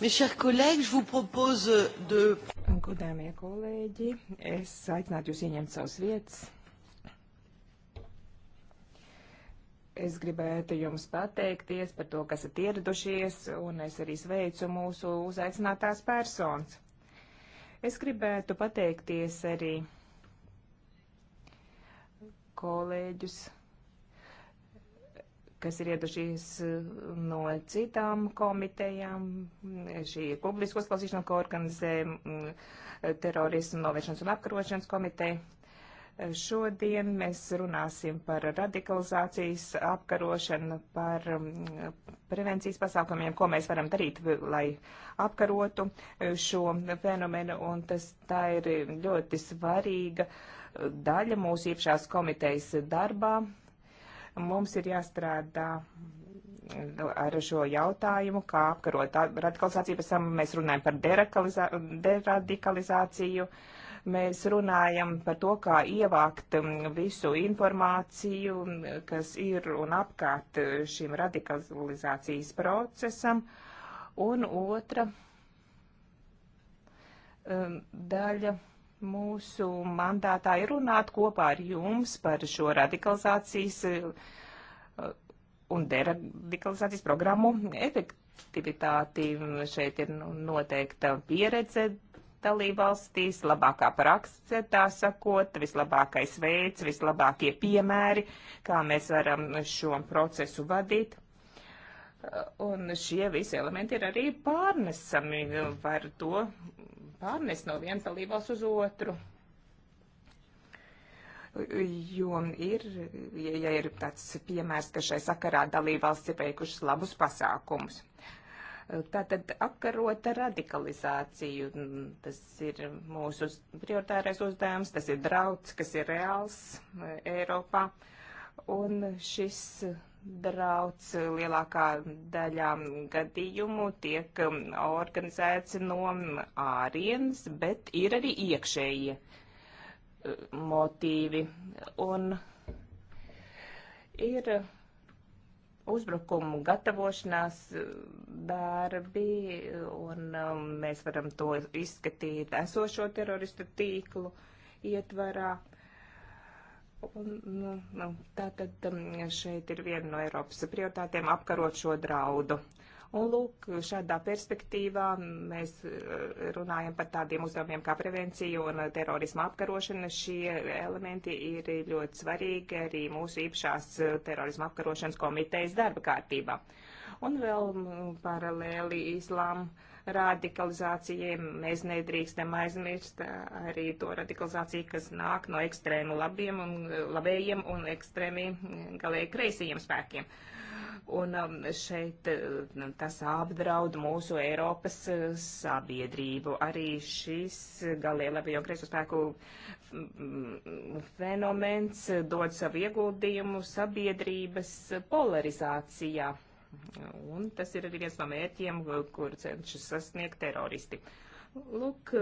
Mes chers collègues, je vous propose de... Godāmie kolēģi, es aicinātu jūs ieņemt savas vietas. Es gribētu jums pateikties par to, kas esat ieradušies, un es arī sveicu mūsu uzaicinātās personas. Es gribētu pateikties arī kolēģus kas ir iedušies eh, no citām komitejām. Šī ir publiska uzklausīšana, ko organizē mm, terorismu novēršanas un apkarošanas komiteja. Eh, šodien mēs runāsim par radikalizācijas apkarošanu, par mm, prevencijas pasākumiem, ko mēs varam darīt, lai apkarotu eh, šo fenomenu, un tas tā ir ļoti svarīga daļa mūsu iepšās komitejas darbā Mums ir jāstrādā ar šo jautājumu, kā apkarot radikalizāciju, pēc tam mēs runājam par deradikalizāciju, mēs runājam par to, kā ievākt um, visu informāciju, um, kas ir un apkārt uh, šim radikalizācijas procesam. Un otra um, daļa Mūsu mandātā ir runāt kopā ar jums par šo radikalizācijas uh, un deradikalizācijas programmu efektivitāti. Šeit ir nu, noteikta pieredze dalībvalstīs, labākā prakse, tā sakot, vislabākais veids, vislabākie piemēri, kā mēs varam šo procesu vadīt. Uh, un šie visi elementi ir arī pārnesami, var to pārnest no vienas dalībvalsts uz otru. Jo ir, ja ir tāds piemērs, ka šai sakarā dalībvalsts ir veikušas labus pasākumus. Tātad apkarot radikalizāciju, tas ir mūsu prioritārais uzdevums, tas ir drauds, kas ir reāls Eiropā. Un šis jāapdrauc. Lielākā daļā gadījumu tiek um, organizēts no ārienes, bet ir arī iekšējie uh, motīvi. Un ir uzbrukumu gatavošanās uh, darbi, un um, mēs varam to izskatīt esošo teroristu tīklu ietvarā. Nu, nu, tā tad um, šeit ir viena no Eiropas prioritātēm apkarot šo draudu. Un lūk, šādā perspektīvā mēs uh, runājam par tādiem uzdevumiem kā prevencija un uh, terorisma apkarošana. Šie elementi ir ļoti svarīgi arī mūsu īpašās uh, terorisma apkarošanas komitejas darba kārtībā. Un vēl mm, paralēli islāma radikalizācijai. Mēs nedrīkstam aizmirst arī to radikalizāciju, kas nāk no ekstrēmu labiem un labējiem un ekstrēmi galēji kreisajiem spēkiem. Un šeit nu, tas apdraud mūsu Eiropas sabiedrību. Arī šis galēji labējo kreiso spēku fenomens dod savu ieguldījumu sabiedrības polarizācijā. Un tas ir arī viens no mērķiem, kur cenšas sasniegt teroristi. Lūk,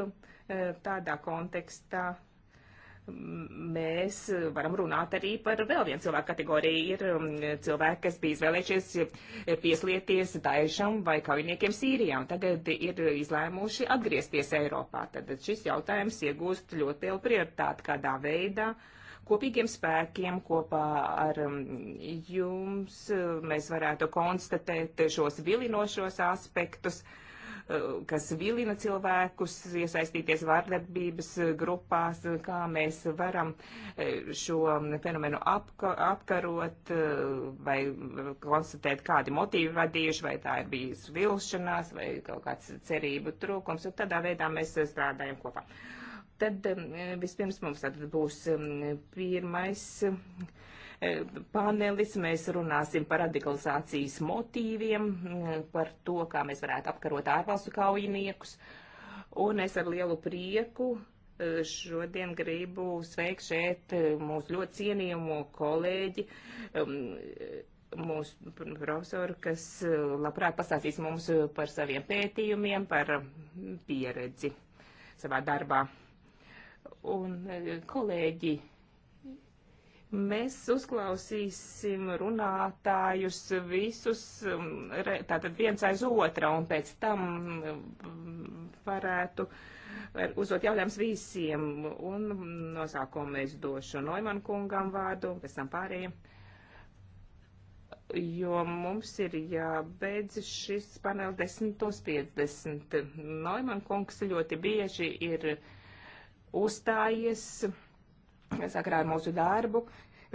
eh, tādā kontekstā mm, mēs varam runāt arī par vēl vienu cilvēku kategoriju. Ir mm, cilvēki, kas bija izvēlējušies pieslieties Daešam vai kaujiniekiem Sīrijā, un tagad ir izlēmuši atgriezties Eiropā. Tad šis jautājums iegūst ļoti lielu prioritāti kādā veidā. Uh, kopīgiem spēkiem kopā ar um, jums mēs varētu konstatēt šos vilinošos aspektus, uh, kas vilina cilvēkus iesaistīties vārdarbības grupās, kā mēs varam uh, šo fenomenu apka, apkarot uh, vai konstatēt, kādi motīvi vadījuši, vai tā ir bijis vilšanās vai kaut kāds cerību trūkums, un tādā veidā mēs strādājam kopā. Uh, tad um, vispirms mums tad būs um, pirmais um, panelis. Mēs runāsim par radikalizācijas motīviem, par to, kā mēs varētu apkarot ārvalstu kaujiniekus. Un es ar lielu prieku uh, šodien gribu sveikt šeit uh, mūsu ļoti cienījamo kolēģi mūsu profesoru, kas uh, labprāt pastāstīs mums par saviem pētījumiem, par pieredzi savā darbā un eh, kolēģi. Mēs uzklausīsim runātājus visus, um, tātad viens aiz otra, un pēc tam mm, varētu uzdot jautājumus visiem. Un mm, nosākumā es došu Noiman kungam vārdu, pēc tam pārējiem. Jo mums ir jābeidz šis panel 10.50. Noiman kungs ļoti bieži ir uzstājies sakrā ar mūsu darbu.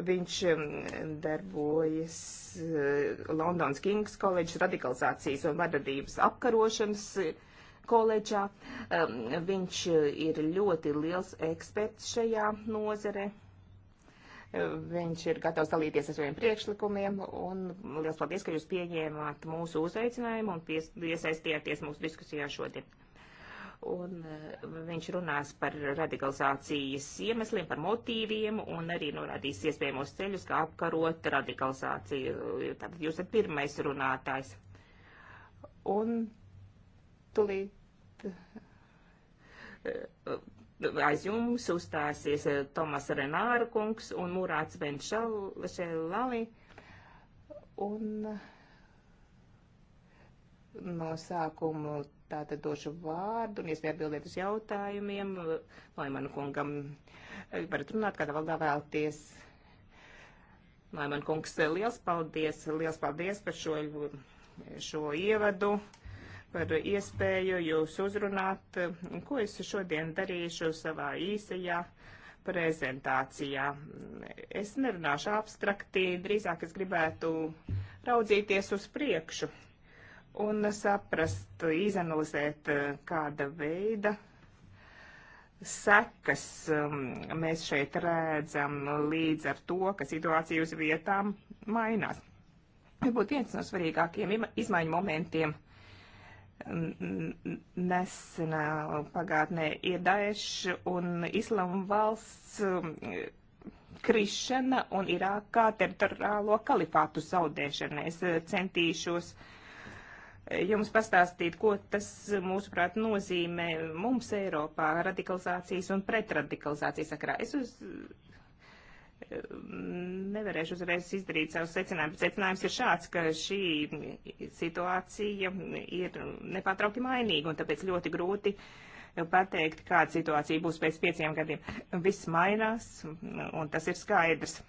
Viņš um, darbojas uh, Londons Kings koledžas radikalizācijas un vadadības apkarošanas uh, koledžā. Um, viņš uh, ir ļoti liels eksperts šajā nozare. Viņš ir gatavs dalīties ar saviem priekšlikumiem, un liels paldies, ka jūs pieņēmāt mūsu uzaicinājumu un piesaistījāties mūsu diskusijā šodien un e, viņš runās par radikalizācijas iemesliem, par motīviem un arī norādīs iespējamos ceļus, kā apkarot radikalizāciju. Tātad jūs esat pirmais runātājs. Un tulīt e, e, aiz jums uzstāsies Tomas Renāra kungs un Murāts Benšalali. Un No sākumu tātad došu vārdu un iespēju atbildēt uz jautājumiem. Laimanu kungam eh, varat runāt, kādā valdā vēlties. Laiman kungs, eh, liels paldies, liels paldies par šo, šo ievadu, par iespēju jūs uzrunāt. Ko es šodien darīšu savā īsajā prezentācijā? Es nerunāšu abstraktī, drīzāk es gribētu raudzīties uz priekšu un saprast, izanalizēt, eh, kāda veida sekas um, mēs šeit redzam līdz ar to, ka situācija uz vietām mainās. Varbūt viens no svarīgākiem izmaiņu momentiem nesenā pagātnē ir Daesh un Islama valsts um, krišana un Irākā teritoriālo kalifātu zaudēšana. Es eh, centīšos uh, jums pastāstīt, ko tas, mūsuprāt, nozīmē mums Eiropā radikalizācijas un pretradikalizācijas sakarā. Es uz, nevarēšu uzreiz izdarīt savus secinājumus. Secinājums ir šāds, ka šī situācija ir nepārtraukti mainīga un tāpēc ļoti grūti pateikt, kāda situācija būs pēc pieciem gadiem. Viss mainās un tas ir skaidrs.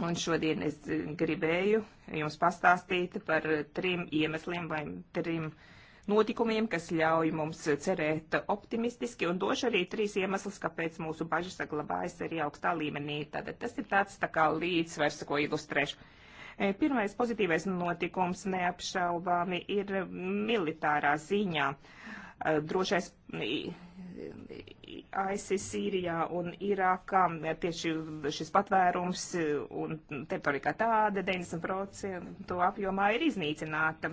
Un šodien es gribēju jums pastāstīt par trim iemesliem vai trim notikumiem, kas ļauj mums cerēt optimistiski, un došu arī trīs iemeslus, kāpēc mūsu bažas saglabājas arī augstā līmenī. Tātad tas ir tāds tā kā līdzsvers, ko ilustrēšu. E, pirmais pozitīvais notikums neapšaubāmi ir militārā ziņā. Uh, drošais ISIS Sīrijā un Irākā, tieši šis patvērums e, un teritorija kā tāda 90% apjomā ir iznīcināta.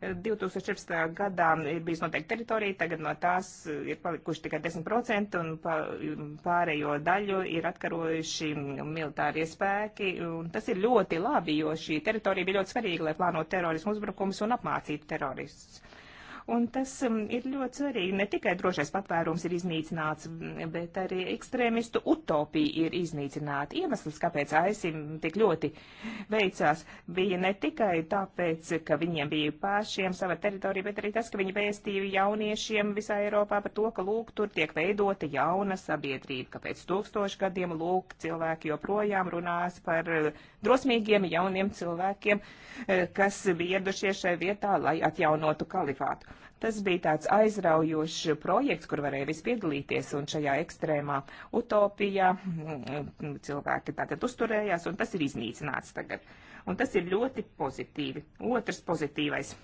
2014. E, gadā ir bijis noteikti teritorija, tagad no tās e, ir palikuši tikai 10% un pārējo daļu ir atkarojuši militārie spēki. Un tas ir ļoti labi, jo šī teritorija bija ļoti svarīga, lai plānotu terorismu uzbrukumus un apmācītu teroristus Un tas um, ir ļoti svarīgi. Ne tikai drošais patvērums ir iznīcināts, mm, bet arī ekstrēmistu utopija ir iznīcināta. Iemesls, kāpēc ASIM tik ļoti veicās, bija ne tikai tāpēc, ka viņiem bija pašiem sava teritorija, bet arī tas, ka viņi vēstīja jauniešiem visā Eiropā par to, ka lūk, tur tiek veidota jauna sabiedrība, ka pēc tūkstošu gadiem lūk, cilvēki joprojām runās par uh, drosmīgiem jauniem cilvēkiem, uh, kas bija ieradušies šai vietā, lai atjaunotu kalifātu. Tas bija tāds aizraujošs projekts, kur varēja visi piedalīties, un šajā ekstrēmā utopijā mm, cilvēki tagad uzturējās, un tas ir iznīcināts tagad. Un tas ir ļoti pozitīvi. Otrs pozitīvais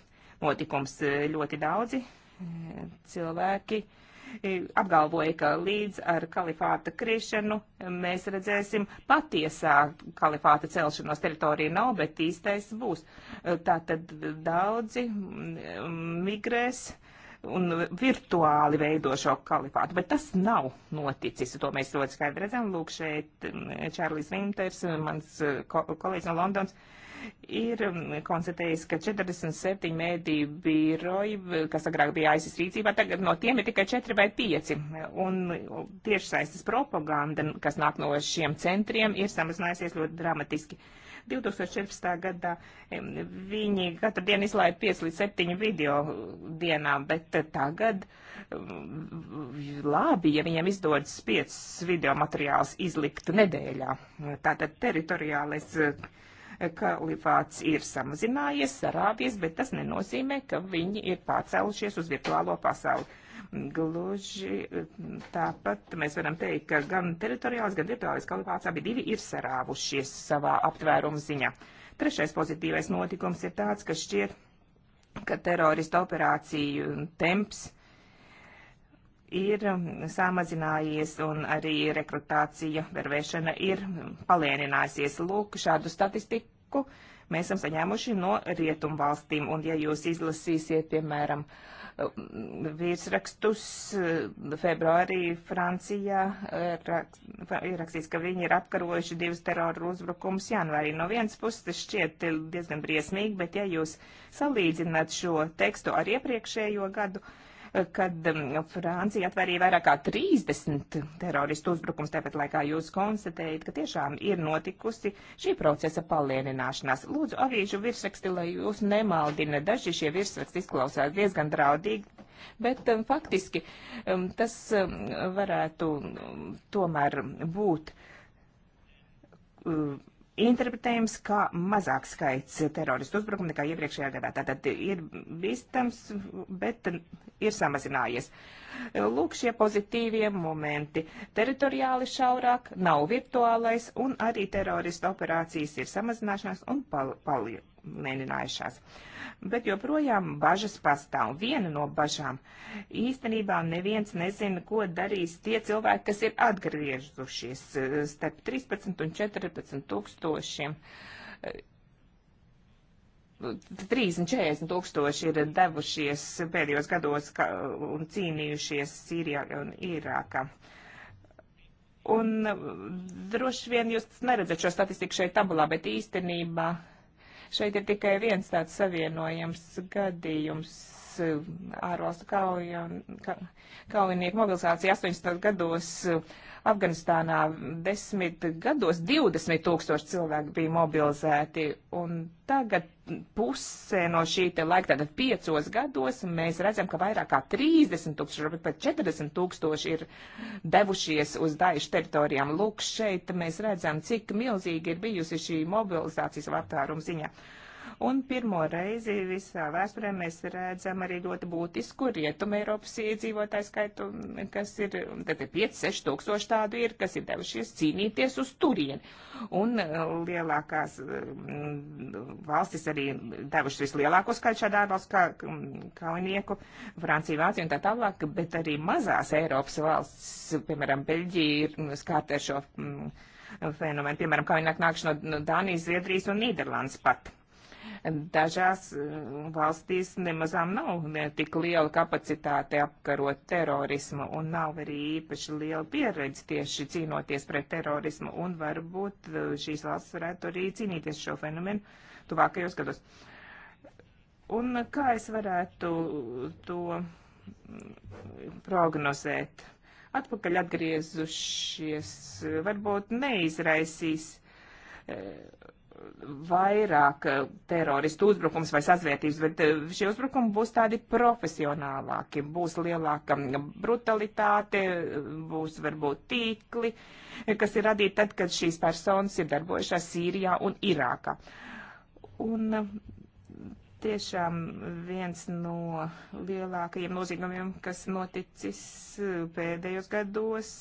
notikums eh, ļoti daudzi eh, cilvēki. Uh, E, apgalvoja, ka līdz ar kalifāta krišanu mēs redzēsim patiesā kalifāta celšanos. Teritorija nav, bet īstais būs. E, tātad daudzi migrēs un virtuāli veido šo kalifātu, bet tas nav noticis. To mēs ļoti skaidri redzam. Lūk, šeit mm, Čārlis Vinters, mans e, kolēģis no Londonas ir um, konstatējis, ka 47 mēdīju biroji, kas agrāk bija ASIS rīcībā, tagad no tiem ir tikai 4 vai 5. Un tieši saistas propaganda, kas nāk no šiem centriem, ir samazinājusies ļoti dramatiski. 2014. gadā viņi katru dienu izlaiž 5 līdz 7 video dienā, bet tagad um, labi, ja viņiem izdodas 5 video materiāls izlikt nedēļā. Tātad teritoriālais kalifāts ir samazinājies, sarāvies, bet tas nenozīmē, ka viņi ir pārcēlušies uz virtuālo pasauli. Gluži eh, tāpat mēs varam teikt, ka gan teritoriāls, gan virtuālais kalifāts abi divi ir sarāvušies savā aptvērumu ziņā. Trešais pozitīvais notikums ir tāds, ka šķiet, ka terorista operāciju temps ir um, samazinājies un arī rekrutācija, vervēšana ir palielinājusies. Lūk, šādu statistiku mēs esam saņēmuši no rietumvalstīm. Un ja jūs izlasīsiet, piemēram, um, virsrakstus um, februārī Francijā, uh, ir rakstīts, ka viņi ir apkarojuši divus teroru uzbrukumus janvārī. Nu no vienas puses tas šķiet diezgan briesmīgi, bet ja jūs salīdzināt šo tekstu ar iepriekšējo gadu, kad um, Francija atvērīja vairāk kā 30 teroristu uzbrukums, tāpat laikā jūs konstatējat, ka tiešām ir notikusi šī procesa palienināšanās. Lūdzu, avīžu virsraksti, lai jūs nemaldina. Daži šie virsraksti izklausās diezgan draudīgi, bet um, faktiski um, tas um, varētu um, tomēr būt. Um, interpretējams kā mazāk skaits teroristu uzbrukumu nekā iepriekšējā gadā. Tātad ir bīstams, bet ir samazinājies. Uh, Lūk, šie pozitīvie momenti. Teritoriāli šaurāk, nav virtuālais, un arī terorista operācijas ir samazināšanās un pal palielinājušās. Bet joprojām bažas pastāv. Viena no bažām īstenībā neviens nezina, ko darīs tie cilvēki, kas ir atgriezušies eh, starp 13 un 14 tūkstošiem 30-40 tūkstoši ir devušies pēdējos gados ka, un cīnījušies Sīrijā un Irākā. Un droši vien jūs neredzat šo statistiku šeit tabulā, bet īstenībā šeit ir tikai viens tāds savienojams gadījums Eh, ārvalstu kauja, ka, kaujinieku mobilizācija 18 gados eh, Afganistānā 10 gados 20 tūkstoši cilvēku bija mobilizēti. Un tagad pusē no šī te laika, tātad piecos gados, mēs redzam, ka vairāk kā 30 tūkstoši, varbūt pat 40 tūkstoši ir devušies uz Daišu teritorijām. Lūk, šeit mēs redzam, cik milzīgi ir bijusi šī mobilizācijas vārtārumu ziņā. Uh, Un pirmo reizi visā vēsturē mēs redzam arī ļoti būtisku rietumu Eiropas iedzīvotāju skaitu, kas ir, tad ir 5-6 tūkstoši tādu ir, kas ir devušies cīnīties uz turieni. Un eh, lielākās mm, valstis arī devušas vislielāko skaitu šādā ārvalstu kā, mm, kaunieku, Francija, Vācija un tā tālāk, bet arī mazās Eiropas valsts, piemēram, Beļģija ir mm, skārta ar šo fenomenu, piemēram, kaujinieku nākšanu no Dānijas, Zviedrijas un Nīderlandes pat. Dažās mm, valstīs nemazām nav ne tik liela kapacitāte apkarot terorismu un nav arī īpaši liela pieredze tieši cīnoties pret terorismu un varbūt e, šīs valsts varētu arī cīnīties šo fenomenu tuvākajos gados. Un kā es varētu to mm, prognozēt? Atpakaļ atgriezušies varbūt neizraisīs e, vairāk eh, teroristu uzbrukums vai sazvietības, bet eh, šie uzbrukumi būs tādi profesionālāki, būs lielāka brutalitāte, būs varbūt tīkli, kas ir radīti tad, kad šīs personas ir darbojušās Sīrijā un Irākā. Un eh, tiešām viens no lielākajiem noziegumiem, kas noticis pēdējos gados,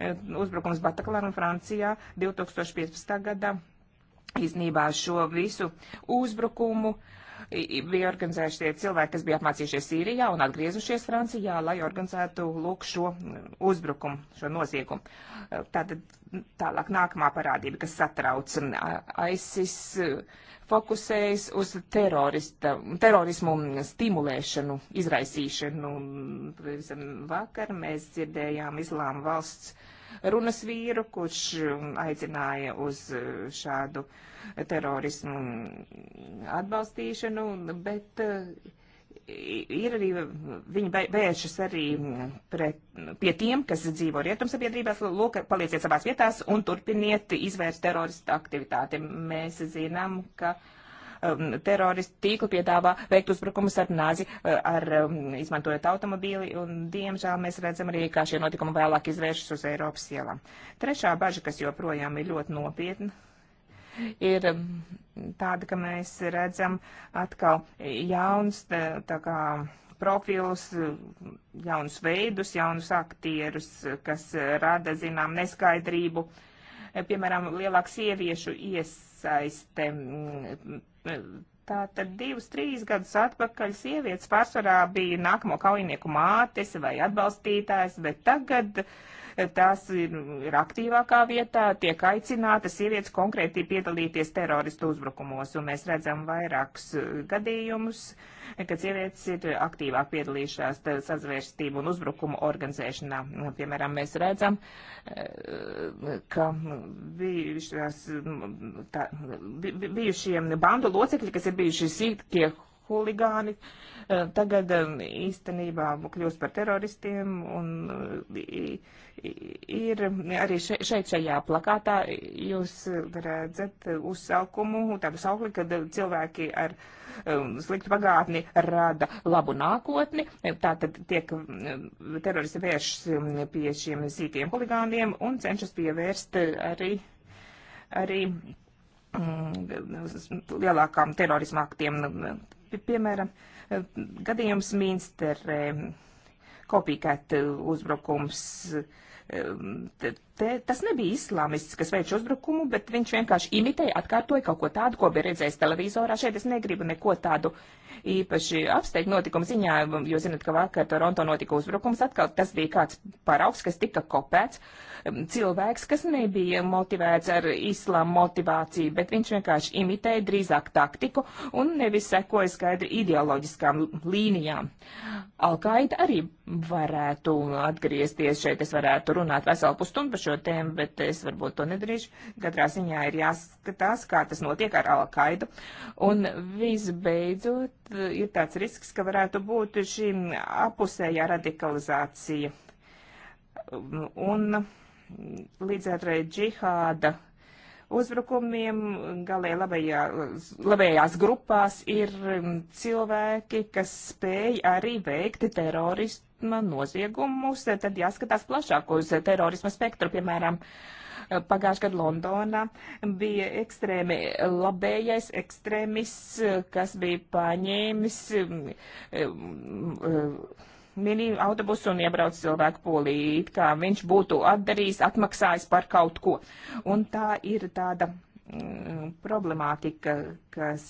uzbrukums Bataklāram Francijā 2015. gadā Īsnībā šo visu uzbrukumu bija organizējuši tie cilvēki, kas bija apmācījušies Sīrijā un atgriezušies Francijā, lai organizētu lūk šo mm, uzbrukumu, šo noziegumu. Tātad tālāk nākamā parādība, kas satrauc ISIS fokusējas uz terorismu stimulēšanu, izraisīšanu. Vakar mēs dzirdējām Islāma valsts runas vīru, kurš um, aicināja uz uh, šādu terorismu mm, atbalstīšanu, bet uh, ir arī, viņi vēršas arī mm, pret, pie tiem, kas dzīvo rietumsabiedrībās, lūk, palieciet savās vietās un turpiniet izvērst teroristu aktivitāti. Mēs zinām, ka uh, um, teroristu tīklu piedāvā veikt uzbrukumus ar nāzi, uh, ar, um, izmantojot automobīli, un diemžēl mēs redzam arī, kā šie notikumi vēlāk izvēršas uz Eiropas ielām. Trešā baža, kas joprojām ir ļoti nopietna, ir um, tāda, ka mēs redzam atkal jauns, tā, tā kā profilus, jaunus veidus, jaunus aktierus, kas rada, zinām, neskaidrību. Piemēram, lielāka sieviešu iesaiste mm, Tātad divus, trīs gadus atpakaļ sievietes pārsvarā bija nākamo kaujinieku mātes vai atbalstītājs, bet tagad uh, tās ir, ir aktīvākā vietā, tiek aicinātas sievietes konkrēti piedalīties teroristu uzbrukumos, un mēs redzam vairākus uh, gadījumus, kad sievietes ir aktīvāk piedalījušās sazvērstību un uzbrukumu organizēšanā. Piemēram, mēs redzam, uh, ka bijušās, tā, bijušie bandu locekļi, kas ir bijuši sīkie huligāni eh, tagad eh, īstenībā kļūst par teroristiem un eh, ir arī šeit šajā plakātā jūs redzat uzsaukumu, tādu saukli, kad cilvēki ar sliktu pagātni rada labu nākotni, tātad tiek teroristi vēršas mm, pie šiem sīkiem huligāniem un cenšas pievērst arī, arī mm, lielākām terorisma aktiem mm, piemēram, gadījums Minsterē, kopīgāt uzbrukums um, te, tas nebija islāmists, kas veic uzbrukumu, bet viņš vienkārši imitēja, atkārtoja kaut ko tādu, ko bija redzējis televizorā. Šeit es negribu neko tādu īpaši apsteigt notikumu ziņā, jo zinat, ka vakar Toronto notika uzbrukums atkal. Tas bija kāds paraugs, kas tika kopēts. Mm, cilvēks, kas nebija motivēts ar islāma motivāciju, bet viņš vienkārši imitēja drīzāk taktiku un nevis sekoja skaidri ideoloģiskām līnijām. Alkaida arī varētu atgriezties šeit, es varētu runāt veselu pusstundu par šo šo tēmu, bet es varbūt to nedarīšu. Katrā ziņā ir jāskatās, kā tas notiek ar Alkaidu. Un visbeidzot, ir tāds risks, ka varētu būt šī apusējā radikalizācija. Un līdz ar džihāda uzbrukumiem, galēji labajā, labējās grupās ir cilvēki, kas spēj arī veikt teroristu terorisma noziegumus, tad jāskatās plašāk uz terorisma spektru, piemēram, pagājušajā gadā Londonā bija ekstrēmi labējais ekstrēmists, kas bija paņēmis mm, mm, mini autobusu un iebrauc cilvēku polī, it kā viņš būtu atdarījis, atmaksājis par kaut ko. Un tā ir tāda Mm, problemātika, kas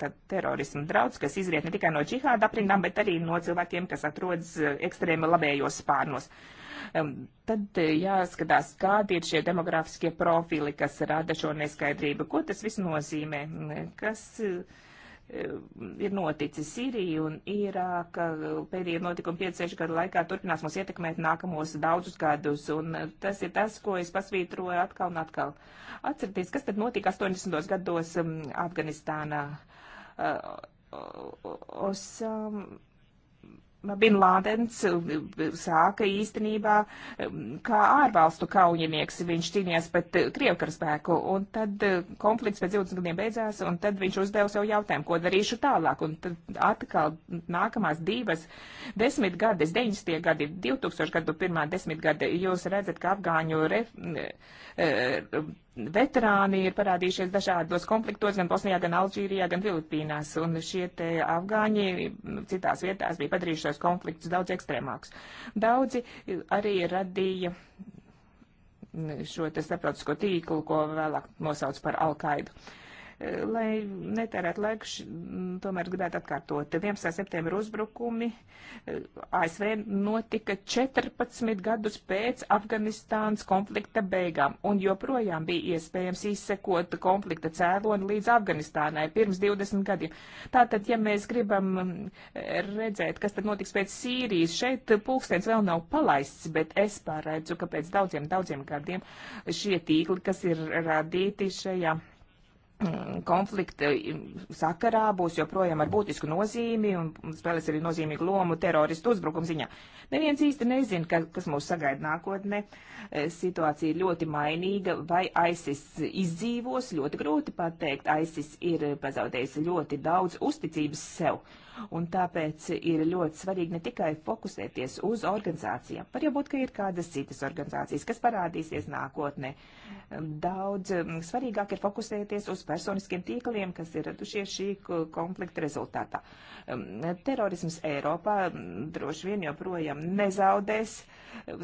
tad terorismu draudz, kas izriet ne tikai no džihāda aprindām, bet arī no cilvēkiem, kas atrodas e, ekstrēma labējos spārnos. Tad e, jāskatās, kādi ir šie demografiskie profili, kas rada šo neskaidrību. Ko tas viss nozīmē? Kas, uh, Eh, ir noticis Sīrija un Irāka pēdējie notikumi 5-6 gadu laikā turpinās mūs ietekmēt nākamos daudzus gadus, un eh, tas ir tas, ko es pasvītroju atkal un atkal. Atcerieties, kas tad notika 80. gados mm, Afganistānā. Eh, Osam Nu, Bin Lādens eh, sāka īstenībā eh, kā ārvalstu kaujinieks. Viņš cīnījās pret eh, Krievkarspēku, un tad konflikts pēc 20 gadiem beidzās, un tad viņš uzdeva sev jautājumu, ko darīšu tālāk. Un tad atkal nākamās divas desmitgades, 90. gadi, 2000 gadu pirmā desmitgade, jūs redzat, ka afgāņu re, re, re veterāni ir parādījušies dažādos konfliktos, gan Bosnijā, gan Alžīrijā, gan Filipīnās, un šie te afgāņi citās vietās bija padarījušos konfliktus daudz ekstrēmākus. Daudzi arī radīja šo te starptautisko tīklu, ko vēlāk nosauc par Alkaidu. Uh, Lai netērētu laiku, tomēr gribētu atkārtot. 11. septembra uzbrukumi eh, ASV notika 14 gadus pēc Afganistānas konflikta beigām, un joprojām bija iespējams izsekot konflikta cēloni līdz Afganistānai pirms 20 gadiem. Tātad, ja mēs gribam redzēt, kas tad notiks pēc Sīrijas, šeit pulkstens vēl nav palaists, bet es pārēdzu, ka pēc daudziem, daudziem gadiem šie tīkli, kas ir radīti šajā Mm, konflikta mm, sakarā būs joprojām ar būtisku nozīmi un spēlēs arī nozīmīgu lomu teroristu uzbrukumu ziņā. Neviens īsti nezina, ka, kas mūs sagaida nākotnē. Eh, situācija ir ļoti mainīga, vai ISIS izdzīvos, ļoti grūti pateikt. ISIS ir eh, pazaudējis ļoti daudz uzticības sev. Uh, un tāpēc ir ļoti svarīgi ne tikai fokusēties uz organizācijām, var jau būt, ka ir kādas citas organizācijas, kas parādīsies nākotnē. Daudz svarīgāk ir fokusēties uz personiskiem tīkliem, kas ir radušies šī konflikta rezultātā. Terorisms Eiropā droši vien joprojām nezaudēs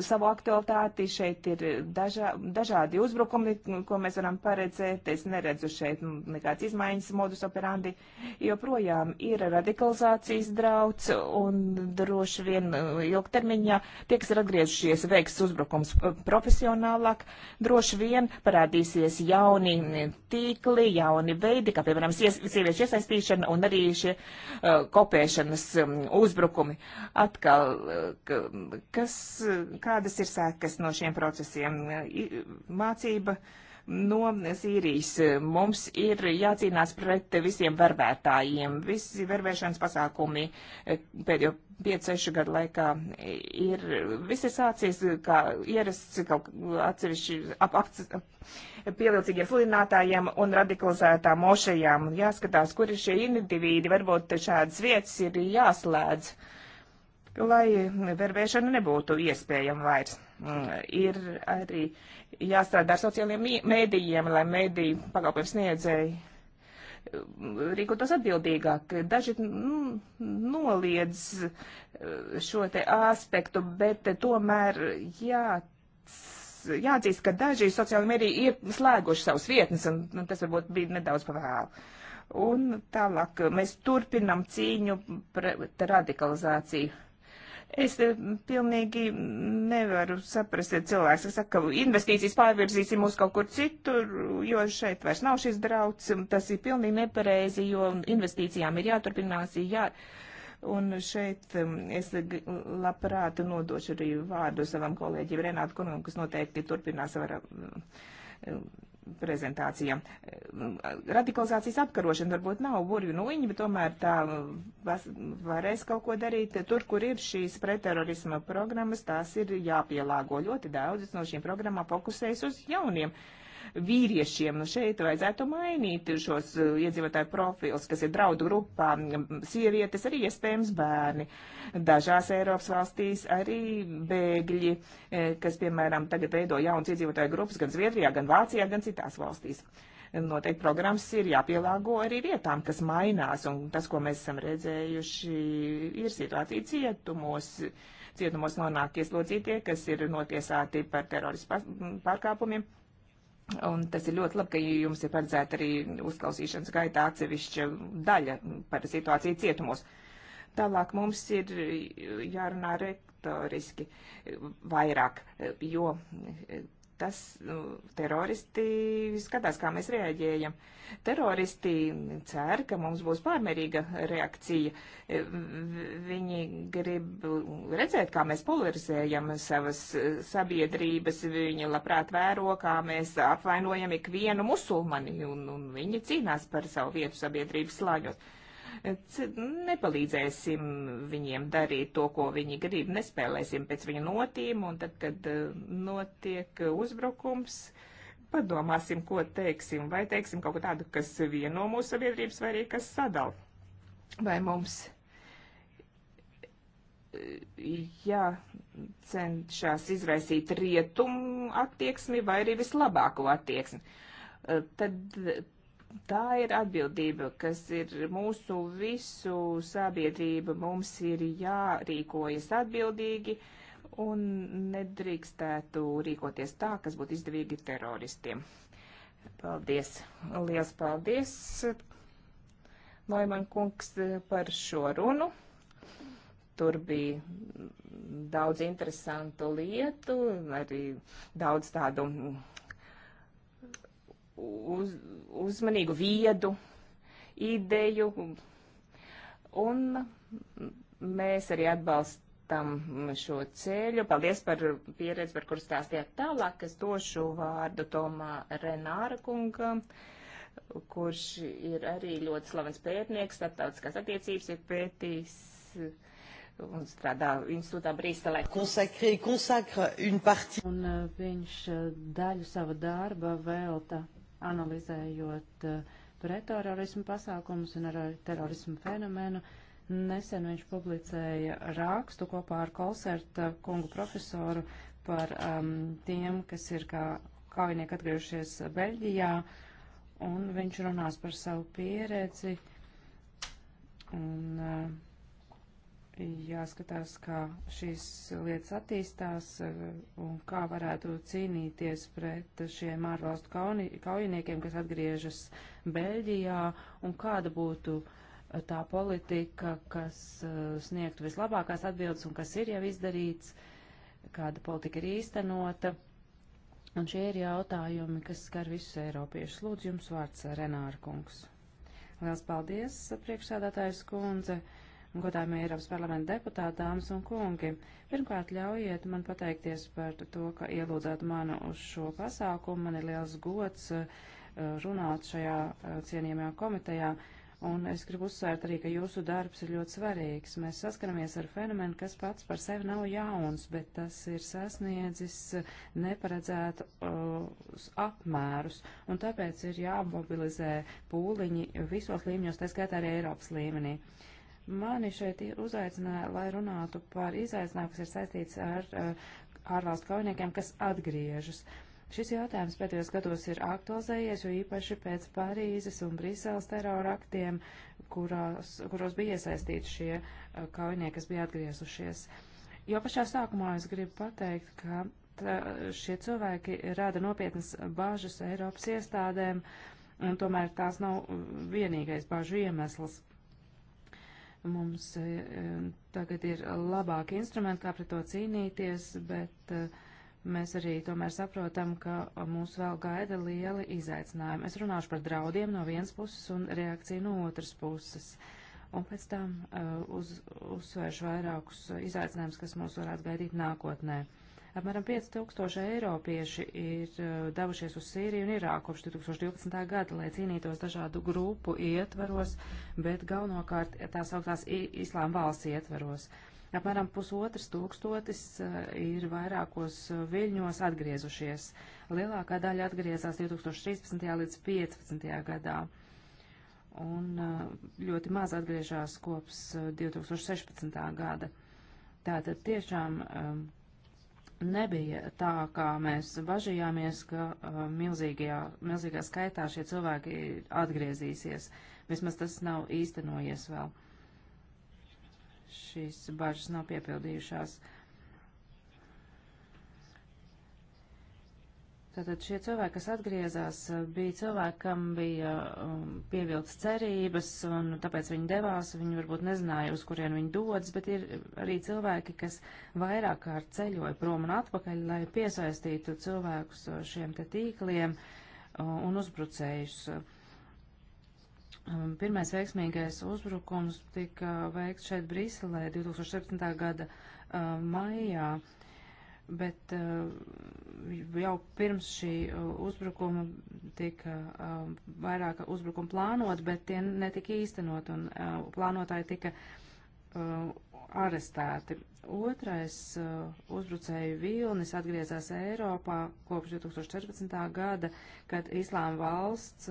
savu aktualitāti. Šeit ir dažā, dažādi uzbrukumi, ko mēs varam paredzēt. Es neredzu šeit nekādas izmaiņas modus operandi. Joprojām ir radikalizācija inflācijas drauds un droši vien uh, ilgtermiņā tie, kas ir atgriezušies, veiks uzbrukums uh, profesionālāk, droši vien parādīsies jauni uh, tīkli, jauni veidi, kā piemēram sieviešu iesaistīšana un arī šie uh, kopēšanas um, uzbrukumi. Atkal, kas, kādas ir sēkas no šiem procesiem? Mācība. Uh, no Sīrijas. Mums ir jācīnās pret visiem vervētājiem. Visi vervēšanas pasākumi eh, pēdējo 5-6 gadu laikā ir, viss ir sācies kā ierasts kaut atsevišķi ap, ap, pievilcīgiem sludinātājiem un radikalizētām mošajām. Jāskatās, kur ir šie indivīdi, varbūt šādas vietas ir jāslēdz, lai vervēšana nebūtu iespējama vairs. Mm, ir arī uh, jāstrādā ar sociāliem mēdījiem, lai mēdīju pakalpojumu sniedzēji uh, rīkotos atbildīgāk. Daži nu, noliedz uh, šo te aspektu, bet tomēr jā, jāatzīst, ka daži sociāli mediji ir slēguši savus vietnes, un nu, tas varbūt bija nedaudz pavēlu. Un tālāk mēs turpinam cīņu pret radikalizāciju Es eh, pilnīgi nevaru saprast, ja cilvēks saka, ka investīcijas pārvirzīsim uz kaut kur citur, jo šeit vairs nav šis drauds. Tas ir pilnīgi nepareizi, jo investīcijām ir jāturpinās, jā. Un šeit um, es labprāt nodošu arī vārdu savam kolēģim Renātu Kunam, kas noteikti turpinās var um, prezentācijām. Radikalizācijas apkarošana varbūt nav burvju nūjiņa, bet tomēr tā varēs kaut ko darīt. Tur, kur ir šīs pretterorisma programmas, tās ir jāpielāgo. Ļoti daudz no šīm programmām fokusējas uz jauniem uh, vīriešiem. Nu, šeit vajadzētu mainīt šos eh, iedzīvotāju profils, kas ir draudu grupā, mm, sievietes, arī iespējams bērni. Dažās Eiropas valstīs arī bēgļi, eh, kas, piemēram, tagad veido jaunas iedzīvotāju grupas gan Zviedrijā, gan Vācijā, gan citās valstīs noteikti programmas ir jāpielāgo arī vietām, kas mainās, un tas, ko mēs esam redzējuši, ir situācija cietumos. Cietumos nonāk ieslodzītie, kas ir notiesāti par terorismu pārkāpumiem. Un tas ir ļoti labi, ka jums ir paredzēta arī uzklausīšanas gaitā atsevišķa daļa par situāciju cietumos. Tālāk mums ir jārunā retoriski vairāk, jo tas nu, teroristi skatās, kā mēs reaģējam. Teroristi cer, ka mums būs pārmērīga reakcija. E, viņi grib redzēt, kā mēs polarizējam savas e, sabiedrības. Viņi labprāt vēro, kā mēs apvainojam ikvienu musulmani, un, un viņi cīnās par savu vietu sabiedrības slāņos nepalīdzēsim viņiem darīt to, ko viņi grib, nespēlēsim pēc viņu notīm, un tad, kad eh, notiek uzbrukums, padomāsim, ko teiksim, vai teiksim kaut ko tādu, kas vieno mūsu sabiedrības, vai arī kas sadal. Vai mums eh, jācenšas izraisīt rietumu attieksmi vai arī vislabāko attieksmi. Eh, tad Tā ir atbildība, kas ir mūsu visu sabiedrība. Mums ir jārīkojas atbildīgi un nedrīkstētu rīkoties tā, kas būtu izdevīgi teroristiem. Paldies! Lielas paldies, Noiman kungs, par šo runu. Tur bija daudz interesantu lietu, arī daudz tādu uz, uzmanīgu, viedu ideju. Un mēs arī atbalstam šo ceļu. Paldies par pieredzi, par kur stāstījāt tālāk. Es došu vārdu Tomā Renāra kungam, kurš ir arī ļoti slavens pētnieks, starptautiskās attiecības ir pētījis un strādā institūtā Brīselē. Konsakrē, konsakra un partija. Uh, un viņš uh, daļu sava darba velta analizējot eh, pretterorismu pasākumus un ar terorismu fenomenu. Nesen viņš publicēja rakstu kopā ar Kolserta kungu profesoru par um, tiem, kas ir kā kaujinieki atgriežušies Beļģijā, un viņš runās par savu pieredzi. Un, uh, jāskatās, kā šīs lietas attīstās eh, un kā varētu cīnīties pret šiem ārvalstu kaujiniekiem, kas atgriežas Beļģijā, un kāda būtu eh, tā politika, kas eh, sniegtu vislabākās atbildes un kas ir jau izdarīts, kāda politika ir īstenota. Un šie ir jautājumi, kas skar visus Eiropiešus. Lūdzu, jums vārds Renāra kungs. Liels paldies, priekšsēdātājs kundze. Uh, godājumie Eiropas parlamenta deputāti, dāmas un kungi. Pirmkārt, ļaujiet man pateikties par to, ka ielūdzāt mani uz šo pasākumu. Man ir liels gods eh, runāt šajā eh, cienījamajā komitejā. Un es gribu uzsvērt arī, ka jūsu darbs ir ļoti svarīgs. Mēs saskaramies ar fenomenu, kas pats par sevi nav jauns, bet tas ir sasniedzis eh, neparedzētus apmērus. Un tāpēc ir jāmobilizē pūliņi visos līmeņos, tā skaitā arī Eiropas līmenī. Mani šeit uzaicināja, lai runātu par izaicinājumu, kas ir saistīts ar ārvalstu kaujiniekiem, kas atgriežas. Šis jautājums pēdējos gados ir aktualizējies, jo īpaši pēc Parīzes un Briseles terora aktiem, kurās, kuros bija iesaistīti šie eh, kaujinieki, kas bija atgriezušies. Jau pašā sākumā es gribu pateikt, ka tā, šie cilvēki rada nopietnas bāžas Eiropas iestādēm, un tomēr tās nav mm, vienīgais bāžu iemesls. Mums e, e, tagad ir labāki instrumenti, kā pret to cīnīties, bet e, mēs arī tomēr saprotam, ka mūs vēl gaida lieli izaicinājumi. Es runāšu par draudiem no vienas puses un reakciju no otras puses. Un pēc tam uz, uzsvēršu vairākus izaicinājumus, kas mūs varētu gaidīt nākotnē. Uh, Apmēram 5000 eiropieši ir eh, devušies uz Sīriju un Irāku kopš 2012. gada, lai cīnītos dažādu grupu ietvaros, bet galvenokārt tās augtās islāma valsts ietvaros. Apmēram pusotras tūkstotis eh, ir vairākos eh, viļņos atgriezušies. Lielākā daļa atgriezās 2013. līdz 2015. gadā un ļoti maz atgriežās kops 2016. gada. Tātad tiešām Nebija tā, kā mēs bažījāmies, ka uh, milzīgajā, milzīgā skaitā šie cilvēki atgriezīsies. Vismaz tas nav īstenojies vēl. Šīs bažas nav piepildījušās. Uh, Tātad šie cilvēki, kas atgriezās, eh, bija cilvēki, kam bija um, pievilkts cerības, un tāpēc viņi devās, viņi varbūt nezināja, uz kurien viņi dodas, bet ir arī cilvēki, kas vairāk kārt ceļoja prom un atpakaļ, lai piesaistītu cilvēkus eh, šiem te tīkliem um, un uzbrucējus. Um, pirmais veiksmīgais uzbrukums tika veikts šeit Briselē 2017. gada um, maijā. Uh, bet eh, jau pirms šī eh, uzbrukuma tika eh, vairāk uzbrukuma plānot, bet tie netika īstenot un plānotāji tika arestēti. Otrais uzbrucēju vilnis atgriezās Eiropā kopš 2014. gada, kad Islāma valsts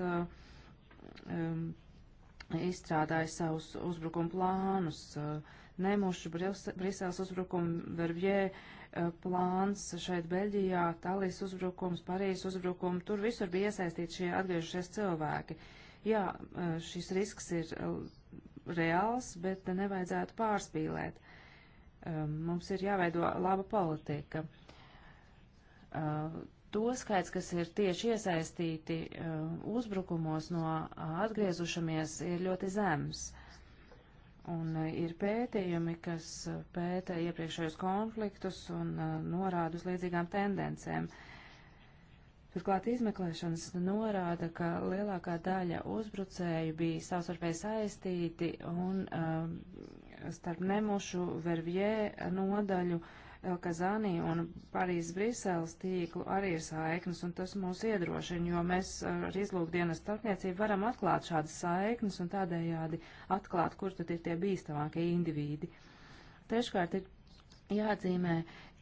izstrādāja savus uzbrukuma plānus. Nemušu Briseles uzbrukumu, Vervjē, uh, Eh, plāns šeit Beļģijā, Talijas uzbrukums, Parīzes uzbrukumi, tur visur bija iesaistīti šie atgriežušies cilvēki. Jā, eh, šis risks ir eh, reāls, bet nevajadzētu pārspīlēt. Mums ir jāveido laba politika. To skaits, kas ir tieši iesaistīti uzbrukumos no atgriezušamies, ir ļoti zems. Uh, Un e, ir pētījumi, kas pēta iepriekšējos konfliktus un e, norāda uz līdzīgām tendencēm. Turklāt izmeklēšanas norāda, ka lielākā daļa uzbrucēju bija savstarpēji saistīti un um, starp Nemušu, Vervjē nodaļu uh, Kazanī un Parīzes Briseles tīklu arī ir saiknes, un tas mūs iedrošina, jo mēs ar izlūkdienas starpniecību varam atklāt šādas saiknes un tādējādi atklāt, kur tad ir tie bīstamākie indivīdi. Treškārt ir jāatzīmē,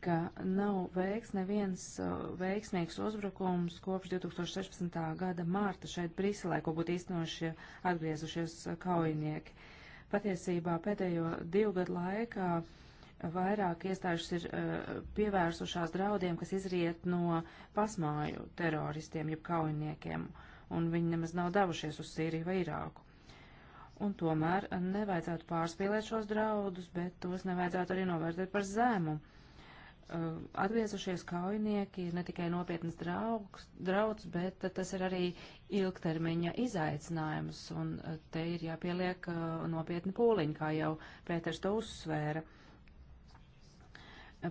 ka nav veikts neviens uh, veiksmīgs uzbrukums kopš 2016. gada mārta šeit Briselē, ko būtu īstenošie atgriezušies uh, kaujinieki. Patiesībā pēdējo divu gadu laikā uh, vairāk iestāžas ir uh, pievērsušās draudiem, kas izriet no pasmāju teroristiem, jeb kaujiniekiem, un viņi nemaz nav devušies uz Sīriju vai Irāku. Un tomēr nevajadzētu pārspīlēt šos draudus, bet tos nevajadzētu arī novērtēt par zēmu. Uh, eh, atgriezušies kaujinieki ir ne tikai nopietnas draugs, drauds, bet tas ir arī ilgtermiņa izaicinājums, un eh, te ir jāpieliek uh, nopietni pūliņi, kā jau Pēters to uzsvēra. Uh,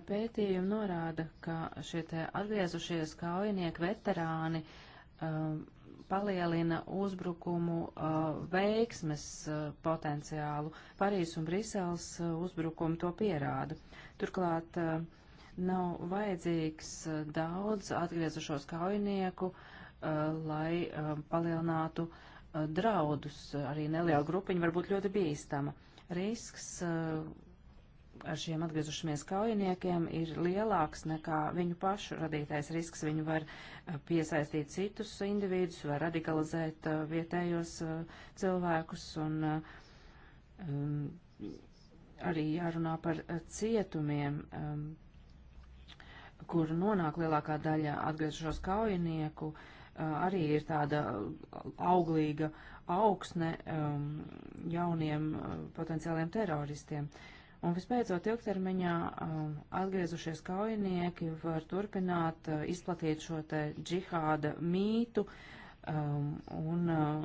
Pētījumi norāda, ka šie te atgriezušies kaujinieki, veterāni um, palielina uzbrukumu uh, veiksmes uh, potenciālu. Parīs un Brisels uh, uzbrukumi to pierāda. Turklāt uh, nav vajadzīgs uh, daudz atgriezušos kaujinieku, uh, lai uh, palielinātu uh, draudus. Arī neliela grupiņa var būt ļoti bīstama. Risks uh, ar šiem atgriezušamies kaujiniekiem ir lielāks nekā viņu pašu radītais risks. Viņi var eh, piesaistīt citus individus, var radikalizēt uh, vietējos uh, cilvēkus un um, arī jārunā par cietumiem, um, kur nonāk lielākā daļa atgriezušos kaujinieku. Arī ir tāda auglīga augsne um, jauniem potenciāliem teroristiem. Uh, Un visbeidzot, ilgtermiņā um, atgriezušies kaujinieki var turpināt uh, izplatīt šo te džihāda mītu um, un uh,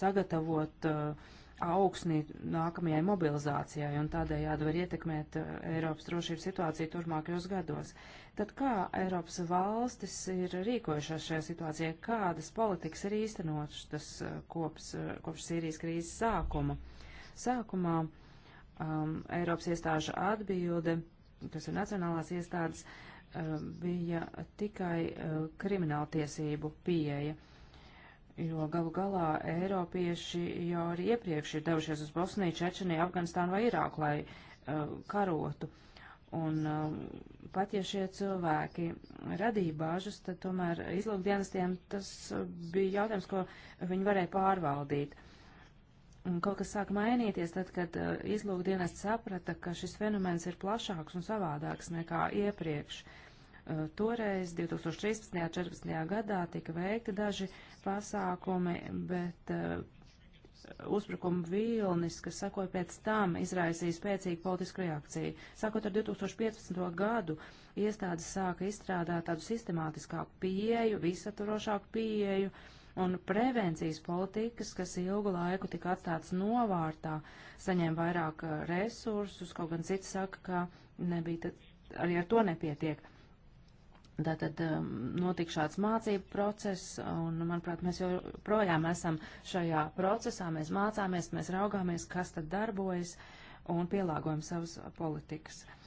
sagatavot uh, augsni nākamajai mobilizācijai un tādējādi var ietekmēt Eiropas drošības situāciju turpmākajos gados. Tad kā Eiropas valstis ir rīkojušās šajā situācijā, kādas politikas ir īstenotas kops, kopš Sīrijas krīzes sākuma? Sākumā uh, um, Eiropas iestāžu atbilde, kas ir nacionālās iestādes, uh, bija tikai uh, krimināltiesību pieeja. Jo galu galā Eiropieši jau arī iepriekš ir devušies uz Bosniju, Čečeniju, Afganistānu vai Irāku, lai uh, karotu. Un um, pat ja šie cilvēki radīja bāžas, tad tomēr izlūkdienestiem tas uh, bija jautājums, ko viņi varēja pārvaldīt. Un kaut kas sāka mainīties tad, kad uh, izlūkdienas saprata, ka šis fenomens ir plašāks un savādāks nekā iepriekš. Uh, toreiz, 2013. un 2014. gadā, tika veikti daži pasākumi, bet uh, uzbrukuma vilnis, kas sakoja pēc tam, izraisīja spēcīgu politisku reakciju. Sākot ar 2015. gadu, iestādes sāka izstrādāt tādu sistemātiskāku pieeju, visaturošāku pieeju, uh, un prevencijas politikas, kas ilgu laiku tika atstāts novārtā, saņēma vairāk uh, resursus, kaut gan citi saka, ka nebija tad, arī ar to nepietiek. Tātad um, notika šāds mācību process, un, manuprāt, mēs joprojām esam šajā procesā, mēs mācāmies, mēs raugāmies, kas tad darbojas, un pielāgojam savas politikas. Uh,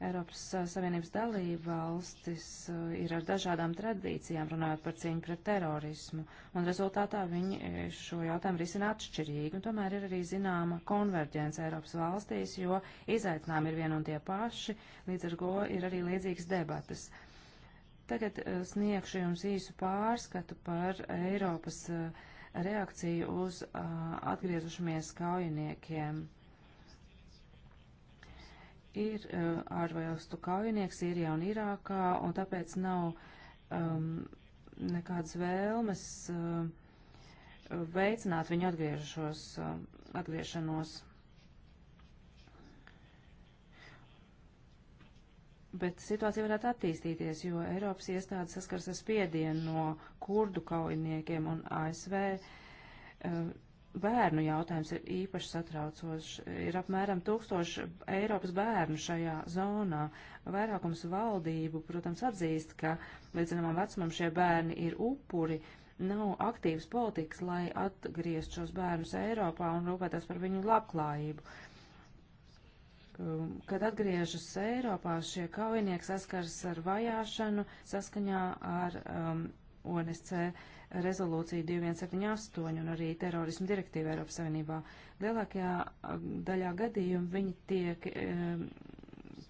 Eiropas eh, Savienības dalība valstis eh, ir ar dažādām tradīcijām runājot par cīņu pret terorismu, un rezultātā viņi eh, šo jautājumu risina atšķirīgi, un tomēr ir arī zināma konverģence Eiropas valstīs, jo izaicinājumi ir vien un tie paši, līdz ar ko ir arī līdzīgas debatas. Tagad sniegšu jums īsu pārskatu par Eiropas reakciju uz atgriezušamies kaujiniekiem ir uh, ārvalstu kaujinieks Sīrijā un Irākā, un tāpēc nav um, nekādas vēlmes uh, veicināt viņu atgriežos, uh, atgriešanos. Bet situācija varētu attīstīties, jo Eiropas iestādes saskars ar spiedienu no kurdu kaujiniekiem un ASV. Uh, bērnu jautājums ir īpaši satraucošs. Ir apmēram tūkstoši Eiropas bērnu šajā zonā. Vairākums valdību, protams, atzīst, ka līdz zināmam vecumam šie bērni ir upuri. Nav aktīvas politikas, lai atgriezt šos bērnus Eiropā un rūpētos par viņu labklājību. Um, kad atgriežas Eiropā, šie kaujinieki saskars ar vajāšanu saskaņā ar um, ONSC rezolūciju 2178 un arī terorismu direktīvu Eiropas Savienībā. Lielākajā daļā gadījumu viņi tiek e,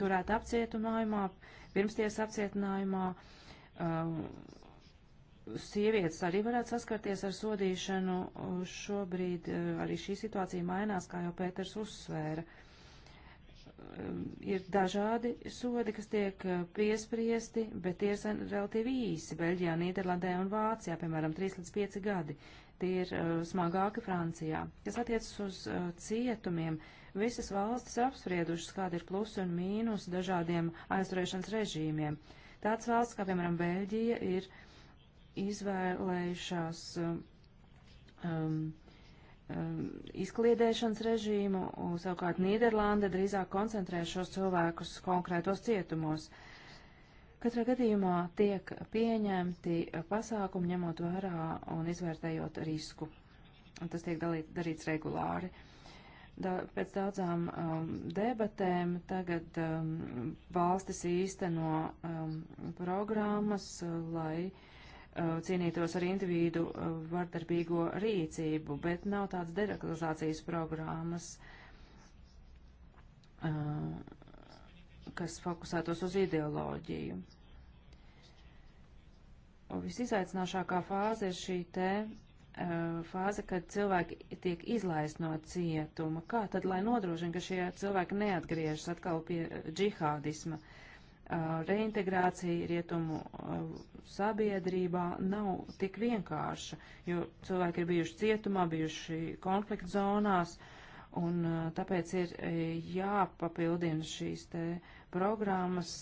turēti apcietinājumā, pirmsties apcietinājumā. E, sievietes arī varētu saskarties ar sodīšanu. Šobrīd e, arī šī situācija mainās, kā jau Pēters uzsvēra. E, Um, ir dažādi sodi, kas tiek uh, piespriesti, bet tie ir relatīvi īsi Beļģijā, Nīderlandē un Vācijā, piemēram, 3 līdz 5 gadi. Tie ir uh, smagāki Francijā. Kas attiecas uz uh, cietumiem, visas valstis ir apspriedušas, kāda ir plusi un mīnus dažādiem aizturēšanas režīmiem. Tāds valsts, kā piemēram Beļģija, ir izvēlējušās um, um, izkliedēšanas režīmu, un savukārt Nīderlanda drīzāk koncentrē šos cilvēkus konkrētos cietumos. Katrā gadījumā tiek pieņemti pasākumi ņemot vērā un izvērtējot risku. Un tas tiek dalīt, darīts regulāri. Da, pēc daudzām um, debatēm tagad um, valstis īsteno um, programmas, uh, lai uh, Uh, cīnītos ar individu uh, vardarbīgo rīcību, bet nav tādas deradikalizācijas programmas, uh, kas fokusētos uz ideoloģiju. Visizaicinošākā fāze ir šī te fāze, kad cilvēki tiek izlaist no cietuma. Kā tad, lai nodrošina, ka šie cilvēki neatgriežas atkal pie džihādisma? Uh, reintegrācija rietumu sabiedrībā nav tik vienkārša, jo cilvēki ir bijuši cietumā, bijuši konflikta zonās, un tāpēc ir jāpapildina šīs te programmas,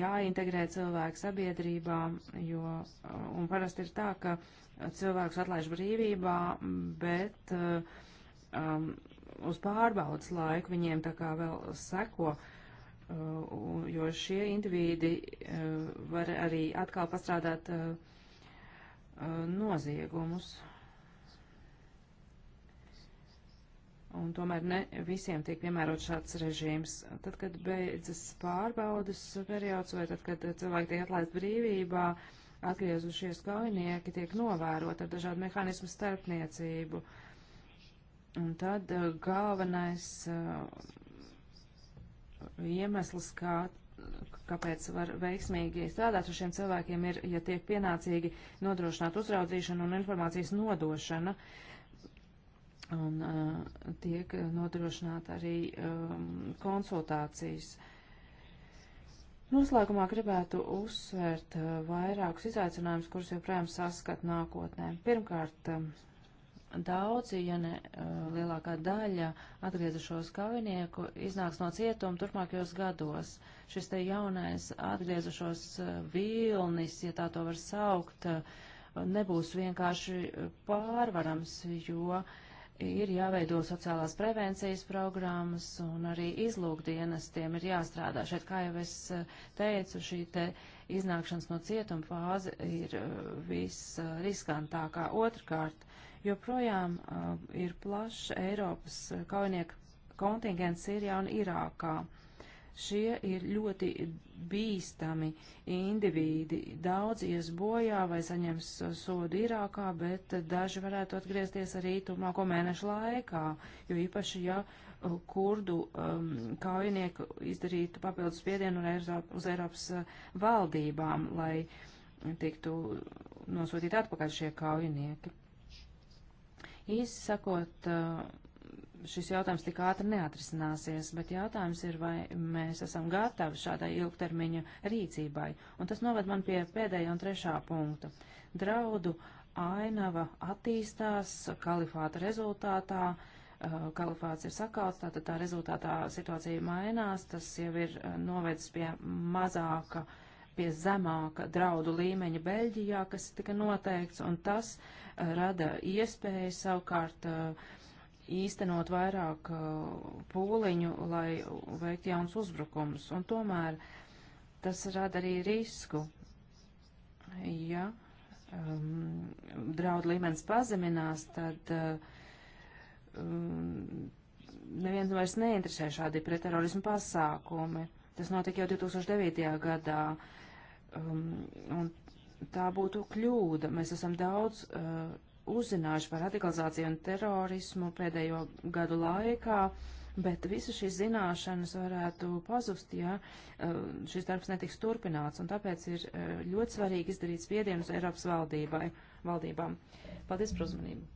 jāintegrē cilvēki sabiedrībā, jo, un parasti ir tā, ka cilvēkus atlaiž brīvībā, bet um, uz pārbaudas laiku viņiem tā kā vēl seko uh, Uh, jo šie indivīdi uh, var arī atkal pastrādāt uh, noziegumus. Un tomēr ne visiem tiek piemērot šāds režīms. Tad, kad beidzas pārbaudas periods vai tad, kad cilvēki tiek atlaist brīvībā, atgriezušies kaujinieki tiek novērot ar dažādu mehānismu starpniecību. Un tad galvenais uh, iemesls, kā, kāpēc var veiksmīgi strādāt ar šiem cilvēkiem, ir, ja tiek pienācīgi nodrošināt uzraudzīšanu un informācijas nodošana. Un uh, tiek nodrošināta arī um, konsultācijas. Noslēgumā gribētu uzsvērt uh, vairākus izaicinājumus, kurus joprojām saskat nākotnē. Pirmkārt, uh, daudzi, ja ne eh, lielākā daļa atgriezušos kaujinieku iznāks no cietuma turpmākajos gados. Šis te jaunais atgriezušos eh, vilnis, ja tā to var saukt, eh, nebūs vienkārši pārvarams, jo ir jāveido sociālās prevencijas programmas un arī izlūkdienestiem ir jāstrādā. Šeit, kā jau es teicu, šī te iznākšanas no cietuma fāze ir visriskantākā. Otrkārt, uh, Joprojām uh, ir plašs Eiropas uh, kaujinieku kontingents Sīrijā un Irākā. Šie ir ļoti bīstami indivīdi. Daudz ies bojā vai saņems uh, sodu Irākā, bet daži varētu atgriezties arī turpmāko mēnešu laikā, jo īpaši, ja uh, kurdu um, kaujinieku izdarītu papildus spiedienu uz Eiropas valdībām, lai tiktu nosūtīti atpakaļ šie kaujinieki. Īsi sakot, uh, šis jautājums tik ātri neatrisināsies, bet jautājums ir, vai mēs esam gatavi šādai ilgtermiņa rīcībai. Un tas noved man pie pēdējā un trešā punkta. Draudu ainava attīstās kalifāta rezultātā. Uh, kalifāts ir sakauts, tātad tā rezultātā situācija mainās, tas jau ir uh, novedis pie mazāka uh, pie zemāka draudu līmeņa Beļģijā, kas tika noteikts, un tas uh, rada iespēju savukārt uh, īstenot vairāk uh, pūliņu, lai veikt jauns uzbrukums. Un tomēr tas rada arī risku, ja um, draudu līmenis pazeminās, tad um, neviens vairs neinteresē šādi pretterorismu pasākumi. Tas notika jau 2009. gadā. Um, un tā būtu kļūda. Mēs esam daudz uh, uzzinājuši par radikalizāciju un terorismu pēdējo gadu laikā, bet visas šīs zināšanas varētu pazust, ja uh, šis darbs netiks turpināts. Un tāpēc ir uh, ļoti svarīgi izdarīt spiedienus Eiropas valdībai, valdībām. Paldies par uzmanību!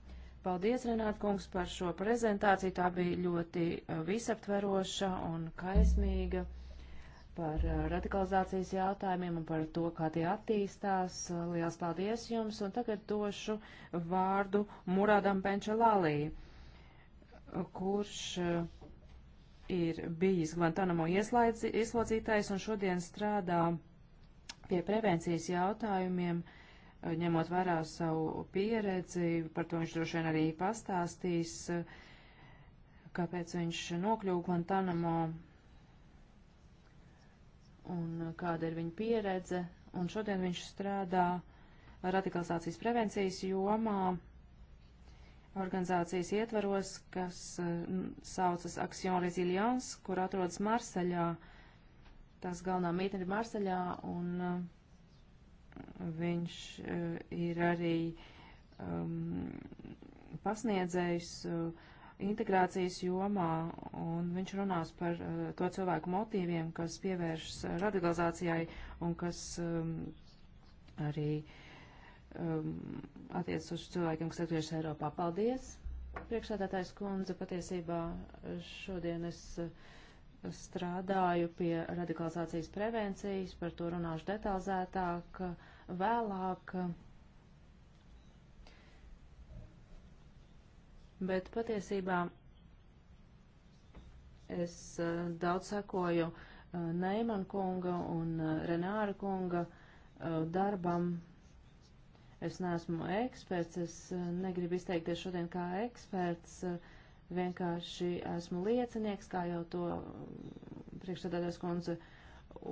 Paldies, Renāt kungs, par šo prezentāciju. Tā bija ļoti uh, visaptveroša un kaismīga par uh, radikalizācijas jautājumiem un par to, kā tie attīstās. Uh, liels paldies jums, un tagad došu vārdu Muradam Benčelālī, uh, kurš ir bijis Guantanamo ieslodzītais un šodien strādā pie prevencijas jautājumiem, ņemot vērā savu pieredzi, par to viņš droši vien arī pastāstīs, kāpēc viņš nokļūg Guantanamo un kāda ir viņa pieredze. Un šodien viņš strādā radikalizācijas prevencijas jomā organizācijas ietvaros, kas mm, saucas Action Resilience, kur atrodas Marseļā. Tās galvenā mītne ir Marseļā, un mm, viņš eh, ir arī um, pasniedzējs uh, integrācijas jomā, un viņš runās par uh, to cilvēku motīviem, kas pievēršas eh, radikalizācijai un kas um, arī um, attiec uz cilvēkiem, kas atgriežas Eiropā. Paldies! Priekšsēdētājs kundze, patiesībā šodien es eh, strādāju pie radikalizācijas prevencijas, par to runāšu detalizētāk vēlāk. bet patiesībā es eh, daudz sakoju eh, Neimana kunga un eh, Renāra kunga darbam. Es neesmu eksperts, es negribu izteikties šodien kā eksperts, vienkārši esmu liecinieks, kā jau to mm, priekšstādātājs kundze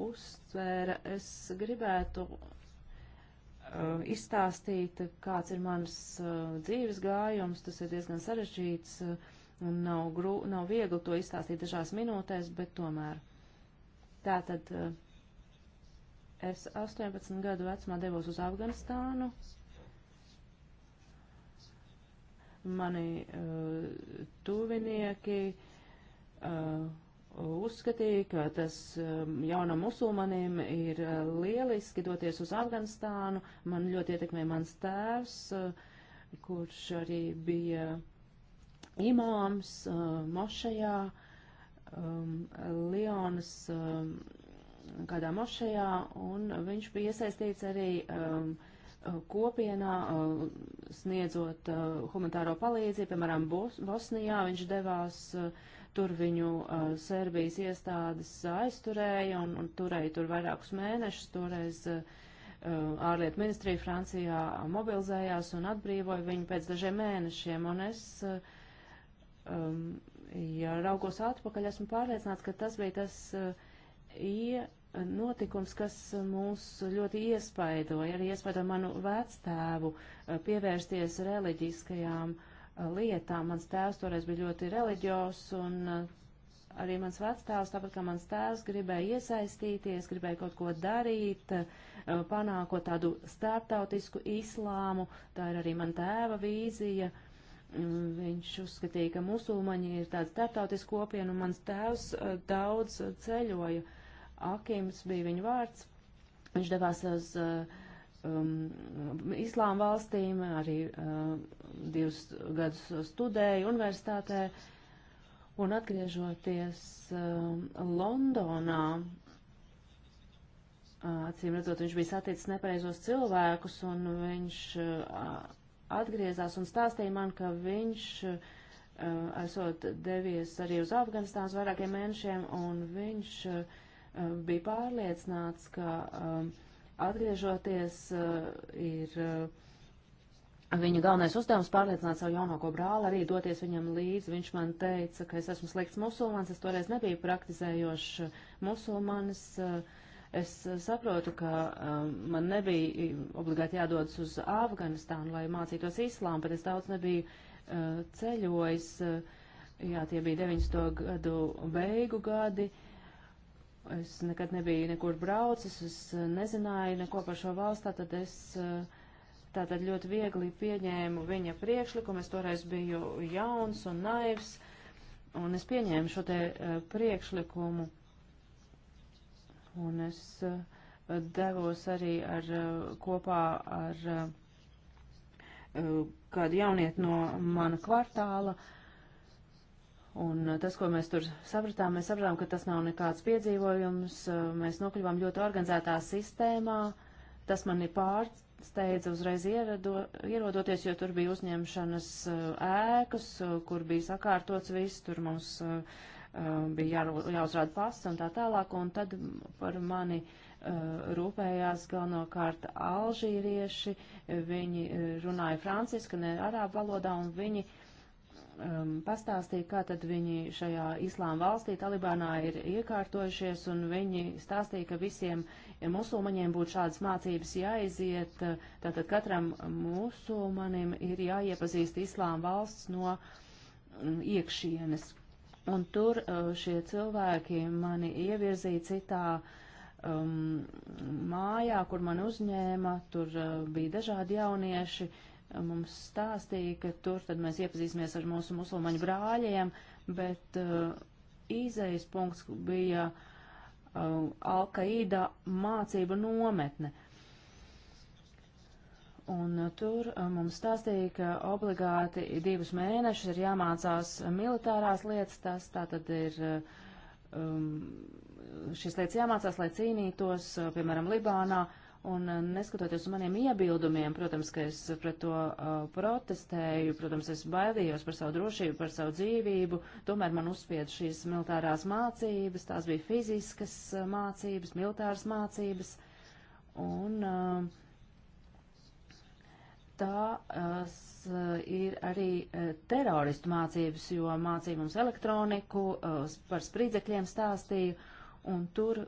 uztvēra. Es gribētu Uh, izstāstīt, kāds ir mans uh, dzīves gājums, tas ir diezgan sarežģīts uh, un nav, grū, nav viegli to izstāstīt dažās minūtēs, bet tomēr. Tātad es 18 gadu vecumā devos uz Afganistānu. Mani uh, tuvinieki uh, uzskatīja, ka tas um, jaunam musulmanim ir uh, lieliski doties uz Afganistānu. Man ļoti ietekmē mans tēvs, uh, kurš arī bija imāms uh, mošajā, um, Lionas um, kādā mošajā, un viņš bija iesaistīts arī um, kopienā uh, sniedzot uh, humanitāro palīdzību, piemēram, Bos Bosnijā viņš devās uh, Tur viņu uh, Serbijas iestādes aizturēja un, un turēja tur vairākus mēnešus. Toreiz uh, ārlietu ministrija Francijā mobilizējās un atbrīvoja viņu pēc dažiem mēnešiem. Un es, uh, um, ja raugos atpakaļ, esmu pārliecināts, ka tas bija tas uh, ie, notikums, kas mūs ļoti iespaidoja, arī iespaidoja manu vectēvu uh, pievērsties reliģiskajām uh, Uh, lietām. Mans tēvs toreiz bija ļoti reliģios, un uh, arī mans vectēvs, tāpat kā mans tēvs, gribēja iesaistīties, gribēja kaut ko darīt, uh, panākot tādu starptautisku islāmu. Tā ir arī man tēva vīzija. Mm, viņš uzskatīja, ka musulmaņi ir tāda starptautiska kopiena, un mans tēvs daudz ceļoja. Akims bija viņa vārds. Viņš devās uz uh, um, islāma valstīm, arī uh, divus gadus studēju universitātē. Un atgriežoties uh, Londonā, acīm redzot, viņš bija saticis nepareizos cilvēkus, un viņš uh, atgriezās un stāstīja man, ka viņš uh, esot devies arī uz Afganistānu vairākiem mēnešiem, un viņš uh, bija pārliecināts, ka um, Atgriežoties, eh, ir eh, viņa galvenais uzdevums pārliecināt savu jaunāko brāli, arī doties viņam līdzi. Viņš man teica, ka es esmu slikts musulmanis, es toreiz nebiju praktizējošs musulmanis. Eh, es saprotu, ka man nebija obligāti jādodas uz Afganistānu, lai mācītos islāmu, bet es daudz nebiju ceļojis. Jā, tie bija 90. gadu beigu gadi. Uh, Es nekad nebiju nekur braucis, es eh, nezināju neko par šo valstā, tad es eh, tātad ļoti viegli pieņēmu viņa priekšlikumu. Es toreiz biju jauns un naivs, un es pieņēmu šo te eh, priekšlikumu. Un es devos arī ar, kopā ar kādu jaunieti no mana kvartāla. Uh, Un eh, tas, ko mēs tur sapratām, mēs sapratām, ka tas nav nekāds piedzīvojums. Eh, mēs nokļuvām ļoti organizētā sistēmā. Tas man ir pārsteidza uzreiz ierado, ierodoties, jo tur bija uzņemšanas eh, ēkas, kur bija sakārtots viss, tur mums bija jā, jāuzrāda pasts un tā tālāk. Un tad par mani rūpējās galvenokārt alžīrieši. Viņi runāja franciski, ne arābu valodā, un viņi um, pastāstīja, kā tad viņi šajā islāma valstī, Talibānā, ir iekārtojušies, un viņi stāstīja, ka visiem musulmaņiem būtu šādas mācības jāiziet, tātad katram musulmanim ir jāiepazīst islāma valsts no um, iekšienes. Un tur uh, šie cilvēki mani ievirzīja citā um, mājā, kur mani uzņēma, tur uh, bija dažādi jaunieši, uh, mums stāstīja, ka tur tad mēs iepazīsimies ar mūsu musulmaņu brāļiem, bet uh, īzējas punkts bija uh, Alkaīda mācība nometne. Un uh, tur uh, mums stāstīja, ka obligāti divus mēnešus ir jāmācās militārās lietas, tas tā tad ir uh, um, šīs lietas jāmācās, lai cīnītos, uh, piemēram, Libānā, uh, Un eh, neskatoties uz maniem iebildumiem, protams, ka es pret to uh, protestēju, protams, es baidījos par savu drošību, par savu dzīvību, tomēr man uzspied šīs militārās mācības, tās bija fiziskas uh, mācības, militāras mācības, un uh, tās ir arī teroristu mācības, jo mācīja mums elektroniku, par spridzekļiem stāstīju, un tur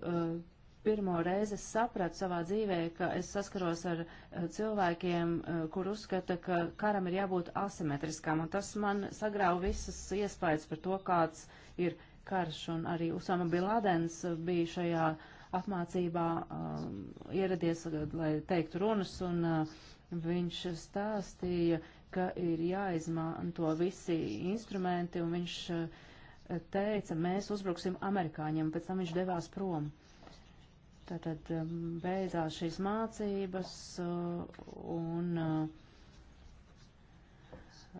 pirmo reizi sapratu savā dzīvē, ka es saskaros ar eh, cilvēkiem, eh, kur uzskata, ka karam ir jābūt asimetriskam, un tas man sagrāva visas iespējas par to, kāds ir karš, un arī Usama Biladens bija šajā apmācībā um, ieradies, lai teiktu runas, un uh, viņš stāstīja, ka ir jāizmanto visi instrumenti, un viņš uh, teica, mēs uzbruksim amerikāņiem, pēc tam viņš devās prom. Uh, Tātad um, beidzās šīs mācības uh, un uh,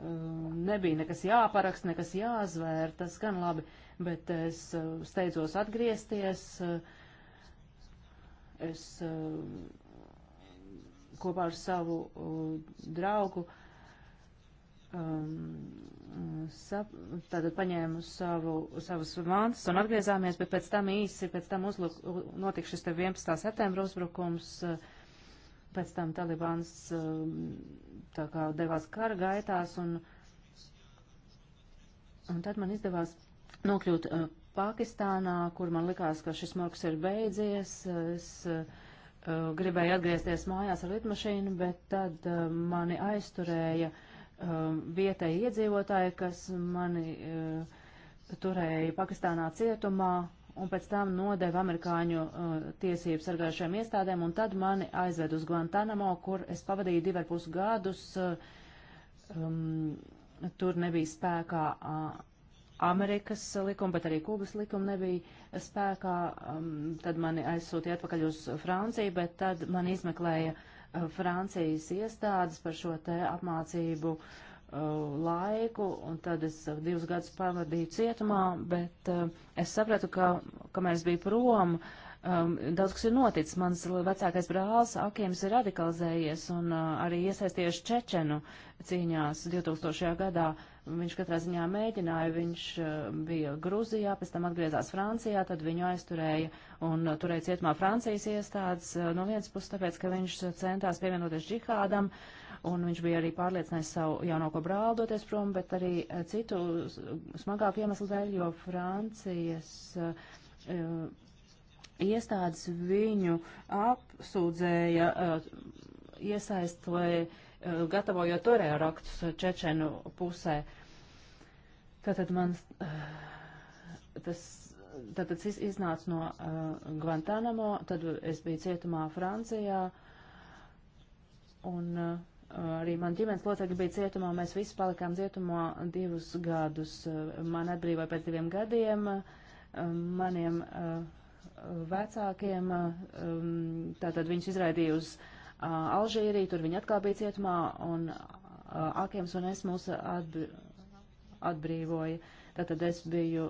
um, nebija nekas jāparakst, nekas jāzvēr, tas gan labi, bet es uh, steidzos atgriezties. Es kopā ar savu draugu uh, um, sap, tātad paņēmu savu, savus mantas un atgriezāmies, bet pēc tam īsi, pēc tam uzluk, notika šis te 11. septembra uzbrukums, uh, pēc tam Talibans um, tā kā devās kara gaitās un, un tad man izdevās nokļūt uh, Pakistānā, kur man likās, ka šis morgs ir beidzies. Es, uh, gribēju atgriezties mājās ar lidmašīnu, bet tad uh, mani aizturēja uh, Um, vietēji iedzīvotāji, kas mani uh, turēja Pakistānā cietumā un pēc tam nodeva amerikāņu uh, tiesību sargājušajām iestādēm, un tad mani aizved uz Guantanamo, kur es pavadīju divi ar pus gadus. Uh, um, tur nebija spēkā uh, Amerikas likuma, bet arī Kūbas likuma nebija spēkā. Um, tad mani aizsūtīja atpakaļ uz Franciju, bet tad mani izmeklēja uh, Francijas iestādes par šo te apmācību uh, laiku, un tad es divus gadus pavadīju cietumā, bet uh, es sapratu, ka, kamēr es biju prom, um, daudz kas ir noticis. Mans vecākais brālis Akiems ir radikalizējies un uh, arī iesaistījies Čečenu cīņās 2000. gadā. Uh, Viņš katrā ziņā mēģināja, viņš eh, bija Gruzijā, pēc tam atgriezās Francijā, tad viņu aizturēja un eh, turēja cietumā Francijas iestādes eh, no vienas puses, tāpēc, ka viņš centās pievienoties džihādam, un viņš bija arī pārliecinājis savu jaunāko brāli doties prom, bet arī citu smagāku iemeslu dēļ, jo Francijas iestādes viņu apsūdzēja, iesaistīja gatavojot torēju rakstus Čečenu pusē. Tātad man eh, tas tātad iznāca no uh, Guantanamo, tad es biju cietumā Francijā, un uh, arī man ģimenes locekļi bija cietumā, mēs visi palikām cietumā divus gadus. Man atbrīvoja pēc diviem gadiem, uh, maniem uh, vecākiem, uh, tātad viņš izraidīja uz uh, Alžīriju, tur viņi atkal bija cietumā, un Akims un es mūs atbr atbrīvoja. Tātad es biju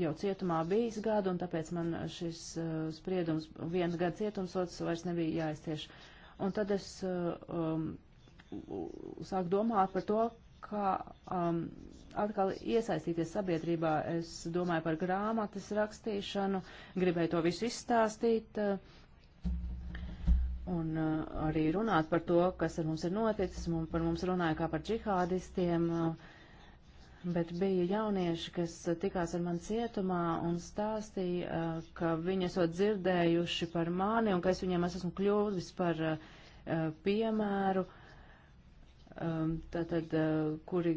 jau cietumā bijis gadu, un tāpēc man šis spriedums, viens gada cietumsots vairs nebija jāizcieš. Un tad es um, sāku domāt par to, kā um, atkal iesaistīties sabiedrībā. Es domāju par grāmatas rakstīšanu, gribēju to visu izstāstīt. Uh, un uh, arī runāt par to, kas ar mums ir noticis. Mums, par mums runāja kā par džihādistiem, uh, bet bija jaunieši, kas tikās ar mani cietumā un stāstīja, uh, ka viņi esot dzirdējuši par mani un ka es viņiem esmu kļuvis par uh, piemēru, um, tātad, uh, kuri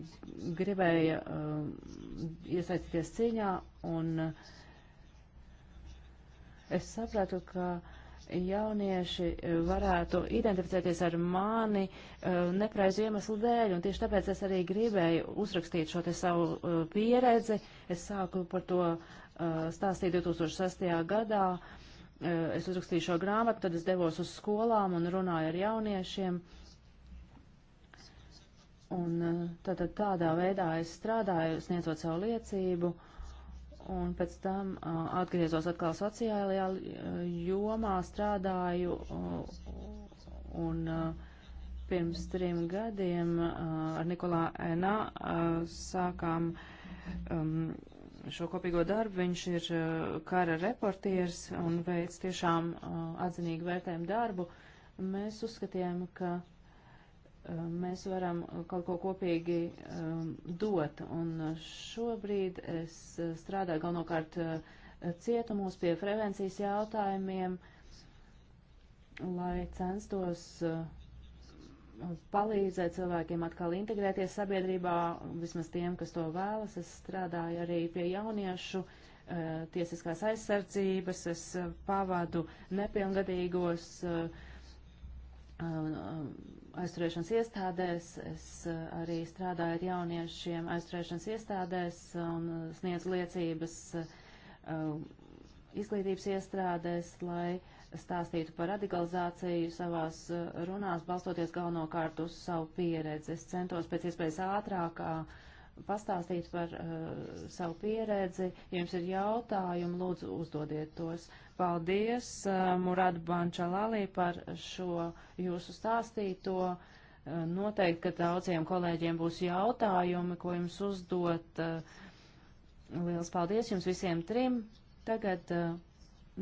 gribēja uh, iesaistīties cīņā. Un uh, es sapratu, ka. Uh, jaunieši eh, varētu identificēties ar mani eh, nepreizu iemeslu dēļ, un tieši tāpēc es arī gribēju uzrakstīt šo te savu eh, pieredzi. Es sāku par to stāstīt 2006. gadā. Es uzrakstīju šo grāmatu, tad es devos uz skolām un runāju ar jauniešiem. Un tātad tādā veidā es strādāju, sniedzot savu liecību. Uh, un pēc tam uh, atgriezos atkal sociālajā jomā, strādāju uh, un uh, pirms trim gadiem uh, ar Nikolā Enā uh, sākām um, šo kopīgo darbu. Viņš ir uh, kara reportieris un veids tiešām uh, atzinīgi vērtējumu darbu. Mēs uzskatījām, ka Um, mēs varam kaut ko kopīgi um, dot. Un šobrīd es uh, strādāju galvenokārt uh, cietumos pie prevencijas jautājumiem, lai censtos uh, palīdzēt cilvēkiem atkal integrēties sabiedrībā, vismaz tiem, kas to vēlas. Es strādāju arī pie jauniešu tiesiskās aizsardzības, es pavadu nepilngadīgos uh, Uh, aizturēšanas iestādēs. Es uh, arī strādāju ar jauniešiem aizturēšanas iestādēs un sniedzu liecības uh, izglītības iestrādēs, lai stāstītu par radikalizāciju savās runās, balstoties galvenokārt uz savu pieredzi. Es centos pēc iespējas ātrākā uh, pastāstīt par uh, savu pieredzi. Ja jums ir jautājumi, lūdzu uzdodiet tos. Paldies, uh, Murad Bančalalī, par šo jūsu stāstīto. Uh, noteikti, ka daudziem kolēģiem būs jautājumi, ko jums uzdot. Uh, liels paldies jums visiem trim. Tagad uh,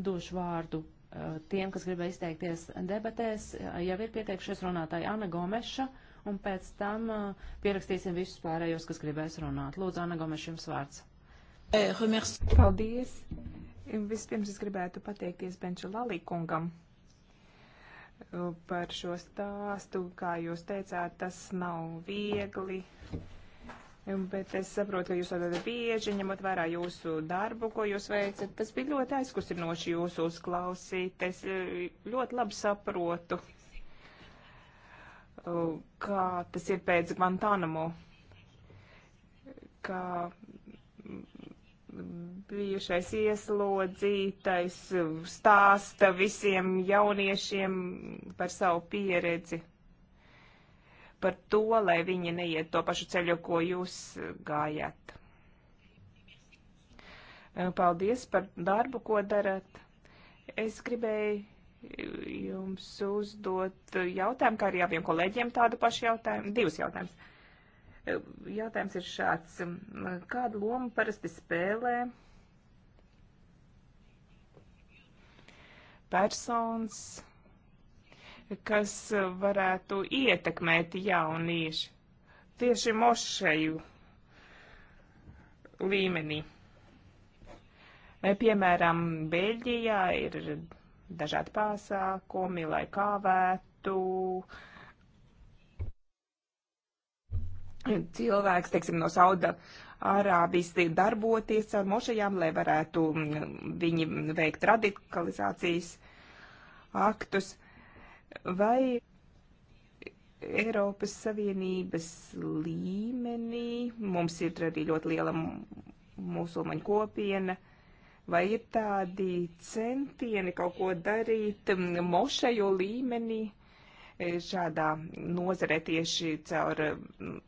došu vārdu uh, tiem, kas gribēja izteikties debatēs. Uh, jau ir pieteikušies runātāji Ana Gomeša. Uh, un pēc tam uh, pierakstīsim visus pārējos, kas gribēs runāt. Lūdzu, Anna Gomes, jums vārds. Eh, Paldies! Vispirms es gribētu pateikties Benča Lalikungam uh, par šo stāstu. Kā jūs teicāt, tas nav viegli, um, bet es saprotu, ka jūs esat bieži, ņemot vērā jūsu darbu, ko jūs veicat. Tas bija ļoti aizkustinoši jūsu uzklausīt. Es uh, ļoti labi saprotu kā tas ir pēc Guantanamo, kā bijušais ieslodzītais stāsta visiem jauniešiem par savu pieredzi, par to, lai viņi neiet to pašu ceļu, ko jūs gājat. Paldies par darbu, ko darat. Es gribēju jums uzdot jautājumu, kā arī abiem kolēģiem tādu pašu jautājumu. Divus jautājumus. Jautājums ir šāds. Kādu lomu parasti spēlē persons, kas varētu ietekmēt jauniešu tieši mošeju līmenī? Piemēram, Beļģijā ir dažādi pasākumi, lai kāvētu. Cilvēks, teiksim, no Sauda Arābijas darboties ar mošajām, lai varētu mm, viņi veikt radikalizācijas aktus. Vai Eiropas Savienības līmenī mums ir arī ļoti liela musulmaņu kopiena. Vai ir tādi centieni kaut ko darīt mm, mošeju līmenī e, šādā nozarē tieši caur mm,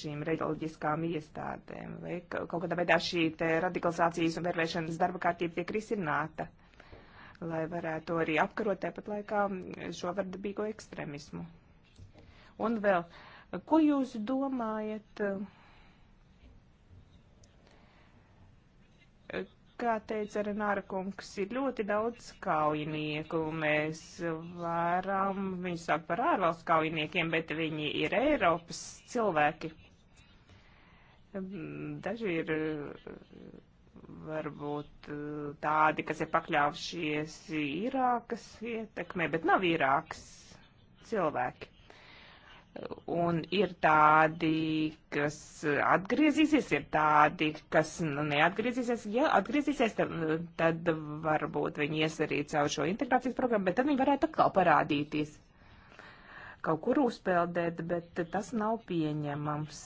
šīm reģioloģiskām iestādēm? Vai kaut kādā veidā šī radikalizācijas un vērvēšanas darba kārtība tiek risināta, lai varētu arī apkarot tāpat laikā mm, šo vardarbīgo ekstremismu? Un vēl, ko jūs domājat? Uh, kā teica Renāra kungs, ir ļoti daudz kaujinieku. Mēs varam viņus sākt par ārvalstu kaujiniekiem, bet viņi ir Eiropas cilvēki. Daži ir varbūt tādi, kas ir pakļāvušies Irākas ietekmē, bet nav Irākas cilvēki. Un ir tādi, kas atgriezīsies, ir tādi, kas nu, neatgriezīsies. Ja atgriezīsies, tad, tad varbūt viņi ies arī caur šo integrācijas programmu, bet tad viņi varētu atkal parādīties kaut kur uzpeldēt, bet tas nav pieņemams.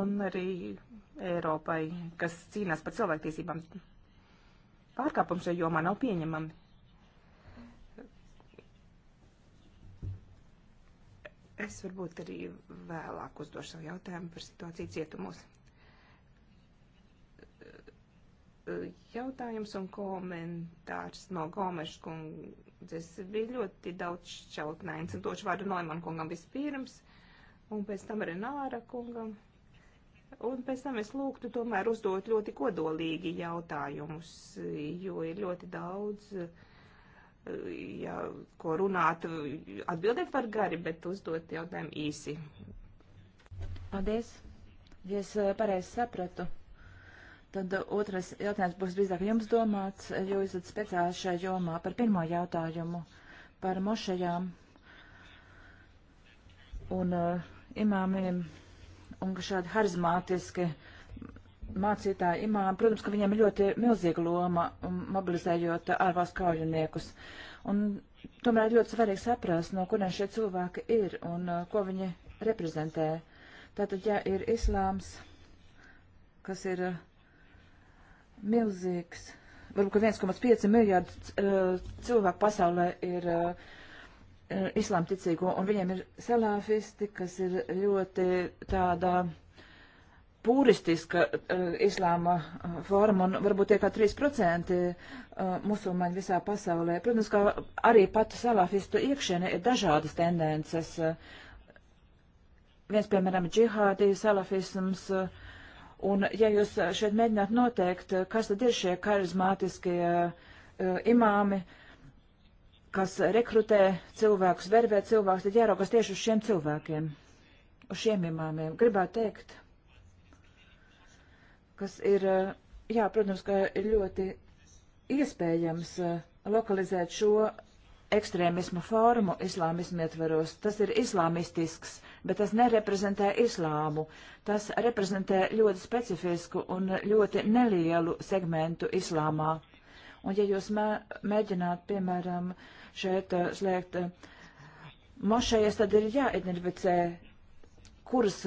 Un arī Eiropai, kas cīnās par cilvēktiesībām, pārkāpums šajā jomā nav pieņemami. Es varbūt arī vēlāk uzdošu savu jautājumu par situāciju cietumos. Jautājums un komentārs no Gomešas kundzes bija ļoti daudz šķautnēns, un toši vārdu Noiman kungam vispirms, un pēc tam arī Nāra kungam. Un pēc tam es lūgtu tomēr uzdot ļoti kodolīgi jautājumus, jo ir ļoti daudz uh, ja ko runāt, atbildēt var gari, bet uzdot jautājumu īsi. Paldies. Ja es eh, pareizi sapratu, tad otrais jautājums būs drīzāk jums domāts, jo esat speciāli šajā jomā par pirmo jautājumu par mošajām un uh, imāmiem un ka šādi harizmātiski uh, mācītāji imāmi, protams, ka viņiem ir ļoti milzīga loma mobilizējot ārvalstu kaujiniekus. Un tomēr ir ļoti svarīgi saprast, no kurien šie cilvēki ir un uh, ko viņi reprezentē. Tātad, ja ir islāms, kas ir uh, milzīgs, varbūt 1,5 miljārdu uh, cilvēku pasaulē ir islāmticīgo, un viņiem ir salāfisti, kas ir ļoti tādā pūristiska uh, eh, islāma uh, forma un varbūt tie kā 3% uh, eh, musulmaņi visā pasaulē. Protams, kā arī pati salafistu iekšiene ir dažādas tendences. Uh, viens, piemēram, džihādī, salafisms. Uh, un ja jūs šeit mēģināt noteikt, kas tad ir šie karizmātiskie uh, imāmi, kas rekrutē cilvēkus, vervē cilvēkus, tad jāraukās tieši uz šiem cilvēkiem, uz šiem imāmiem. Gribētu teikt kas ir, eh, jā, protams, ka ir ļoti iespējams eh, lokalizēt šo ekstrēmismu formu islāmismu ietveros. Tas ir islāmistisks, bet tas nereprezentē islāmu. Tas reprezentē ļoti specifisku un ļoti nelielu segmentu islāmā. Un ja jūs mē, mēģināt, piemēram, šeit eh, slēgt mošējas, tad ir jāidentificē, kuras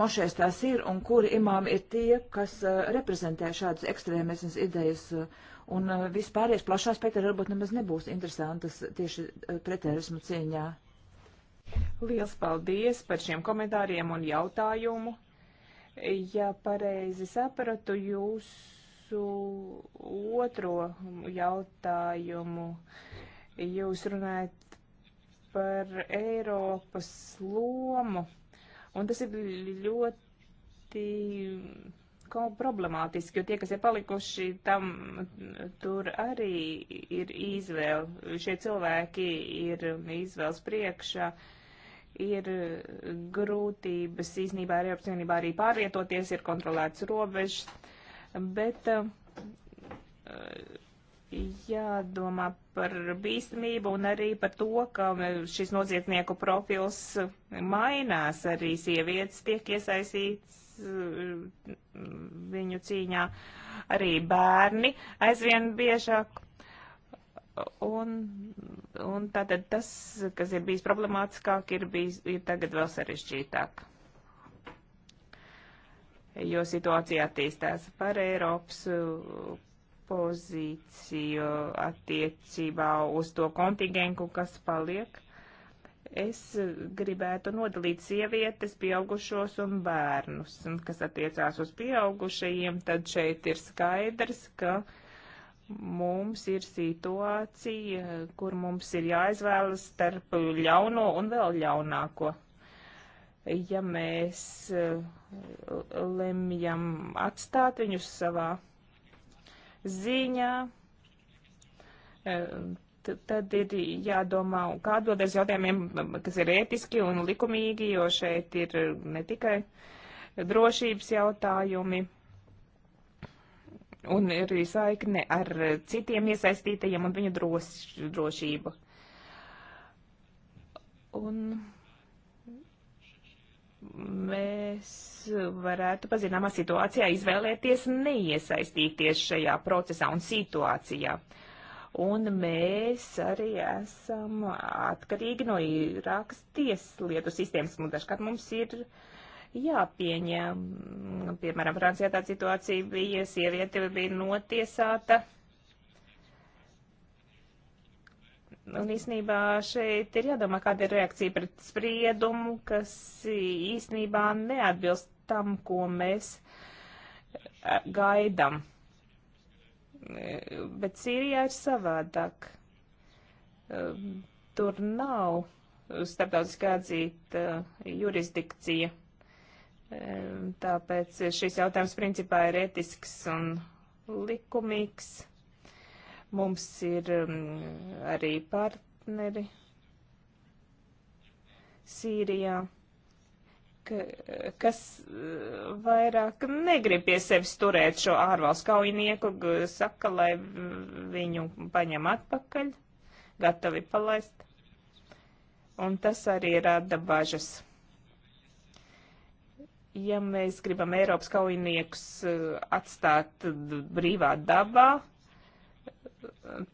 mošēs tās ir un kuri imāmi ir tie, kas uh, reprezentē šādas ekstrēmismas idejas. Uh, un uh, vispārējais plašā spektra varbūt nemaz nebūs interesantas tieši pretērismu cīņā. Liels paldies par šiem komentāriem un jautājumu. Ja pareizi sapratu jūsu otro jautājumu, jūs runājat par Eiropas lomu Un tas ir ļoti problemātiski, jo tie, kas ir palikuši, tam tur arī ir izvēle. Šie cilvēki ir izvēles priekšā, ir grūtības īsnībā arī apcienībā arī pārvietoties, ir kontrolēts robežas, bet uh, jādomā par bīstamību un arī par to, ka šis noziedznieku profils mainās. Arī sievietes tiek iesaistīts mm, viņu cīņā, arī bērni aizvien biežāk. Un, un tātad tas, kas ir bijis problemātiskāk, ir, bijis, ir tagad vēl sarežģītāk jo situācija attīstās par Eiropas pozīciju attiecībā uz to kontingentu, kas paliek. Es gribētu nodalīt sievietes, pieaugušos un bērnus, un kas attiecās uz pieaugušajiem, tad šeit ir skaidrs, ka mums ir situācija, kur mums ir jāizvēlas starp ļauno un vēl ļaunāko. Ja mēs eh, lemjam atstāt viņus savā ziņā, e, tad ir jādomā, kā atbildēs jautājumiem, kas ir ētiski un likumīgi, jo šeit ir ne tikai drošības jautājumi, un ir arī saikne ar citiem iesaistītajiem un viņu dros, drošību. Un mēs varētu pazināmā situācijā izvēlēties neiesaistīties šajā procesā un situācijā. Un mēs arī esam atkarīgi no Irākas tieslietu sistēmas. Un dažkārt mums ir jāpieņem, piemēram, Francijā tā situācija bija, sieviete bija notiesāta Un īsnībā šeit ir jādomā, kāda ir reakcija pret spriedumu, kas īsnībā neatbilst tam, ko mēs e, gaidām. E, bet Sīrijā ir savādāk. E, tur nav starptautiskā atzīta jurisdikcija. Tāpēc šis jautājums principā ir etisks un likumīgs. Mums ir mm, arī partneri Sīrijā kas eh, vairāk negrib pie sevis turēt šo ārvalstu kaujinieku, saka, lai viņu paņem atpakaļ, gatavi palaist. Un tas arī rada bažas. Ja mēs gribam Eiropas kaujiniekus eh, atstāt brīvā dabā,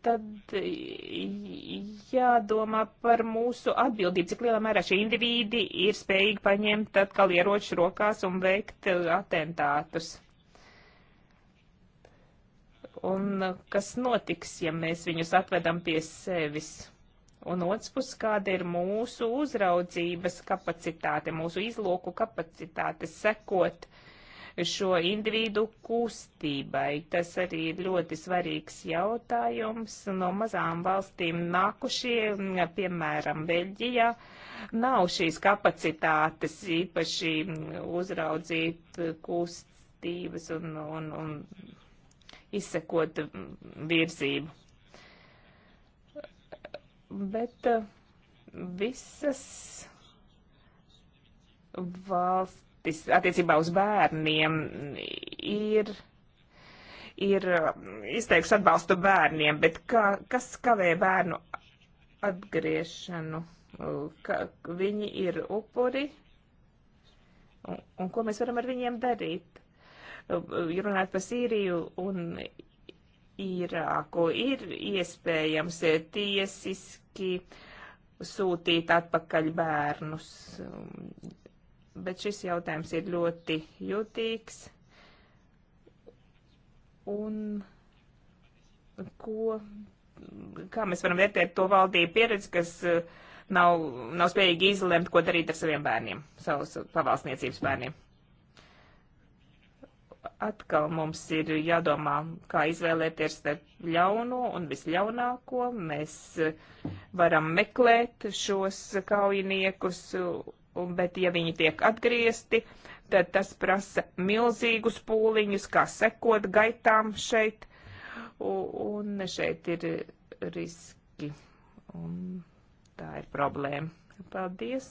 tad jādomā par mūsu atbildību, cik lielā mērā šie indivīdi ir spējīgi paņemt atkal ieroču rokās un veikt eh, atentātus. Un eh, kas notiks, ja mēs viņus atvedam pie sevis? Un otrs puses, kāda ir mūsu uzraudzības kapacitāte, mūsu izlūku kapacitāte sekot uh, šo individu kustībai. Tas arī ir ļoti svarīgs jautājums. No mazām valstīm nākušie, piemēram, Beļģijā, nav šīs kapacitātes īpaši uzraudzīt kustības un, un, un izsekot virzību. Bet uh, visas valsts debatis attiecībā uz bērniem ir, ir izteikšu atbalstu bērniem, bet kā, kas kavē bērnu atgriešanu? Ka, viņi ir upuri, un, un ko mēs varam ar viņiem darīt? Runāt par Sīriju un Irāku ir iespējams tiesiski sūtīt atpakaļ bērnus, bet šis jautājums ir ļoti jutīgs. Un ko, kā mēs varam vērtēt to valdību pieredzi, kas eh, nav, nav spējīgi izlemt, ko darīt ar saviem bērniem, savus pavalsniecības bērniem? atkal mums ir jādomā, kā izvēlēties starp ļaunu un visļaunāko. Mēs eh, varam meklēt šos kaujiniekus un, bet ja viņi tiek atgriezti, tad tas prasa milzīgus pūliņus, kā sekot gaitām šeit, un, un šeit ir riski, un tā ir problēma. Paldies,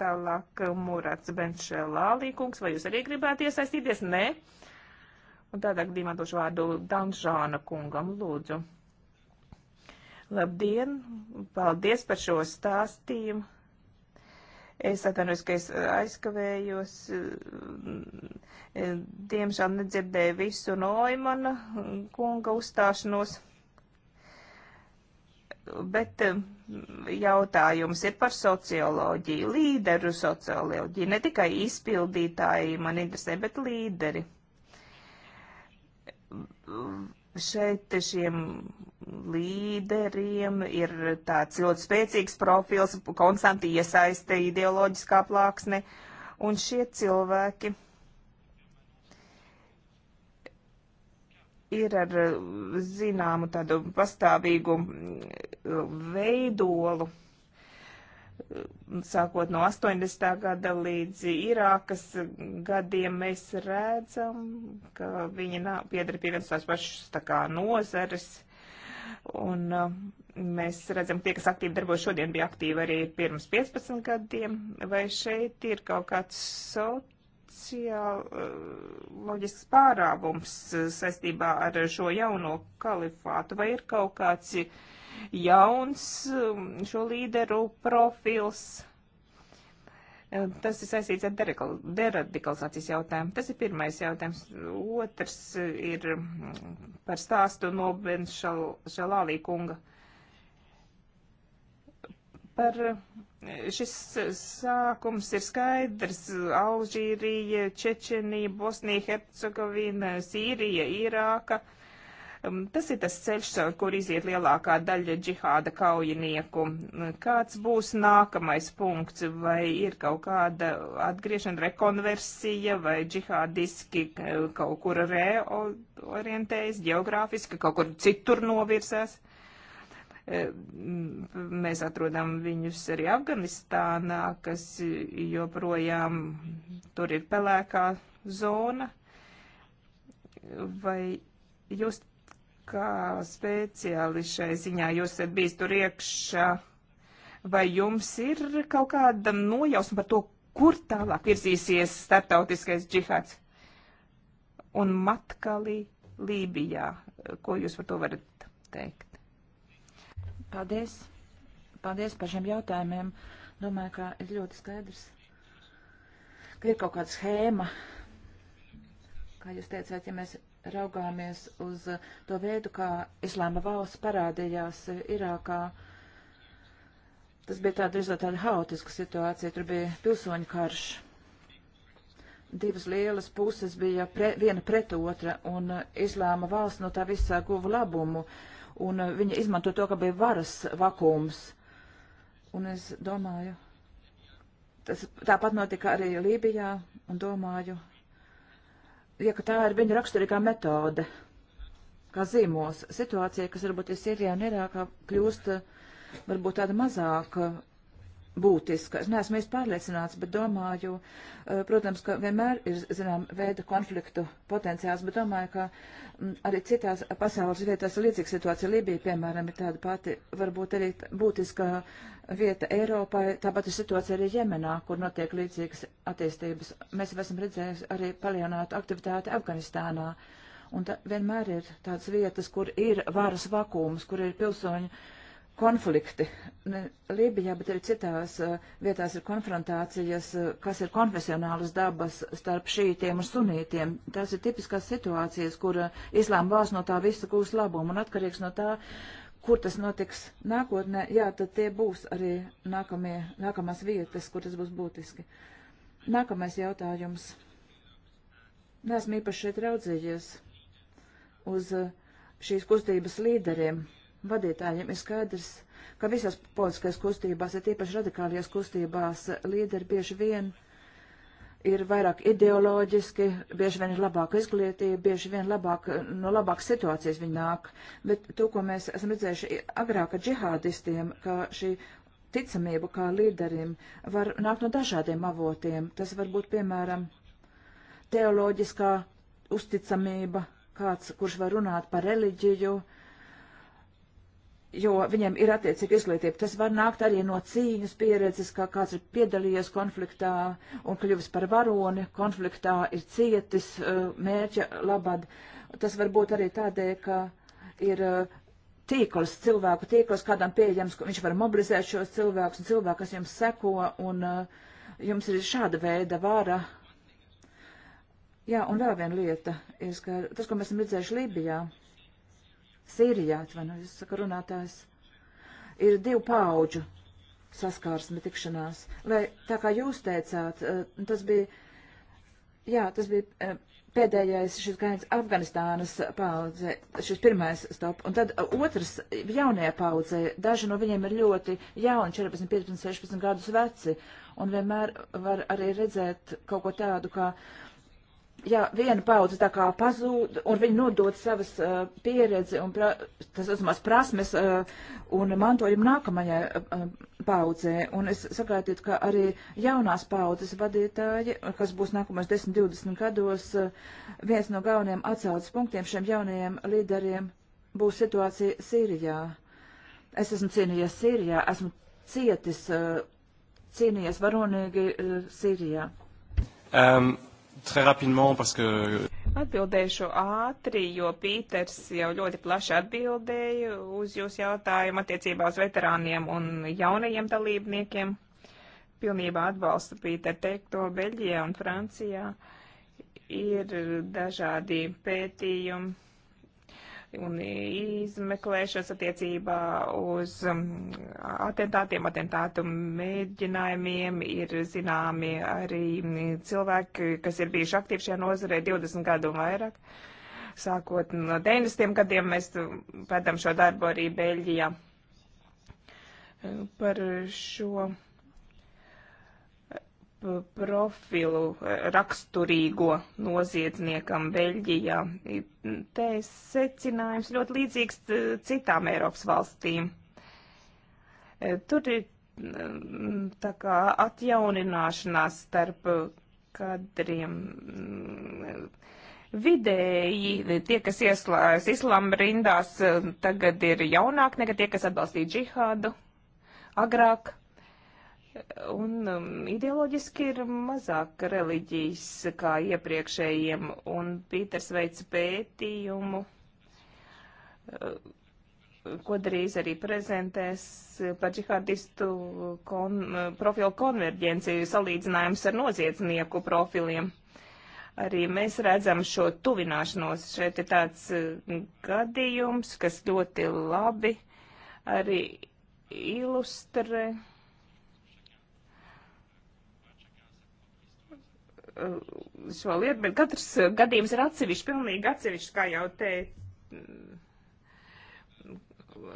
tālāk Murats Benčelālīkungs, vai jūs arī gribētu iesaistīties? Nē. Un tādā gadījumā došu vārdu Danžāna kungam, lūdzu. Labdien, paldies par šo stāstījumu Es atvainojos, ka es eh, aizkavējos. Eh, mm, eh, diemžēl nedzirdēju visu Noimana mm, kunga uzstāšanos. Bet mm, jautājums ir par socioloģiju, līderu socioloģiju. Ne tikai izpildītāji man interesē, bet līderi. Šeit šiem līderiem ir tāds ļoti spēcīgs profils, konstanti iesaiste ideoloģiskā plāksne, un šie cilvēki ir ar zināmu tādu pastāvīgu veidolu, sākot no 80. gada līdz Irākas gadiem, mēs redzam, ka viņi piedara pie vienas tās pašas tā kā nozares Un uh, mēs redzam, tie, kas aktīvi darbojas šodien, bija aktīvi arī pirms 15 gadiem. Vai šeit ir kaut kāds sociāloģisks pārāvums saistībā ar šo jauno kalifātu? Vai ir kaut kāds jauns um, šo līderu profils? Eh, tas ir saistīts ar deradikalizācijas jautājumu. Tas ir pirmais jautājums. Otrs eh, ir mm, par stāstu no Benšalālī kunga. Par eh, šis sākums ir skaidrs. Alžīrija, Čečenija, Bosnija, Hercegovina, Sīrija, Irāka. Uh, Um, tas ir tas ceļš, uh, kur iziet lielākā daļa džihāda kaujinieku. Um, kāds būs nākamais punkts? Vai ir kaut kāda atgriešana, rekonversija vai džihādiski kaut kur reorientējas, geogrāfiski kaut kur citur novirsās? Um, mēs atrodam viņus arī Afganistānā, kas joprojām tur ir pelēkā zona. Vai jūs kā speciālists šai ziņā jūs esat bijis tur iekšā, vai jums ir kaut kāda nojausma par to, kur tālāk virzīsies starptautiskais džihāds? Un Matkali Lībijā, ko jūs par to varat teikt? Paldies. Paldies par šiem jautājumiem. Domāju, ka ir ļoti skaidrs, ka ir kaut kāda schēma. Kā jūs teicāt, ja mēs raugāmies uz to veidu, kā Islāma valsts parādījās Irākā, tas bija tāda drīzāk tāda haotiska situācija, tur bija pilsoņu karš. Divas lielas puses bija pre, viena pret otra, un Islāma valsts no tā visā guva labumu, un viņa izmanto to, ka bija varas vakums. Un es domāju, tas tāpat notika arī Lībijā, un domāju, ja tā ir viņa raksturīgā metode, kā zīmos, situācija, kas varbūt ir Sīrijā un Irākā, kļūst eh, varbūt tāda mazāk būtiska. Es neesmu īsti pārliecināts, bet domāju, eh, protams, ka vienmēr ir, zinām, veida konfliktu potenciāls, bet domāju, ka mm, arī citās pasaules vietās līdzīga situācija Libija, piemēram, ir tāda pati, varbūt arī būtiska vieta Eiropai. Tāpat ir situācija arī Jemenā, kur notiek līdzīgas attīstības. Mēs jau esam redzējuši arī palielinātu aktivitāti Afganistānā. Un tā, vienmēr ir tādas vietas, kur ir varas vakums, kur ir pilsoņu konflikti. Ne Lībijā, bet arī citās uh, vietās ir konfrontācijas, uh, kas ir konfesionālas dabas starp šītiem un sunītiem. Tās ir tipiskās situācijas, kur uh, eh, islāma valsts no tā visa gūs labumu un atkarīgs no tā, kur tas notiks nākotnē. Jā, tad tie būs arī nākamie, nākamās vietas, kur tas būs būtiski. Nākamais jautājums. Nesmu īpaši šeit raudzījies uz šīs kustības līderiem vadītājiem ir skaidrs, ka visās politiskajās kustībās, ir tīpaši radikālajās kustībās, līderi bieži vien ir vairāk ideoloģiski, bieži vien ir labāka izglītība, bieži vien labāk, no labākas situācijas viņi nāk. Bet to, ko mēs esam redzējuši agrāk ar džihādistiem, ka šī ticamība kā līderim var nākt no dažādiem avotiem. Tas var būt, piemēram, teoloģiskā uzticamība, kāds, kurš var runāt par reliģiju, uh, jo viņiem ir attiecīga izglītība. Tas var nākt arī no cīņas pieredzes, kā kāds ir piedalījies konfliktā un kļuvis par varoni, konfliktā ir cietis uh, mērķa labad. Tas var būt arī tādēļ, ka ir uh, tīkls, cilvēku tīkls, kādam pieejams, ka viņš var mobilizēt šos cilvēkus un cilvēku, kas jums seko, un uh, jums ir šāda veida vara. Jā, un vēl viena lieta, ir, ka tas, ko mēs esam redzējuši Lībijā, Sīrijā, atvainojos, saka runātājs, ir divu pauģu saskārsme tikšanās. Vai tā kā jūs teicāt, eh, tas bija, jā, tas bija eh, pēdējais šis gains Afganistānas paudze, šis pirmais stop, un tad eh, otrs jaunajā paudzē, daži no viņiem ir ļoti jauni, 14, 15, 16 gadus veci, un vienmēr var arī redzēt kaut ko tādu, kā. Ka ja viena paudze tā kā pazūd un viņi nodod savas uh, pieredzi un, pra, tas esmās, prasmes uh, un mantojumu nākamajai uh, paudzē. Un es sagaitītu, ka arī jaunās paudzes vadītāji, kas būs nākamais 10-20 gados, uh, viens no galvenajiem atsaucas punktiem šiem jaunajiem līderiem būs situācija Sīrijā. Es esmu cīnījies Sīrijā, esmu cietis, uh, cīnījies varonīgi uh, Sīrijā. Um. Atbildēšu ātri, jo Pīters jau ļoti plaši atbildēja uz jūsu jautājumu attiecībā uz veterāniem un jaunajiem dalībniekiem. Pilnībā atbalstu Pīter teikto Beļģijā un Francijā. Ir dažādi pētījumi un izmeklēšanas attiecībā uz um, atentātiem, atentātu mēģinājumiem ir zināmi arī cilvēki, kas ir bijuši aktīvi šajā nozarē 20 gadu un vairāk. Sākot no 90. gadiem mēs pētām šo darbu arī Beļģijā. Par šo profilu raksturīgo noziedzniekam Beļģijā. Te secinājums ļoti līdzīgs e, citām Eiropas valstīm. E, tur ir mm, tā kā atjaunināšanās starp kadriem mm, vidēji e, tie, kas ieslēdz islāma rindās, tagad ir jaunāki nekā tie, kas atbalstīja džihādu agrāk. Un um, ideoloģiski ir mazāk reliģijas kā iepriekšējiem, un Pīters veica pētījumu, uh, ko drīz arī prezentēs par džihādistu kon, uh, profilu konverģenciju salīdzinājums ar noziedznieku profiliem. Arī mēs redzam šo tuvināšanos. Šeit ir tāds uh, gadījums, kas ļoti labi arī ilustrē Uh, šo lietu, bet katrs uh, gadījums ir atsevišķi, pilnīgi atsevišķi, kā jau te. Mm, uh,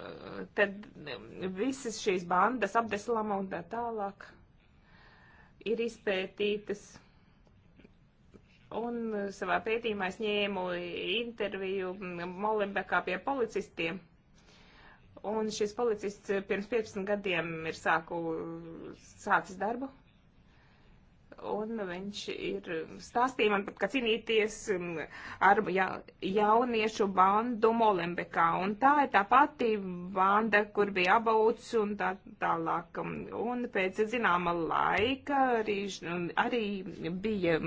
Tad mm, visas šīs bandas, apdeslama un tā tālāk, ir izpētītas. Un savā pētījumā es ņēmu interviju mm, Molenbekā pie policistiem un šis policists pirms 15 gadiem ir sāku, sācis darbu. Un viņš ir stāstīja man pat, ka cīnīties um, ar ja, jauniešu bandu Molembekā. Un tā ir tā pati banda, kur bija abauts un tā tālāk. Um, un pēc zināma laika arī, um, arī bija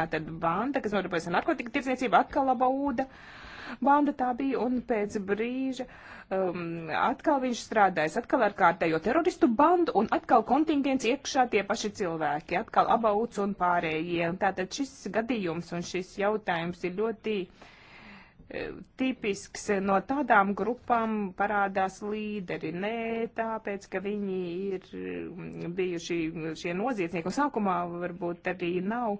tātad banda, kas nodarbojas ar narkotika tirdzniecību, atkal abauda. Uh, banda tā bija, un pēc brīža um, atkal viņš strādājas atkal ar kārtējo teroristu bandu, un atkal kontingents iekšā tie paši cilvēki, atkal abauts un pārējie. Tātad šis gadījums un šis jautājums ir ļoti eh, tipisks no tādām grupām parādās līderi. Nē, tāpēc, ka viņi ir mm, bijuši šie noziedznieki, un sākumā varbūt arī nav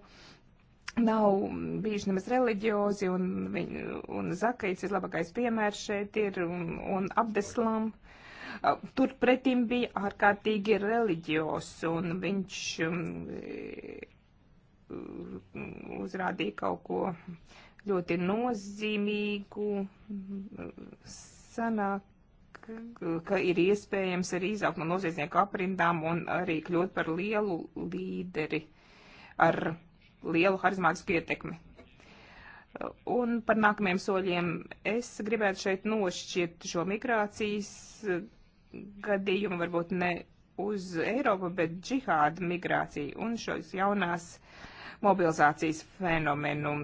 nav bijuši nemaz reliģiozi, un, viņu, un Zakaits ir labākais piemērs šeit ir, un, un Abdeslam. Uh, Turpretim bija ārkārtīgi reliģios, un viņš um, uzrādīja kaut ko ļoti nozīmīgu. Sanāk, ka ir iespējams arī izaugt no noziedznieku aprindām un arī kļūt par lielu līderi ar lielu harizmātisku ietekmi. Un par nākamajiem soļiem es gribētu šeit nošķirt šo migrācijas eh, gadījumu, varbūt ne uz Eiropu, bet džihāda migrāciju un šos jaunās mobilizācijas fenomenu.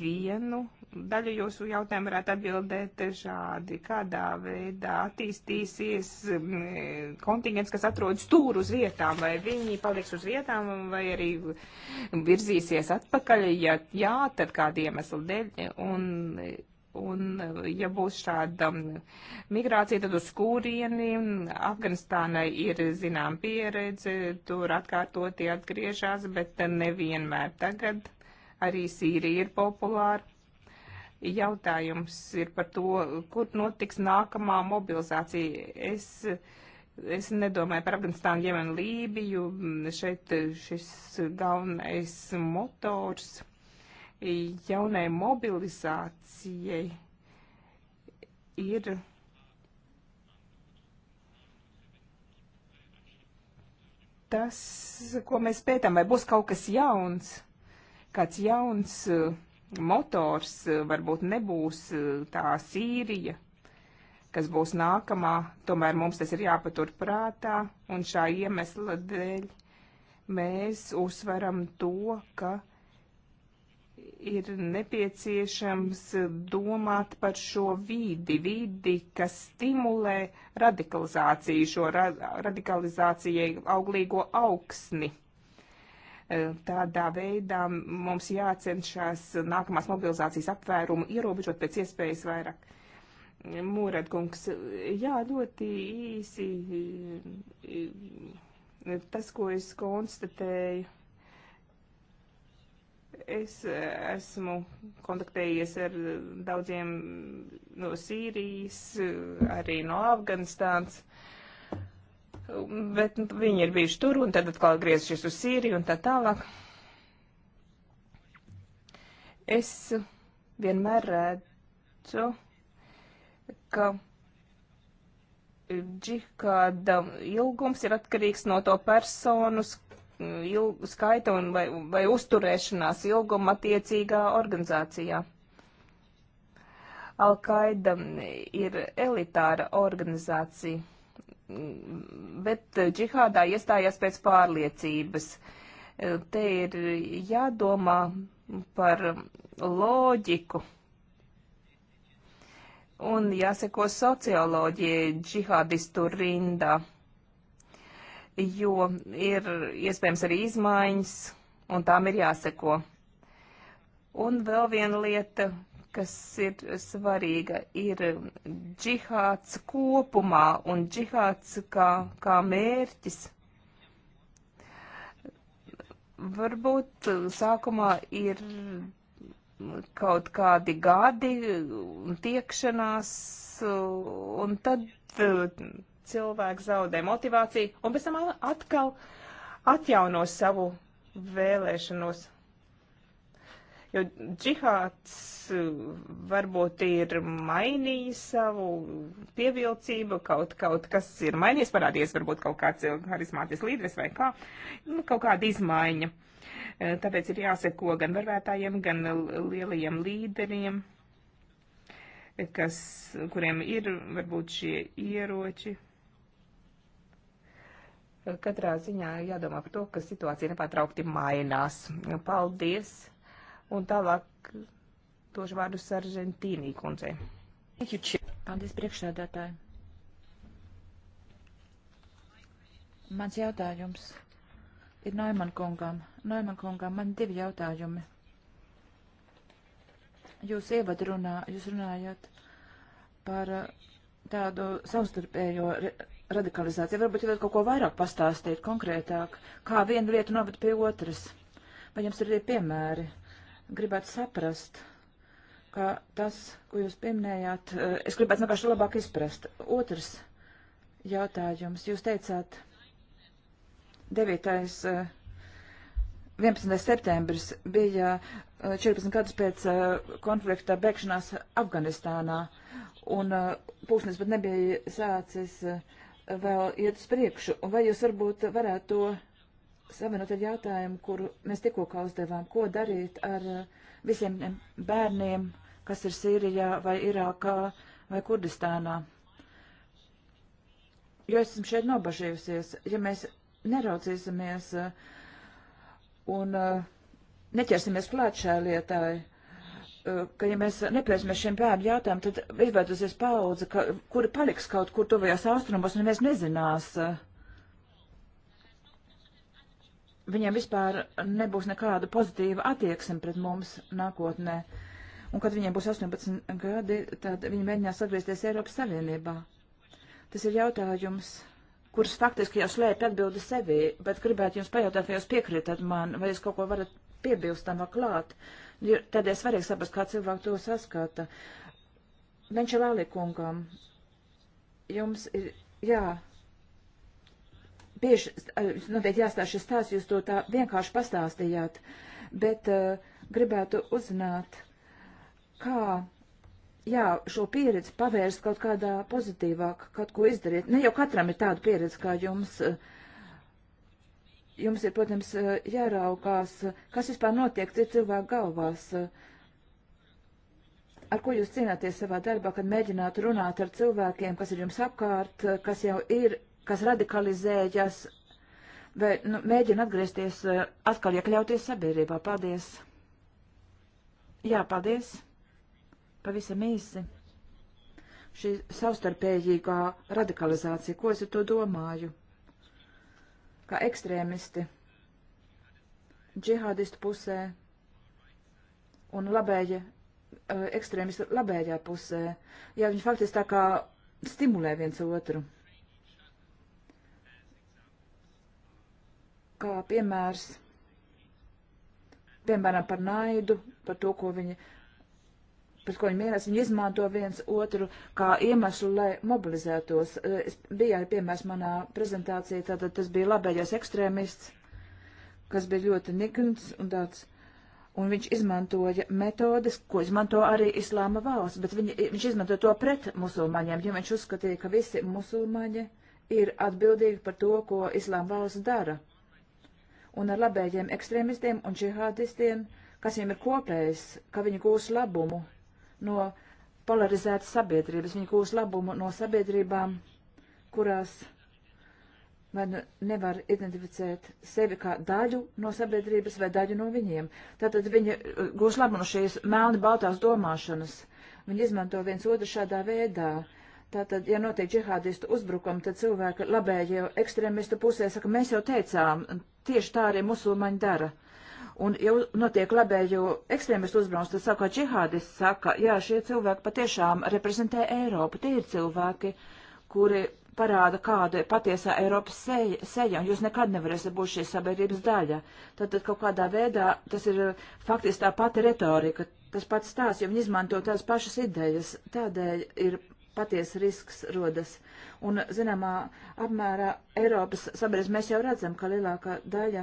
Vienu daļu jūsu jautājumu varētu atbildēt šādi, kādā veidā attīstīsies mm, kontingents, kas atrodas tur uz vietām, vai viņi paliks uz vietām, vai arī virzīsies atpakaļ, ja jā, tad kāda iemesla dēļ, un, un ja būs šāda mm, migrācija, tad uz kurieni Afganistānai ir zinām pieredze, tur atkārtoti atgriežas, bet nevienmēr tagad. Arī Sīrija ir populāra jautājums ir par to, kur notiks nākamā mobilizācija. Es, es nedomāju par Afganistānu, Jemenu, Lībiju. Šeit šis galvenais motors jaunai mobilizācijai ir. Tas, ko mēs pētām, vai būs kaut kas jauns, kāds jauns uh, motors eh, varbūt nebūs eh, tā Sīrija, kas būs nākamā, tomēr mums tas ir jāpatur prātā, un šā iemesla dēļ mēs uzsveram to, ka ir nepieciešams eh, domāt par šo vidi, vidi, kas stimulē radikalizāciju, šo ra radikalizācijai auglīgo augsni. Tādā veidā mums jācenšas nākamās mobilizācijas apvērumu ierobežot pēc iespējas vairāk. Mūredkungs, jā, ļoti īsi tas, ko es konstatēju. Es esmu kontaktējies ar daudziem no Sīrijas, arī no Afganistānas bet viņi ir bijuši tur un tad atkal griezušies uz Sīriju un tā tālāk. Es vienmēr redzu, ka džihāda ilgums ir atkarīgs no to personu skaita un vai, vai uzturēšanās ilguma attiecīgā organizācijā. Al-Qaida ir elitāra organizācija bet džihādā iestājās pēc pārliecības. Te ir jādomā par loģiku un jāseko socioloģijai džihādistu rindā, jo ir iespējams arī izmaiņas, un tām ir jāseko. Un vēl viena lieta kas ir svarīga, ir džihāds kopumā un džihāds kā, kā mērķis. Varbūt sākumā ir kaut kādi gadi un tiekšanās, un tad uh, cilvēks zaudē motivāciju, un pēc tam atkal atjauno savu vēlēšanos. Jo džihāds eh, varbūt ir mainījis savu pievilcību, kaut, kaut kas ir mainījies, parādījies varbūt kaut kāds harizmātis līderis vai kā, nu, kaut kāda izmaiņa. Eh, tāpēc ir jāseko gan varvētājiem, gan lielajiem līderiem, kas, kuriem ir varbūt šie ieroči katrā ziņā jādomā par to, ka situācija nepārtraukti mainās. Paldies! Un tālāk došu vārdu Saržentīnī kundzei. Paldies priekšsēdētāji. Mans jautājums ir Noiman kungam. Noiman kungam man divi jautājumi. Jūs ievadrunā, jūs runājat par uh, tādu savstarpējo radikalizāciju. Varbūt jūs varat kaut ko vairāk pastāstīt konkrētāk, kā viena lieta noved pie otras. Vai jums ir arī piemēri? Uh, gribētu saprast, ka tas, ko jūs pieminējāt, eh, es gribētu vienkārši labāk izprast. Otrs jautājums. Jūs teicāt 9. 11. Eh, septembris bija 14 eh, gadus pēc konflikta bēgšanās Afganistānā, un pūkstens pat nebija sācis vēl iet uz priekšu. Vai jūs varbūt varētu to savienot ar jautājumu, kuru mēs tikko uzdevām, ko darīt ar eh, visiem bērniem, kas ir Sīrijā vai Irākā vai Kurdistānā. Jo esam šeit nobažījusies, ja mēs neraudzīsimies eh, un eh, neķersimies klāt šai lietai, ka ja mēs nepievērsīsimies šiem bērnu jautājumiem, tad izveidosies paudze, ka, kuri paliks kaut kur tuvajās austrumos, un mēs nezinās, uh, viņiem vispār nebūs nekāda pozitīva attieksme pret mums nākotnē. Un kad viņiem būs 18 gadi, tad viņi mēģinās atgriezties Eiropas Savienībā. Tas ir jautājums, kurus faktiski jau slēpj atbildi sevī, bet gribētu jums pajautāt, vai jūs piekrītat man, vai jūs kaut ko varat piebilst tam vēl klāt. Tādēļ svarīgi saprast, kā cilvēki to saskata. Viņš ir Alikungam. Jums ir jā, bieži, eh, noteikti jāstāsta šis stāsts, jūs to tā vienkārši pastāstījāt, bet uh, gribētu uzzināt, kā, jā, šo pieredzi pavērst kaut kādā pozitīvāk, kaut ko izdarīt. Ne nu, jau katram ir tāda pieredze kā jums. Jums ir, protams, eh, jāraukās, kas vispār notiek cilvēku galvās. Uh, ar ko jūs cīnāties savā darbā, kad mēģināt runāt ar cilvēkiem, kas ir jums apkārt, kas jau ir kas radikalizējas vai nu, mēģina atgriezties, eh, atkal iekļauties sabiedrībā. Paldies! Jā, paldies! Pavisam īsi! Šī savstarpējīgā radikalizācija, ko es ar to domāju? Kā ekstrēmisti, džihādistu pusē un labēja, eh, ekstrēmistu labējā pusē, ja viņi faktiski tā kā stimulē viens otru. kā piemērs, piemēram, par naidu, par to, ko viņi, pret ko viņi mierās, viņi izmanto viens otru kā iemeslu, lai mobilizētos. E, es biju arī piemērs manā prezentācijā, tātad tas bija labējais ekstrēmists, kas bija ļoti nikns un tāds un viņš izmantoja metodes, ko izmanto arī islāma valsts, bet viņi, viņš izmantoja to pret musulmaņiem, jo viņš uzskatīja, ka visi musulmaņi ir atbildīgi par to, ko islāma valsts dara un ar labējiem ekstrēmistiem un džihādistiem, kas viņiem ir kopējis, ka viņi gūs labumu no polarizētas sabiedrības, viņi gūs labumu no sabiedrībām, kurās vai nu nevar identificēt sevi kā daļu no sabiedrības vai daļu no viņiem. Tātad viņi uh, gūs labumu no šīs melni baltās domāšanas. Viņi izmanto viens otru šādā veidā. Uh, Tātad, ja notiek džihādistu uzbrukumi, tad cilvēki labējie ekstrēmistu pusē saka, mēs jau teicām, tieši tā arī musulmaņi dara. Un, ja notiek labējo ekstrēmistu uzbrukums, tad saka, džihādisti saka, jā, šie cilvēki patiešām reprezentē Eiropu. Tie ir cilvēki, kuri parāda, kāda ir patiesā Eiropas seja, seja, un jūs nekad nevarēsiet būt šīs sabiedrības daļa. Tātad kaut kādā veidā tas ir faktiski tā pati retorika, tas pats stāsts, jo viņi izmanto tās pašas idejas. Tādēļ ir paties risks rodas. Un, zināmā, apmērā Eiropas sabiedrības mēs jau redzam, ka lielākā daļa,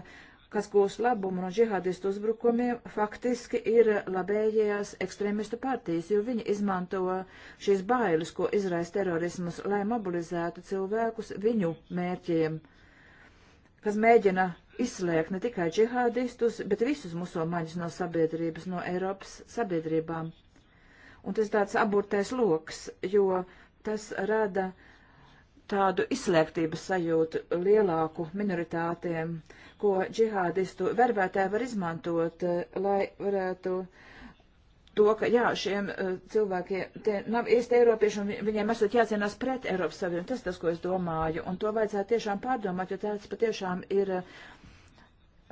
kas gūs labumu no džihādistu uzbrukumiem, faktiski ir labējās ekstrēmistu partijas, jo viņi izmanto šīs bailes, ko izraisa terorismus, lai mobilizētu cilvēkus viņu mērķiem, kas mēģina izslēgt ne tikai džihādistus, bet visus musulmaņus no sabiedrības, no Eiropas sabiedrībām. Un tas tāds aburtais loks, jo tas rada tādu izslēgtības sajūtu lielāku minoritātiem, ko džihādistu vervētāji var izmantot, eh, lai varētu to, ka jā, šiem uh, cilvēkiem tie nav īsti eiropieši un viņiem esot jācienās pret Eiropas Savienību. Tas tas, ko es domāju, un to vajadzētu tiešām pārdomāt, jo tāds patiešām ir uh,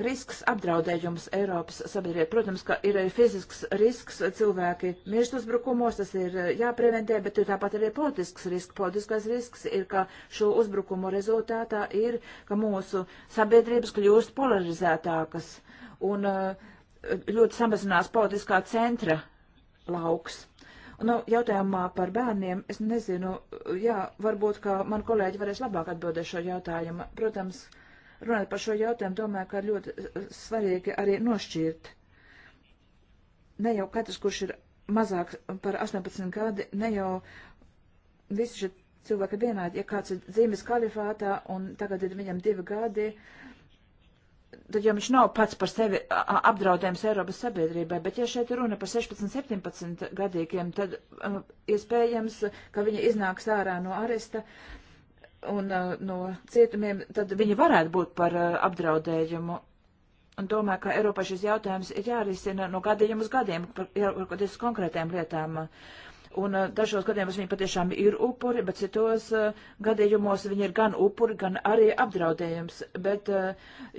risks apdraudējums Eiropas sabiedrībai. Protams, ka ir arī fizisks risks, cilvēki mirst uzbrukumos, tas ir eh, jāpreventē, bet ir tāpat arī politisks risks. Politiskais risks ir, ka šo uzbrukumu rezultātā ir, ka mūsu sabiedrības kļūst polarizētākas un eh, ļoti samazinās politiskā centra lauks. Nu, jautājumā par bērniem, es nezinu, jā, varbūt, ka man kolēģi varēs labāk atbildēt šo jautājumu. Protams, uh, runāt par šo jautājumu, domāju, ka ir ļoti eh, svarīgi arī nošķirt. Ne jau katrs, kurš ir mazāk par 18 gadi, ne jau visi šie cilvēki vienādi. Ja kāds ir dzīves kalifātā un tagad ir viņam divi gadi, tad jau viņš nav pats par sevi apdraudējums Eiropas sabiedrībai, bet ja šeit runa par 16, 17 gadīgiem, tad uh, iespējams, ka viņi iznāks ārā no aresta. Uh, un uh, no cietumiem, tad viņi varētu būt par uh, apdraudējumu. Un domāju, ka Eiropā šis jautājums ir jārisina no gadiem uz gadiem, par, par, par konkrētām lietām. Un uh, dažos gadījumos viņi patiešām ir upuri, bet citos uh, gadījumos viņi ir gan upuri, gan arī apdraudējums. Bet uh,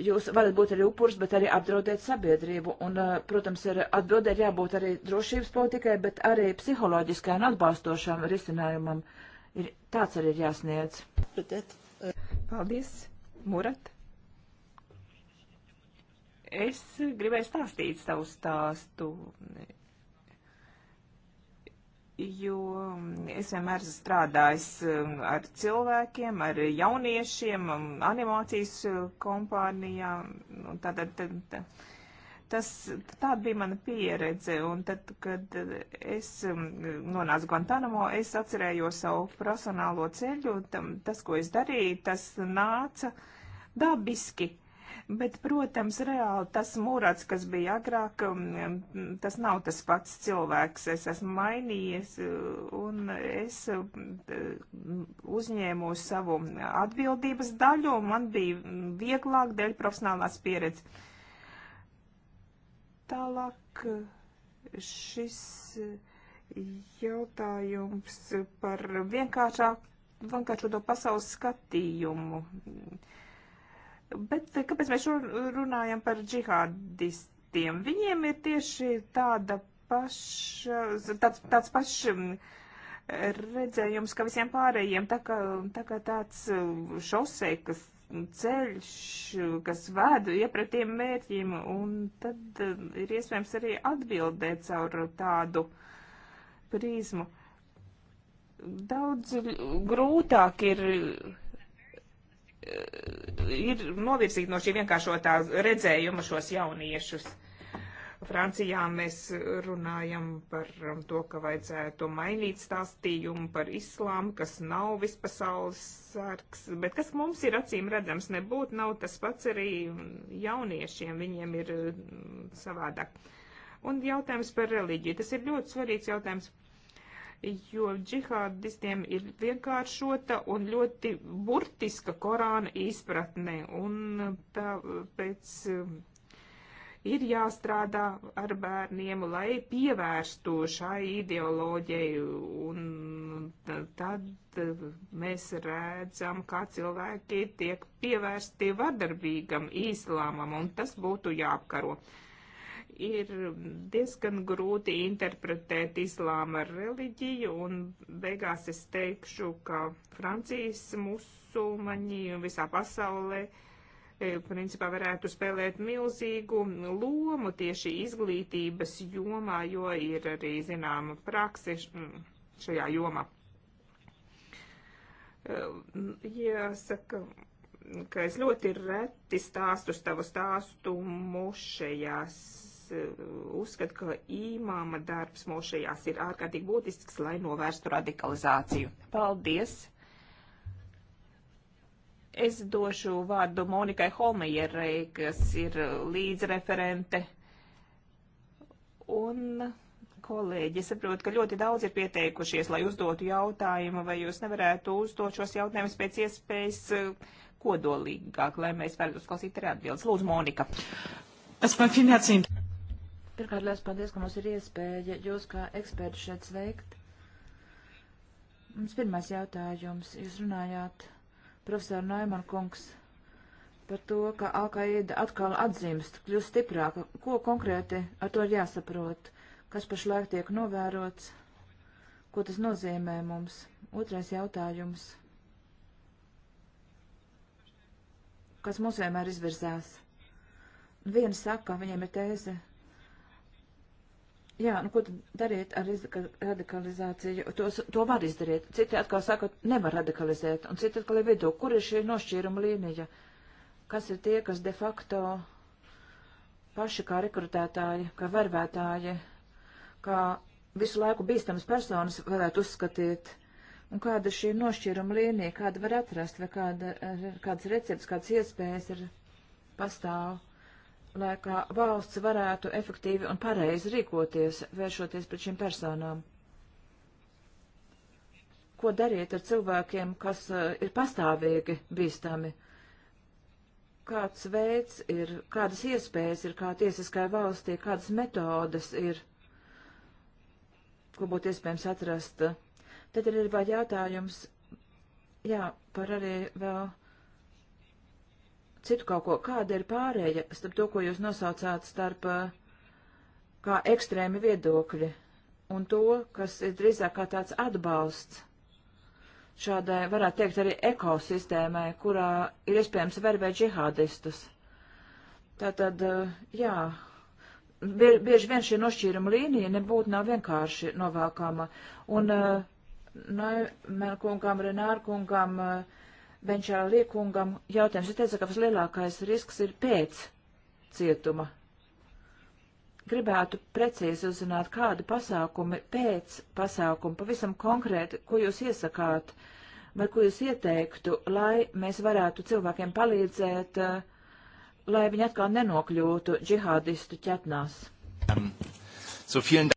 jūs varat būt arī upurs, bet arī apdraudēt sabiedrību. Un, uh, protams, ir atbildēt jābūt arī drošības politikai, bet arī psiholoģiskai un atbalstošam risinājumam. Ir, tāds arī ir jāsniedz. Euh, Paldies, Murat. Es gribēju stāstīt savu stāstu, jo es vienmēr strādājis um, ar cilvēkiem, ar jauniešiem, um, animācijas uh, kompānijām. Tātad, tā, tā, tā Tas, tāda bija mana pieredze, un tad, kad es um, nonācu Guantanamo, es atcerējos savu profesionālo ceļu, tam, tas, ko es darīju, tas nāca dabiski. Bet, protams, reāli tas mūrats, kas bija agrāk, um, tas nav tas pats cilvēks. Es esmu mainījies, uh, un es um, uzņēmu savu atbildības daļu, un man bija vieglāk dēļ profesionālās pieredzes Tālāk šis jautājums par vienkāršo to pasaules skatījumu. Bet kāpēc mēs runājam par džihādistiem? Viņiem ir tieši tāda paša, tāds, tāds pašs mm, redzējums, kā visiem pārējiem, tā kā, tā kā tāds mm, šosei, kas ceļš, kas veda iepratiem mērķiem, un tad eh, ir iespējams arī atbildēt caur tādu prizmu. Daudz grūtāk ir eh, ir novirzīt no šī vienkāršotā redzējuma šos jauniešus. Francijā mēs runājam par um, to, ka vajadzētu mainīt stāstījumu par islāmu, kas nav vispasaules sargs, bet kas mums ir acīm redzams, nebūt nav tas pats arī jauniešiem, viņiem ir mm, savādāk. Un jautājums par reliģiju, tas ir ļoti svarīgs jautājums, jo džihādistiem ir vienkāršota un ļoti burtiska Korāna izpratne, un tāpēc. Tā, ir jāstrādā ar bērniem, lai pievērstu šai ideoloģijai, un tad mēs redzam, kā cilvēki tiek pievērsti vardarbīgam īslāmam, un tas būtu jāapkaro. Ir diezgan grūti interpretēt islāma reliģiju, un beigās es teikšu, ka Francijas musulmaņi visā pasaulē uh, E, principā varētu spēlēt milzīgu lomu tieši izglītības jomā, jo ir arī zināma prakse šajā jomā. E, jāsaka, ka es ļoti reti stāstu savu stāstu mušajās. E, Uzskatu, ka īmāma darbs mušajās ir ārkārtīgi būtisks, lai novērstu radikalizāciju. Paldies! Es došu vārdu Monikai Holmejerai, kas ir līdzreferente. Un kolēģi, es saprotu, ka ļoti daudz ir pieteikušies, lai uzdotu jautājumu, vai jūs nevarētu uzdot šos jautājumus pēc iespējas eh, kodolīgāk, lai mēs varētu uzklausīt arī atbildes. Lūdzu, Monika. Es man finansīju. Pirmkārt, liels paldies, ka mums ir iespēja jūs kā eksperti šeit sveikt. Mums pirmais jautājums. Jūs runājāt profesora Noiman kungs par to, ka Alkaida atkal atzīmst, kļūst stiprāka. Ko konkrēti ar to ir jāsaprot? Kas pašlaik tiek novērots? Ko tas nozīmē mums? Otrais jautājums. Kas mums vienmēr izvirzās? Viena saka, viņiem ir tēze, Jā, nu ko tad darīt ar radikalizāciju? Tos, to var izdarīt. Citi atkal saka, nevar radikalizēt, un citi atkal ir vidū. Kur ir šī nošķīruma līnija? Kas ir tie, kas de facto paši kā rekrutētāji, kā vervētāji, kā visu laiku bīstamas personas varētu uzskatīt? Un kāda šī nošķīruma līnija, kāda var atrast, vai kāda, kādas recepts, kādas iespējas ir pastāv? lai kā valsts varētu efektīvi un pareizi rīkoties, vēršoties pret šīm personām. Ko dariet ar cilvēkiem, kas uh, ir pastāvīgi bīstami? Kāds veids ir, kādas iespējas ir, kā tiesiskai valstī, kādas metodas ir, ko būtu iespējams atrast? Tad ir vēl jautājums, jā, par arī vēl citu kaut ko. Kāda ir pārēja starp to, ko jūs nosaucāt starp eh, kā ekstrēmi viedokļi un to, kas ir drīzāk kā tāds atbalsts šādai, varētu teikt, arī ekosistēmai, kurā ir iespējams vervēt džihādistus? Tātad, eh, jā, bieži vien šī nošķīruma līnija nebūtu nav vienkārši novākama. Un, eh, Nai, Melkungam, Renārkungam, uh, Benčā Liekungam jautājums. Viņš teica, ka vislielākais risks ir pēc cietuma. Gribētu precīzi uzzināt, kādi pasākumi pēc pasākuma, pavisam konkrēti, ko jūs iesakāt vai ko jūs ieteiktu, lai mēs varētu cilvēkiem palīdzēt, eh, lai viņi atkal nenokļūtu džihādistu ķetnās. Um, so vielen...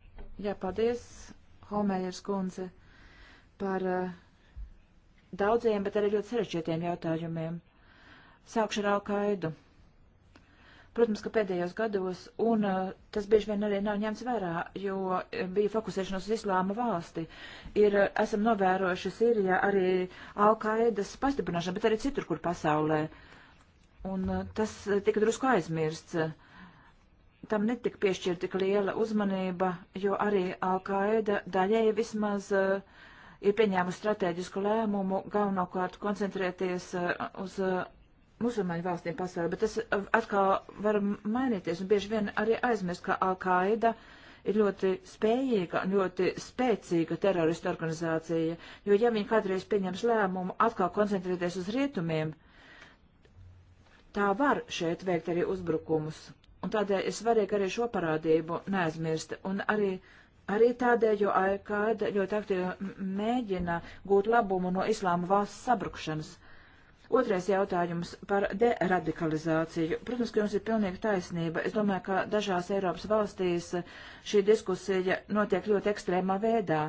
Jā, paldies, Homējers kundze, par uh, daudziem, bet arī ļoti sarežģītiem jautājumiem. Sākšu ar Alkaidu. Protams, ka pēdējos gados, un uh, tas bieži vien arī nav ņemts vērā, jo eh, bija fokusēšanos uz islāma valsti, ir, eh, esam novērojuši Sīrijā arī Alkaidas pastiprināšanu, bet arī citur, kur pasaulē. Un eh, tas tika drusku aizmirsts. Tam netika piešķirta tik liela uzmanība, jo arī Alkaida daļēji vismaz uh, ir pieņēmusi strateģisku lēmumu galvenokārt koncentrēties uh, uz uh, musulmaņu valstīm pasaulē, bet tas uh, atkal var mainīties un bieži vien arī aizmirst, ka Al-Qaida ir ļoti spējīga un ļoti spēcīga terorista organizācija, jo ja viņi kādreiz pieņems lēmumu atkal koncentrēties uz rietumiem, tā var šeit veikt arī uzbrukumus. Un tādēļ ir svarīgi arī šo parādību neaizmirst un arī uh, Arī tādēļ, jo Alkaida ļoti aktīvi mēģina gūt labumu no islāma valsts sabrukšanas. Otrais jautājums par deradikalizāciju. Protams, ka jums ir pilnīga taisnība. Es domāju, ka dažās Eiropas valstīs šī diskusija notiek ļoti ekstrēmā veidā.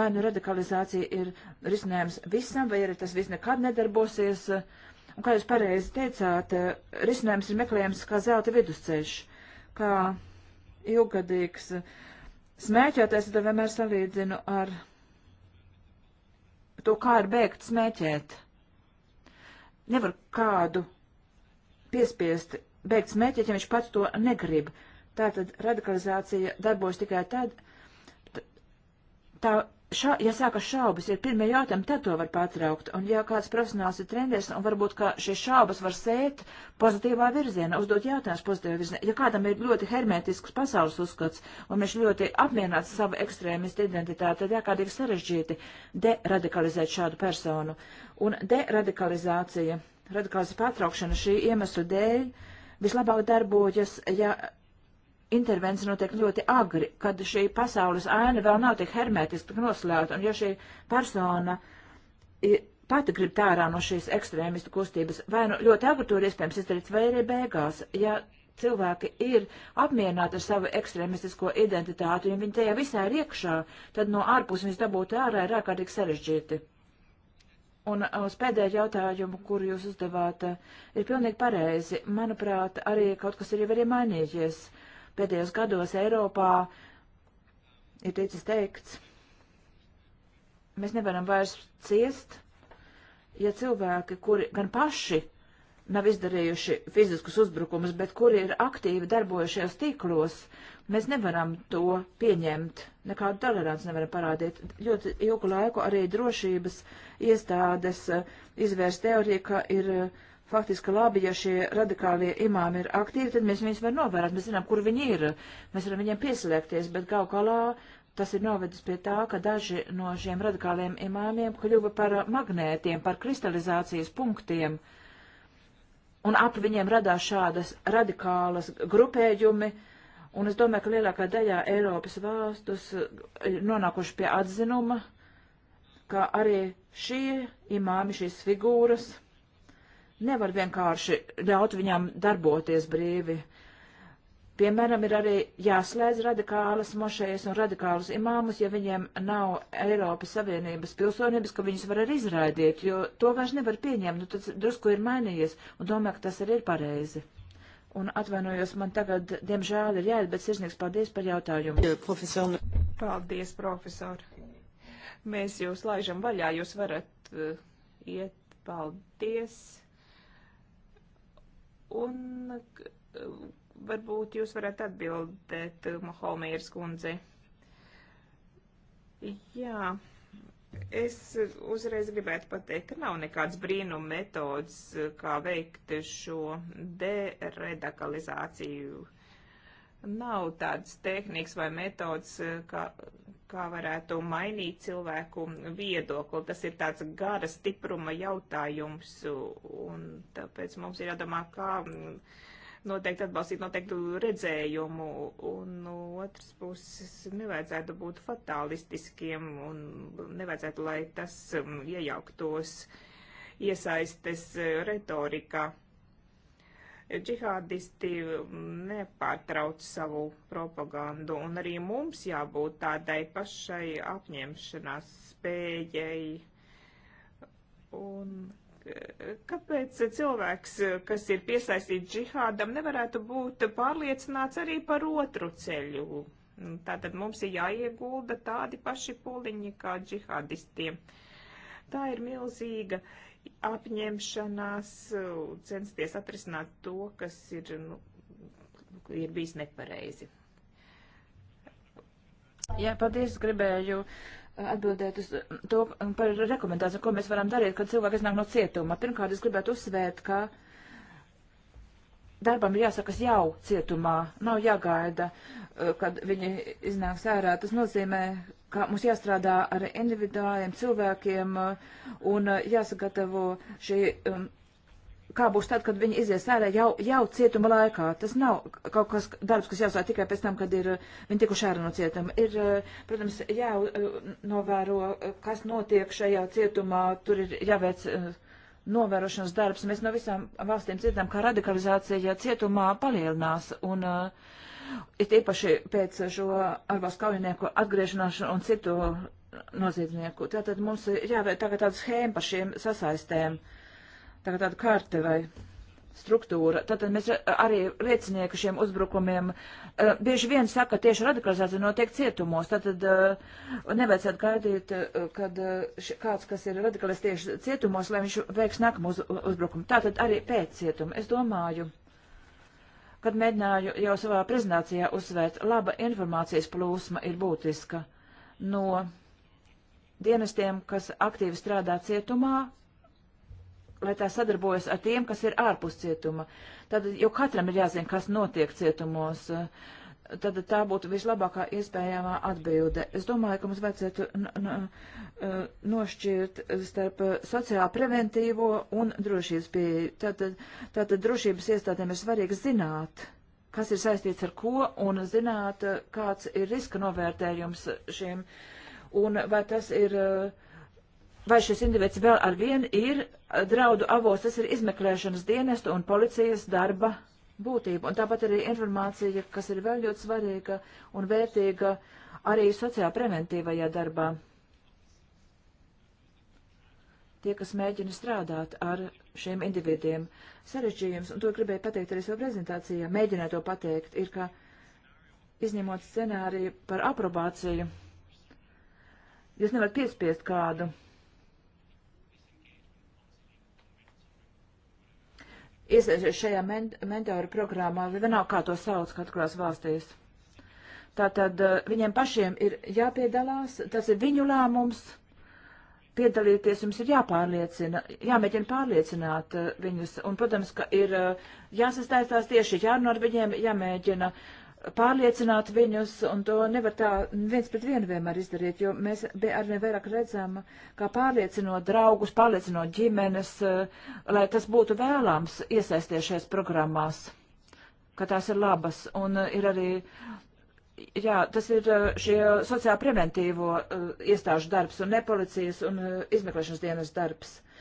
Vai nu radikalizācija ir risinājums visam, vai arī tas viss nekad nedarbosies. Un kā jūs pareizi teicāt, risinājums ir meklējams kā zelta vidusceļš, kā ilgadīgs. Uh, Smēķoties, tad vienmēr salīdzinu ar to, kā ir beigt smēķēt. Nevar kādu piespiest beigt smēķēt, ja viņš pats to negrib. Tātad radikalizācija darbojas tikai tad, tā šā, ja sākas šaubas, ir pirmie jautājumi, tad to var pārtraukt. Un ja kāds profesionāls ir treneris, un varbūt, ka šīs šaubas var sēt pozitīvā virzienā, uzdot jautājumus pozitīvā virzienā. Ja kādam ir ļoti hermētisks pasaules uzskats, un viņš ļoti apmierināts savu ekstrēmistu identitāti, tad jākādīgi sarežģīti deradikalizēt šādu personu. Un deradikalizācija, radikalizācija pārtraukšana šī iemesla dēļ vislabāk darbojas, ja intervence notiek ļoti agri, kad šī pasaules aina vēl nav tik hermētiski tik noslēgta, un ja šī persona pati grib tērā no šīs ekstrēmistu kustības, vai nu ļoti agri to ir iespējams izdarīt, vai arī beigās, ja cilvēki ir apmierināti ar savu ekstrēmistisko identitāti, un ja viņi tajā visā ir iekšā, tad no ārpus viņus dabūt ārā ir ārkārtīgi sarežģīti. Un uz pēdējo jautājumu, kuru jūs uzdevāt, ir pilnīgi pareizi. Manuprāt, arī kaut kas ir jau arī mainījies. Uh, pēdējos gados Eiropā ir ticis teikts, mēs nevaram vairs ciest, ja cilvēki, kuri gan paši nav izdarījuši fiziskus uzbrukumus, bet kuri ir aktīvi darbojušies tīklos, mēs nevaram to pieņemt, nekādu toleranci nevaram parādīt. Ļoti ilgu laiku arī drošības iestādes eh, izvērst teoriju, ka ir uh, faktiski labi, ja šie radikālie imāmi ir aktīvi, tad mēs viņus varam novērot, mēs zinām, kur viņi ir, mēs varam viņiem pieslēgties, bet gal galā tas ir novedis pie tā, ka daži no šiem radikāliem imāmiem kļuva par magnētiem, par kristalizācijas punktiem, un ap viņiem radās šādas radikālas grupējumi, un es domāju, ka lielākā daļā Eiropas valstus eh, nonākuši pie atzinuma, ka arī šie imāmi, šīs figūras, nevar vienkārši ļaut viņam darboties brīvi. Piemēram, ir arī jāslēdz radikālas mošējas un radikālus imāmus, ja viņiem nav Eiropas Savienības pilsonības, ka viņus var arī izraidīt, jo to vairs nevar pieņemt, nu tas drusku ir mainījies, un domāju, ka tas arī ir pareizi. Un atvainojos, man tagad, diemžēl, ir jāiet, bet sirsnīgs paldies par jautājumu. Profesor. Paldies, profesor. Mēs jūs laižam vaļā, jūs varat uh, iet. Paldies. Un eh, varbūt jūs varētu atbildēt eh, Mahomīras kundzi. Jā, es uzreiz gribētu pateikt, ka nav nekāds brīnum metods, eh, kā veikt šo deredakalizāciju. Nav tādas tehnikas vai metodas, kā, kā varētu mainīt cilvēku viedokli. Tas ir tāds gara stipruma jautājums, un tāpēc mums ir jādomā, kā noteikti atbalstīt noteiktu redzējumu, un no otras puses nevajadzētu būt fatālistiskiem, un nevajadzētu, lai tas um, iejauktos iesaistes retorikā džihādisti nepārtrauc savu propagandu, un arī mums jābūt tādai pašai apņemšanās spējai. Un eh, kāpēc cilvēks, kas ir piesaistīts džihādam, nevarētu būt pārliecināts arī par otru ceļu? Tātad mums ir jāiegulda tādi paši puliņi kā džihādistiem. Tā ir milzīga apņemšanās uh, censties atrisināt to, kas ir, nu, ir bijis nepareizi. Jā, paldies, gribēju uh, atbildēt uz uh, to um, par rekomendāciju, ko mēs varam darīt, kad cilvēki iznāk no cietuma. Pirmkārt, es gribētu uzsvērt, ka darbam ir jāsakas jau cietumā, nav jāgaida, kad viņi iznāks ārā. Tas nozīmē, ka mums jāstrādā ar individuāliem cilvēkiem uh, un uh, jāsagatavo šī. Um, kā būs tad, kad viņi izies ārā jau, jau cietuma laikā. Tas nav kaut kas darbs, kas jāsāk tikai pēc tam, kad ir, uh, viņi tikuši ārā no cietuma. Ir, protams, jānovēro, kas notiek šajā cietumā, tur ir jāveic novērošanas darbs. Mēs no visām valstīm dzirdam, kā radikalizācija cietumā palielinās. Un, uh, It īpaši pēc šo ārvalstu kaujinieku atgriešanās un citu noziedznieku. Tātad mums ir jāvērt tagad tāda schēma par šiem sasaistēm, tagad tāda karte vai struktūra. Tātad mēs arī liecinieku šiem uzbrukumiem uh, bieži vien saka, ka tieši radikalizācija notiek cietumos. Tātad uh, nevajadzētu gaidīt, uh, kad š, kāds, kas ir radikalizēts tieši cietumos, lai viņš veiks nākamu uz, uzbrukumu. Tātad arī pēc cietuma. Es domāju. Kad mēģināju jau savā prezentācijā uzsvērt, laba informācijas plūsma ir būtiska no dienestiem, kas aktīvi strādā cietumā, lai tā sadarbojas ar tiem, kas ir ārpus cietuma. Tad jau katram ir jāzina, kas notiek cietumos. Uh, tad tā būtu vislabākā iespējamā atbilde. Es domāju, ka mums vajadzētu e, nošķirt starp sociālā preventīvo un drošības pieeju. Tātad, tātad drošības iestādēm ir svarīgi zināt, kas ir saistīts ar ko, un zināt, kāds ir riska novērtējums šiem, un vai tas ir. Vai šis individs vēl ar vienu ir draudu avos, tas ir izmeklēšanas dienestu un policijas darba būtību. Un tāpat arī informācija, kas ir vēl ļoti svarīga un vērtīga arī sociāli preventīvajā darbā. Tie, kas mēģina strādāt ar šiem individiem, sarežģījums, un to gribēju pateikt arī savā prezentācijā, mēģināju to pateikt, ir, ka izņemot scenāriju par aprobāciju, jūs nevarat piespiest kādu iesaistīties šajā ment mentoru programmā, vai vienalga kā to sauc, katrās valstīs. Tātad eh, viņiem pašiem ir jāpiedalās, tas ir viņu lēmums. Piedalīties jums ir jāpārliecina, jāmēģina pārliecināt eh, viņus, un, protams, ka ir eh, jāsastāstās tieši jārunā ar viņiem, jāmēģina uh, pārliecināt viņus, un to nevar tā viens pret vienu vienmēr izdarīt, jo mēs arvien vairāk redzam, kā pārliecinot draugus, pārliecinot ģimenes, eh, lai tas būtu vēlams iesaisties šajās programmās, ka tās ir labas, un eh, ir arī Jā, tas ir eh, šie sociāli preventīvo uh, iestāžu darbs un ne policijas un uh, izmeklēšanas dienas darbs. Uh,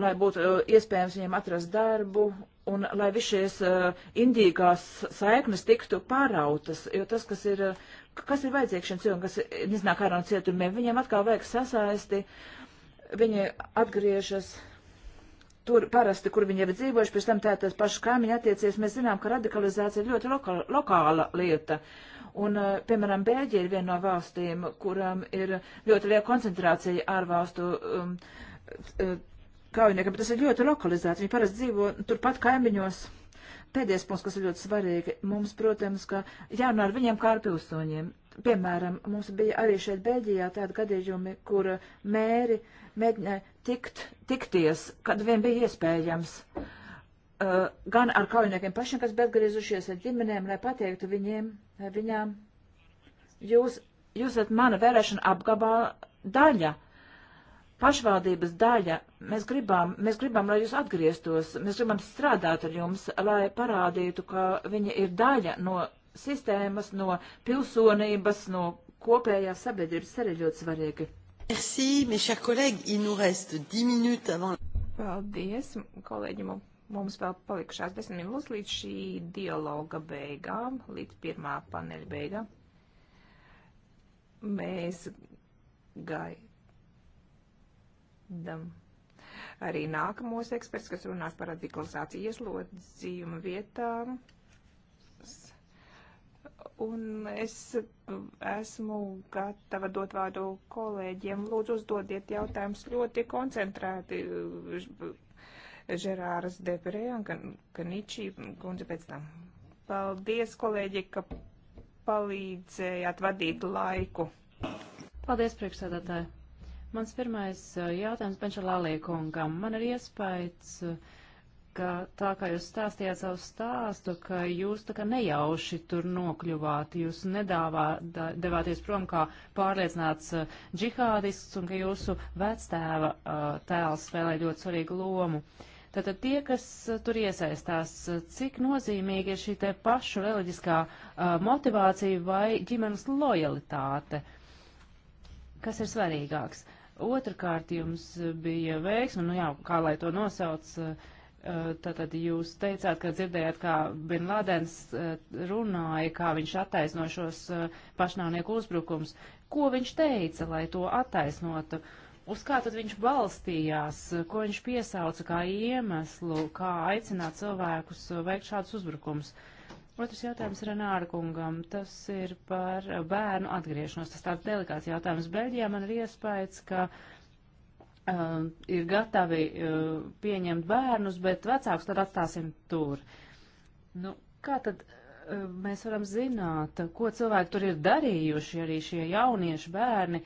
lai būtu uh, iespējams viņiem atrast darbu un lai viss šīs uh, indīgās saiknes tiktu pārautas, jo tas, kas ir, uh, kas ir vajadzīgs šiem cilvēkiem, kas iznāk ārā no cietumiem, viņiem atkal vajag sasaisti, viņi atgriežas tur parasti, kur viņi ir dzīvojuši, pēc tam tātad paši kaimiņi attiecies, mēs zinām, ka radikalizācija ir ļoti lokāla, lokāla lieta. Un, piemēram, Bēļģija ir viena no valstīm, kurām ir ļoti liela koncentrācija ārvalstu um, kaujinieki, bet tas ir ļoti lokalizēts. Viņi parasti dzīvo turpat kaimiņos. Pēdējais punkts, kas ir ļoti svarīgi, mums, protams, ka jārunā ar viņiem kā ar pilsoņiem. Piemēram, mums bija arī šeit Beļģijā tādi gadījumi, kur mēri mēģināja tikt, tikties, kad vien bija iespējams. Uh, gan ar kaujiniekiem pašiem, kas bija atgriezušies ar ģimenēm, lai pateiktu viņiem, viņām, jūs, jūs esat mana vēlēšana apgabā daļa. Uh, pašvaldības daļa, mēs gribam, mēs gribam, lai jūs atgrieztos, mēs gribam strādāt ar jums, lai parādītu, ka viņa ir daļa no sistēmas, no pilsonības, no kopējās sabiedrības, arī ļoti svarīgi. Merci, mes chers collègues, il nous reste 10 minutes avant. Paldies, kolēģi, mums vēl palikušās 10 minūtes līdz šī dialoga beigām, līdz pirmā paneļa beigām. Mēs gaidām gaidam arī nākamos eksperts, kas runās par radikalizāciju ieslodzījumu vietām. Un es esmu gatava dot vārdu kolēģiem. Lūdzu, uzdodiet jautājumus ļoti koncentrēti. Žerāras Deprē un Kaničī kundze pēc tam. Paldies, kolēģi, ka palīdzējāt vadīt laiku. Paldies, priekšsēdētāji. Mans pirmais jautājums Benčalālie kungam. Man ir iespējas, ka tā kā jūs stāstījāt savu stāstu, ka jūs tā kā nejauši tur nokļuvāt, jūs nedāvā, da, devāties prom kā pārliecināts džihādists un ka jūsu vectēva tēls spēlē ļoti svarīgu lomu. Tātad tie, kas tur iesaistās, cik nozīmīgi ir šī te pašu reliģiskā uh, motivācija vai ģimenes lojalitāte? Kas ir svarīgāks? Otrakārt, jums bija veiksme, nu jā, kā lai to nosauc, eh, tātad jūs teicāt, ka dzirdējāt, kā Bin Ladens eh, runāja, kā viņš attaisno šos eh, pašnāvnieku uzbrukums. Ko viņš teica, lai to attaisnotu? Uz kā tad viņš balstījās, ko viņš piesauca kā iemeslu, kā aicināt cilvēkus veikt šādus uzbrukumus? Uh, Otrs jautājums Renāra kungam. Tas ir par bērnu atgriešanos. Tas tāds delikāts jautājums. Beļģijā man ir iespējas, ka uh, ir gatavi uh, pieņemt bērnus, bet vecākus tad atstāsim tur. Nu, kā tad uh, mēs varam zināt, ko cilvēki tur ir darījuši, arī šie jaunieši bērni?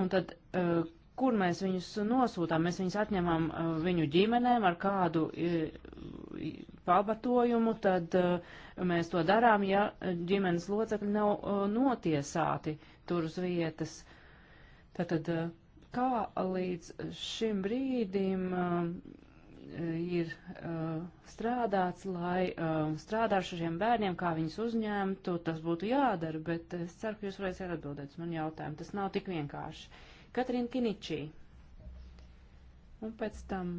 Un tad, uh, kur mēs viņus nosūtām? Mēs viņus atņemam uh, viņu ģimenēm, ar kādu uh, pabatojumu, tad eh, mēs to darām, ja ģimenes locekļi nav eh, notiesāti tur uz vietas. Tātad, eh, kā līdz šim brīdim ir strādāts, lai strādā ar šiem bērniem, kā viņus uzņemtu, tas būtu jādara, bet es ceru, ka jūs varēsiet atbildēt uz manu jautājumu. Tas nav tik vienkārši. Katrīna Kiničī. Un pēc tam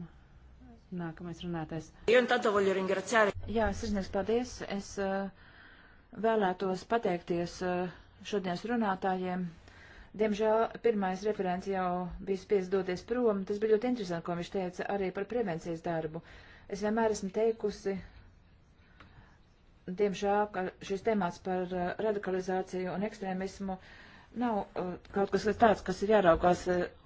Nākamais runātais. Jā, sirsnieks, paldies. Es uh, vēlētos pateikties uh, šodienas runātājiem. Diemžēl pirmais referents jau bija spiests doties prom. Tas bija ļoti interesanti, ko viņš teica arī par prevencijas darbu. Es vienmēr esmu teikusi, diemžēl, ka šis temats par uh, radikalizāciju un ekstrēmismu nav kaut kas tāds, kas ir jāraugās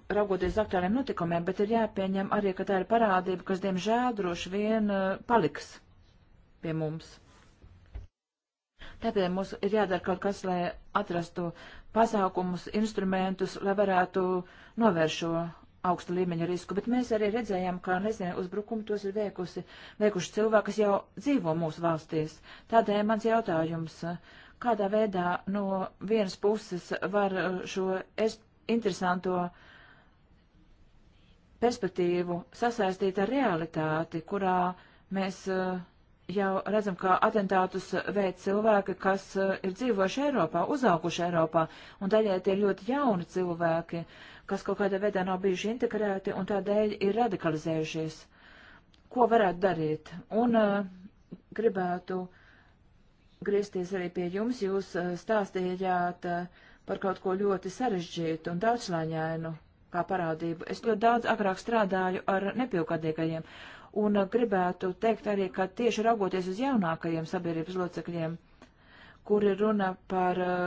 raugoties aktuāliem notikumiem, bet ir jāpieņem arī, ka tā ir parādība, kas, diemžēl, droši vien eh, paliks pie mums. Tāpēc mums ir jādara kaut kas, lai atrastu pasākumus, instrumentus, lai varētu novērst šo augstu līmeņu risku. Bet mēs arī redzējām, ka nezinu, uzbrukumu tos ir veikusi, veikuši cilvēki, kas jau dzīvo mūsu valstīs. Tādēļ mans jautājums, kādā veidā no vienas puses var eh, šo interesanto uh, perspektīvu sasaistīt ar realitāti, kurā mēs uh, jau redzam, ka atentātus veic cilvēki, kas uh, ir dzīvojuši Eiropā, uzauguši Eiropā, un daļai tie ir ļoti jauni cilvēki, kas kaut kādā veidā nav bijuši integrēti un tādēļ ir radikalizējušies. Ko varētu darīt? Un uh, gribētu griezties arī pie jums. Jūs uh, stāstījāt uh, par kaut ko ļoti sarežģītu un daudzslāņainu, kā parādību. Es ļoti daudz agrāk strādāju ar nepilngadīgajiem un gribētu teikt arī, ka tieši raugoties uz jaunākajiem sabiedrības locekļiem, kuri runa par uh,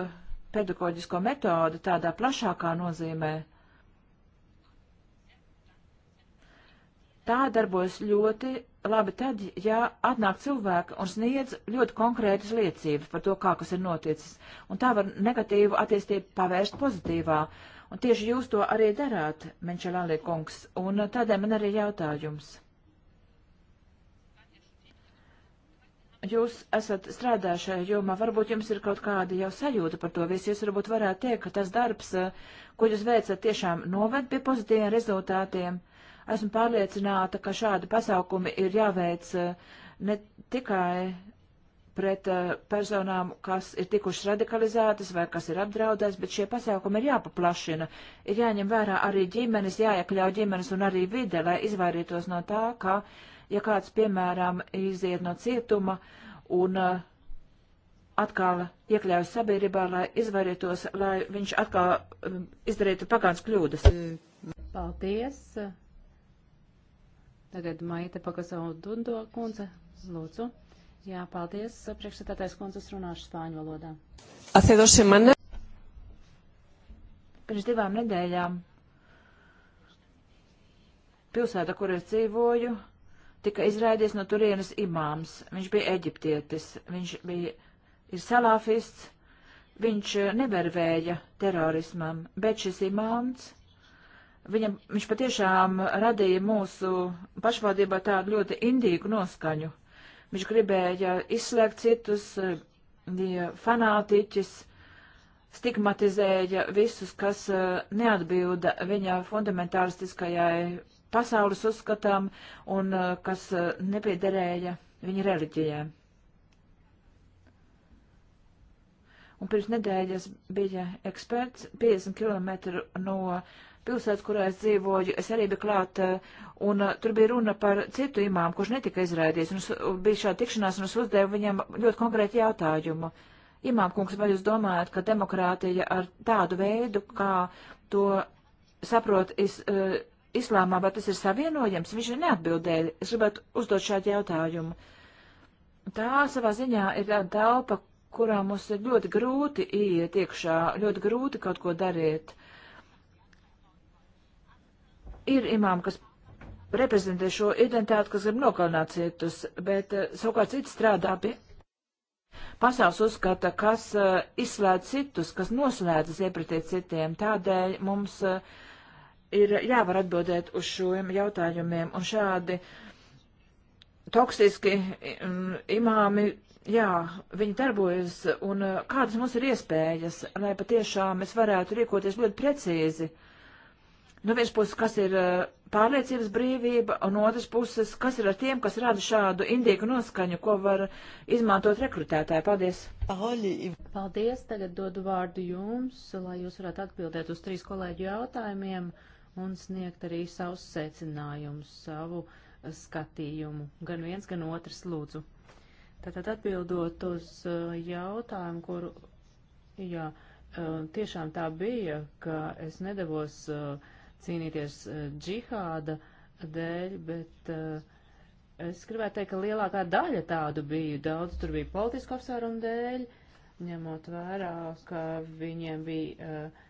pedagoģisko metodu tādā plašākā nozīmē, tā darbojas ļoti labi tad, ja atnāk cilvēki un sniedz ļoti konkrētas liecības par to, kā kas ir noticis. Un tā var negatīvu attīstību pavērst pozitīvā. Uh, Un tieši jūs to arī darāt, Menčelāli kungs, un tādēļ man arī jautājums. Jūs esat strādājuši šajā jomā, varbūt jums ir kaut kāda jau sajūta par to visu. Jūs varbūt varētu teikt, ka tas darbs, eh, ko jūs veicat, tiešām noved pie pozitīviem rezultātiem. Esmu pārliecināta, ka šādi pasākumi ir jāveic eh, ne tikai pret uh, personām, kas ir tikušas radikalizētas vai kas ir apdraudētas, bet šie pasākumi ir jāpaplašina. Ir jāņem vērā arī ģimenes, jāiekļauj ģimenes un arī vide, lai izvairītos no tā, ka, ja kāds, piemēram, iziet no cietuma un uh, atkal iekļaujas sabiedrībā, lai izvairītos, lai viņš atkal um, izdarītu pagāns kļūdas. Paldies! Tagad Maita Pakasau Dundo kundze, lūdzu. Jā, paldies. Priekšsētātais kundze, es runāšu spāņu valodā. Atcedoši man. Pirms divām nedēļām pilsēta, kur es dzīvoju, tika izraidies no turienes imāms. Viņš bija eģiptietis, viņš bija, ir salāfists, viņš eh, nevervēja terorismam, bet šis imāms viņam, viņš patiešām radīja mūsu pašvaldībā tādu ļoti indīgu noskaņu. Viņš gribēja izslēgt citus, bija fanātiķis, stigmatizēja visus, kas eh, neatbilda viņa fundamentālistiskajai pasaules uzskatām un eh, kas eh, nepiederēja viņa reliģijai. Un pirms nedēļas bija eksperts 50 km no pilsētas, kurā es dzīvoju. Es arī biju klāt uh, Un uh, tur bija runa par citu imām, kurš netika izrādīts, un, un uh, bija šāda tikšanās, un es uzdevu viņam ļoti konkrēti jautājumu. Imām kungs, vai jūs domājat, ka demokrātija ar tādu veidu, kā to saprot is, uh, islāmā, vai tas ir savienojams? Viņš neatbildēja. Es gribētu uzdot šādu jautājumu. Tā savā ziņā ir tāda telpa, kurā mums ir ļoti grūti iet iekšā, ļoti grūti kaut ko darīt. Ir imām, kas reprezentē šo identitāti, kas grib nokalināt citus, bet eh, savukārt citi strādā pie pasaules uzskata, kas eh, izslēdz citus, kas noslēdzas iepratīt citiem. Tādēļ mums eh, ir jāvar atbildēt uz šiem jautājumiem un šādi toksiski mm, imāmi, jā, viņi darbojas, un kādas mums ir iespējas, lai patiešām mēs varētu rīkoties ļoti precīzi, uh, no vienas puses, kas ir eh, pārliecības brīvība, un otras puses, kas ir ar tiem, kas rada šādu indīgu noskaņu, ko var izmantot rekrutētāji. Paldies! Paldies! Tagad dodu vārdu jums, lai jūs varētu atbildēt uz trīs kolēģu jautājumiem un sniegt arī savus secinājumus, savu skatījumu. Gan viens, gan otrs lūdzu. Tātad atbildot uz eh, jautājumu, kuru, jā, eh, tiešām tā bija, ka es nedavos uh, cīnīties eh, džihāda dēļ, bet eh, es gribētu teikt, ka lielākā daļa tādu bija. Daudz tur bija politisku apsvērumu dēļ, ņemot vērā, ka viņiem bija eh,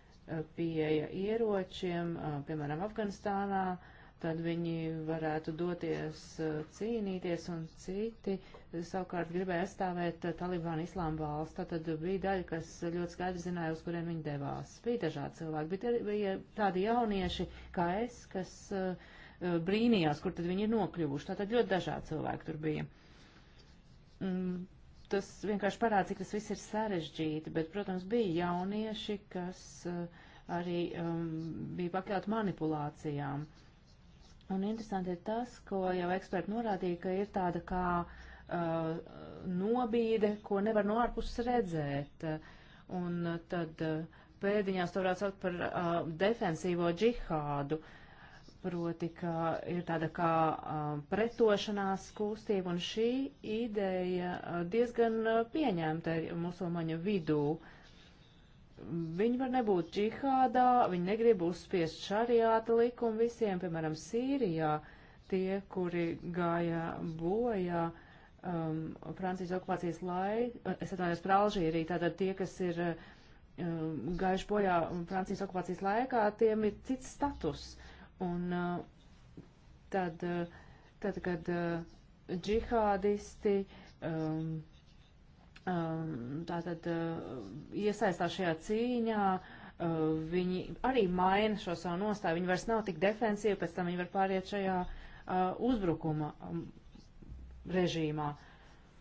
pieeja ieročiem, piemēram, Afganistānā, tad viņi varētu doties cīnīties un citi. Uh, savukārt gribēja aizstāvēt eh, Talibānu islāma valsts. Tātad bija daļa, kas ļoti skaidri zināja, uz kuriem viņi devās. Bija dažādi cilvēki, bet bija tādi jaunieši kā es, kas uh, brīnījās, kur tad viņi ir nokļuvuši. Tātad ļoti dažādi cilvēki tur bija. Mm, tas vienkārši parāda, cik tas viss ir sarežģīti, bet, protams, bija jaunieši, kas uh, arī um, bija pakļauti manipulācijām. Un interesanti ir tas, ko jau eksperti norādīja, ka ir tāda kā uh, Uh, nobīde, ko nevar no ārpuses redzēt. Un tad uh, pēdiņās to varētu saukt par uh, defensīvo džihādu, proti, ka ir tāda kā uh, pretošanās kustība, un šī ideja uh, diezgan pieņemta musulmaņu vidū. Viņi var nebūt džihādā, viņi negrib uzspiest šariāta likumu visiem, piemēram, Sīrijā, tie, kuri gāja bojā. Uh, um, Francijas okupācijas laiku, es atvainojos par Alžīriju, tātad tie, kas ir um, gājuši bojā Francijas okupācijas laikā, tiem ir cits status. Un uh, tad, uh, tad, kad uh, džihādisti um, um, tātad uh, iesaistās šajā cīņā, uh, viņi arī maina šo savu nostāju. Viņi vairs nav tik defensīvi, pēc tam viņi var pāriet šajā uh, uzbrukuma um, režīmā.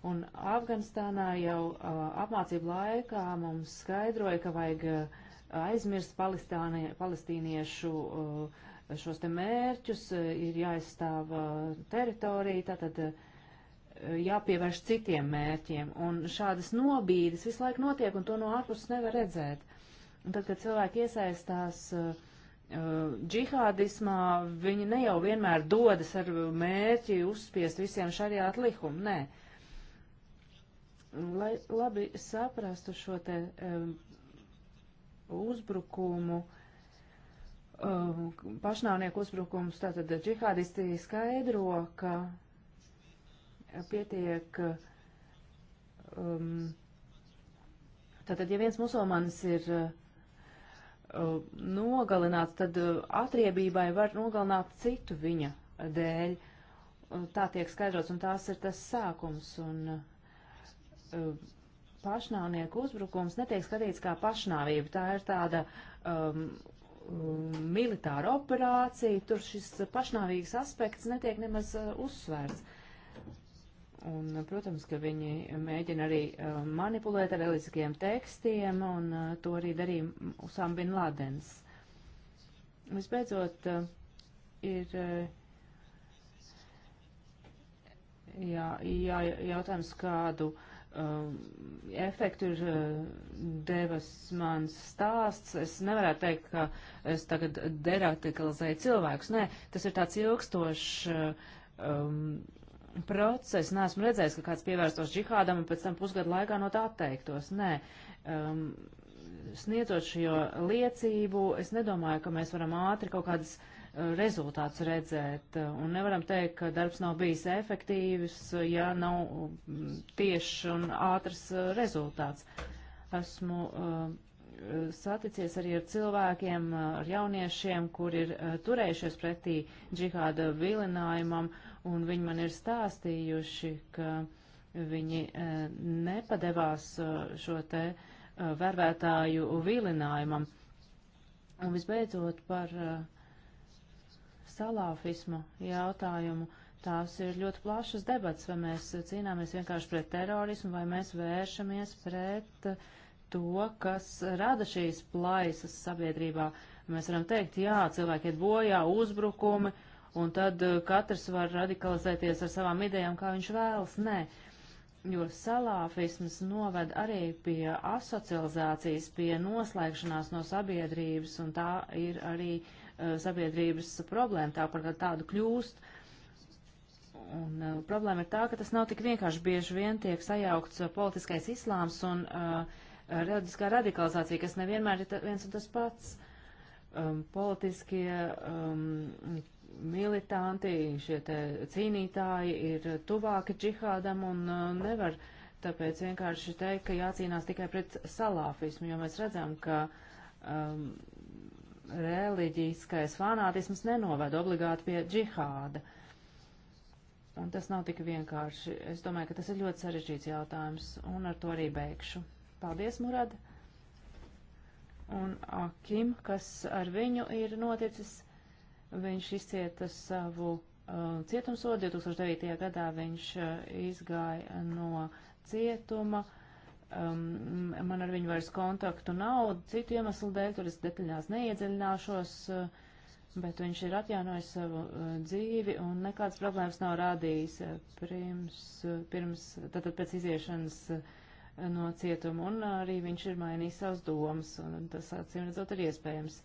Un Afganistānā jau uh, apmācību laikā mums skaidroja, ka vajag uh, aizmirst palestīniešu uh, šos te mērķus, uh, ir jāizstāv uh, teritorija, tātad uh, jāpievērš citiem mērķiem. Un šādas nobīdes visu laiku notiek, un to no ārpuses nevar redzēt. Un tad, kad cilvēki iesaistās uh, džihādismā viņi ne jau vienmēr dodas ar mērķi uzspiest visiem šariāt likumu, nē. Lai labi saprastu šo te um, uzbrukumu, um, pašnāvnieku uzbrukums, tātad džihādisti skaidro, ka pietiek um, Tātad, ja viens musulmanis ir uh, Uh, nogalināts, tad uh, atriebībai var nogalināt citu viņa dēļ. Uh, tā tiek skaidrots, un tās ir tas sākums. Un pašnāvnieku uzbrukums netiek skatīts kā pašnāvība. Tā ir tāda um, militāra operācija, tur šis pašnāvīgs aspekts netiek nemaz uzsvērts. Uh, Un, protams, ka viņi mēģina arī uh, manipulēt ar reliģiskiem tekstiem, un uh, to arī darīja Usam bin Ladens. Visbeidzot, uh, ir uh, jā, jā, jautājums, kādu uh, efektu ir uh, devas mans stāsts. Es nevarētu teikt, ka es tagad deradikalizēju cilvēkus. Nē, tas ir tāds ilgstošs. Um, procesu. Neesmu redzējis, ka kāds pievērstos džihādam un pēc tam pusgadu laikā no tā atteiktos. Nē. Um, sniedzot šo liecību, es nedomāju, ka mēs varam ātri kaut kādas uh, rezultātus redzēt uh, un nevaram teikt, ka darbs nav bijis efektīvs, uh, ja nav um, tieši un ātrs uh, rezultāts. Esmu uh, saticies arī ar cilvēkiem, ar jauniešiem, kur ir eh, turējušies pretī džihāda vilinājumam, un viņi man ir stāstījuši, ka viņi eh, nepadevās eh, šo te vervētāju vilinājumam. Un visbeidzot par salāfismu jautājumu. Tās ir ļoti plašas debats, vai mēs cīnāmies vienkārši pret terorismu, vai mēs vēršamies pret uh, to, kas rada šīs plaisas sabiedrībā. Mēs varam teikt, jā, cilvēki iet bojā, uzbrukumi, un tad eh, katrs var radikalizēties ar savām idejām, kā viņš vēlas. Nē, jo salāfisms noved arī pie asocializācijas, pie noslēgšanās no sabiedrības, un tā ir arī uh, sabiedrības problēma, tā par tādu kļūst. Un uh, problēma ir tā, ka tas nav tik vienkārši bieži vien tiek sajaukts uh, politiskais islāms un uh, reliģiskā radikalizācija, kas nevienmēr ir viens un tas pats. Um, politiskie um, militanti, šie te cīnītāji ir tuvāki džihādam un uh, nevar tāpēc vienkārši teikt, ka jācīnās tikai pret salāfismu, jo mēs redzam, ka um, reliģiskais fanātisms nenovada obligāti pie džihāda. Un tas nav tik vienkārši. Es domāju, ka tas ir ļoti sarežģīts jautājums, un ar to arī beigšu. Paldies, Murad! Un Akim, kas ar viņu ir noticis, viņš izcieta savu uh, cietumsodu. 2009. gadā viņš uh, izgāja no cietuma. Um, man ar viņu vairs kontaktu nav, citu iemeslu dēļ, tur es detaļās neiedziļināšos. Uh, bet viņš ir atjaunojis savu uh, dzīvi un nekādas problēmas nav rādījis uh, pirms, uh, pirms tātad pēc iziešanas uh, no cietuma, un arī viņš ir mainījis savas domas, un tas acīm redzot ir iespējams.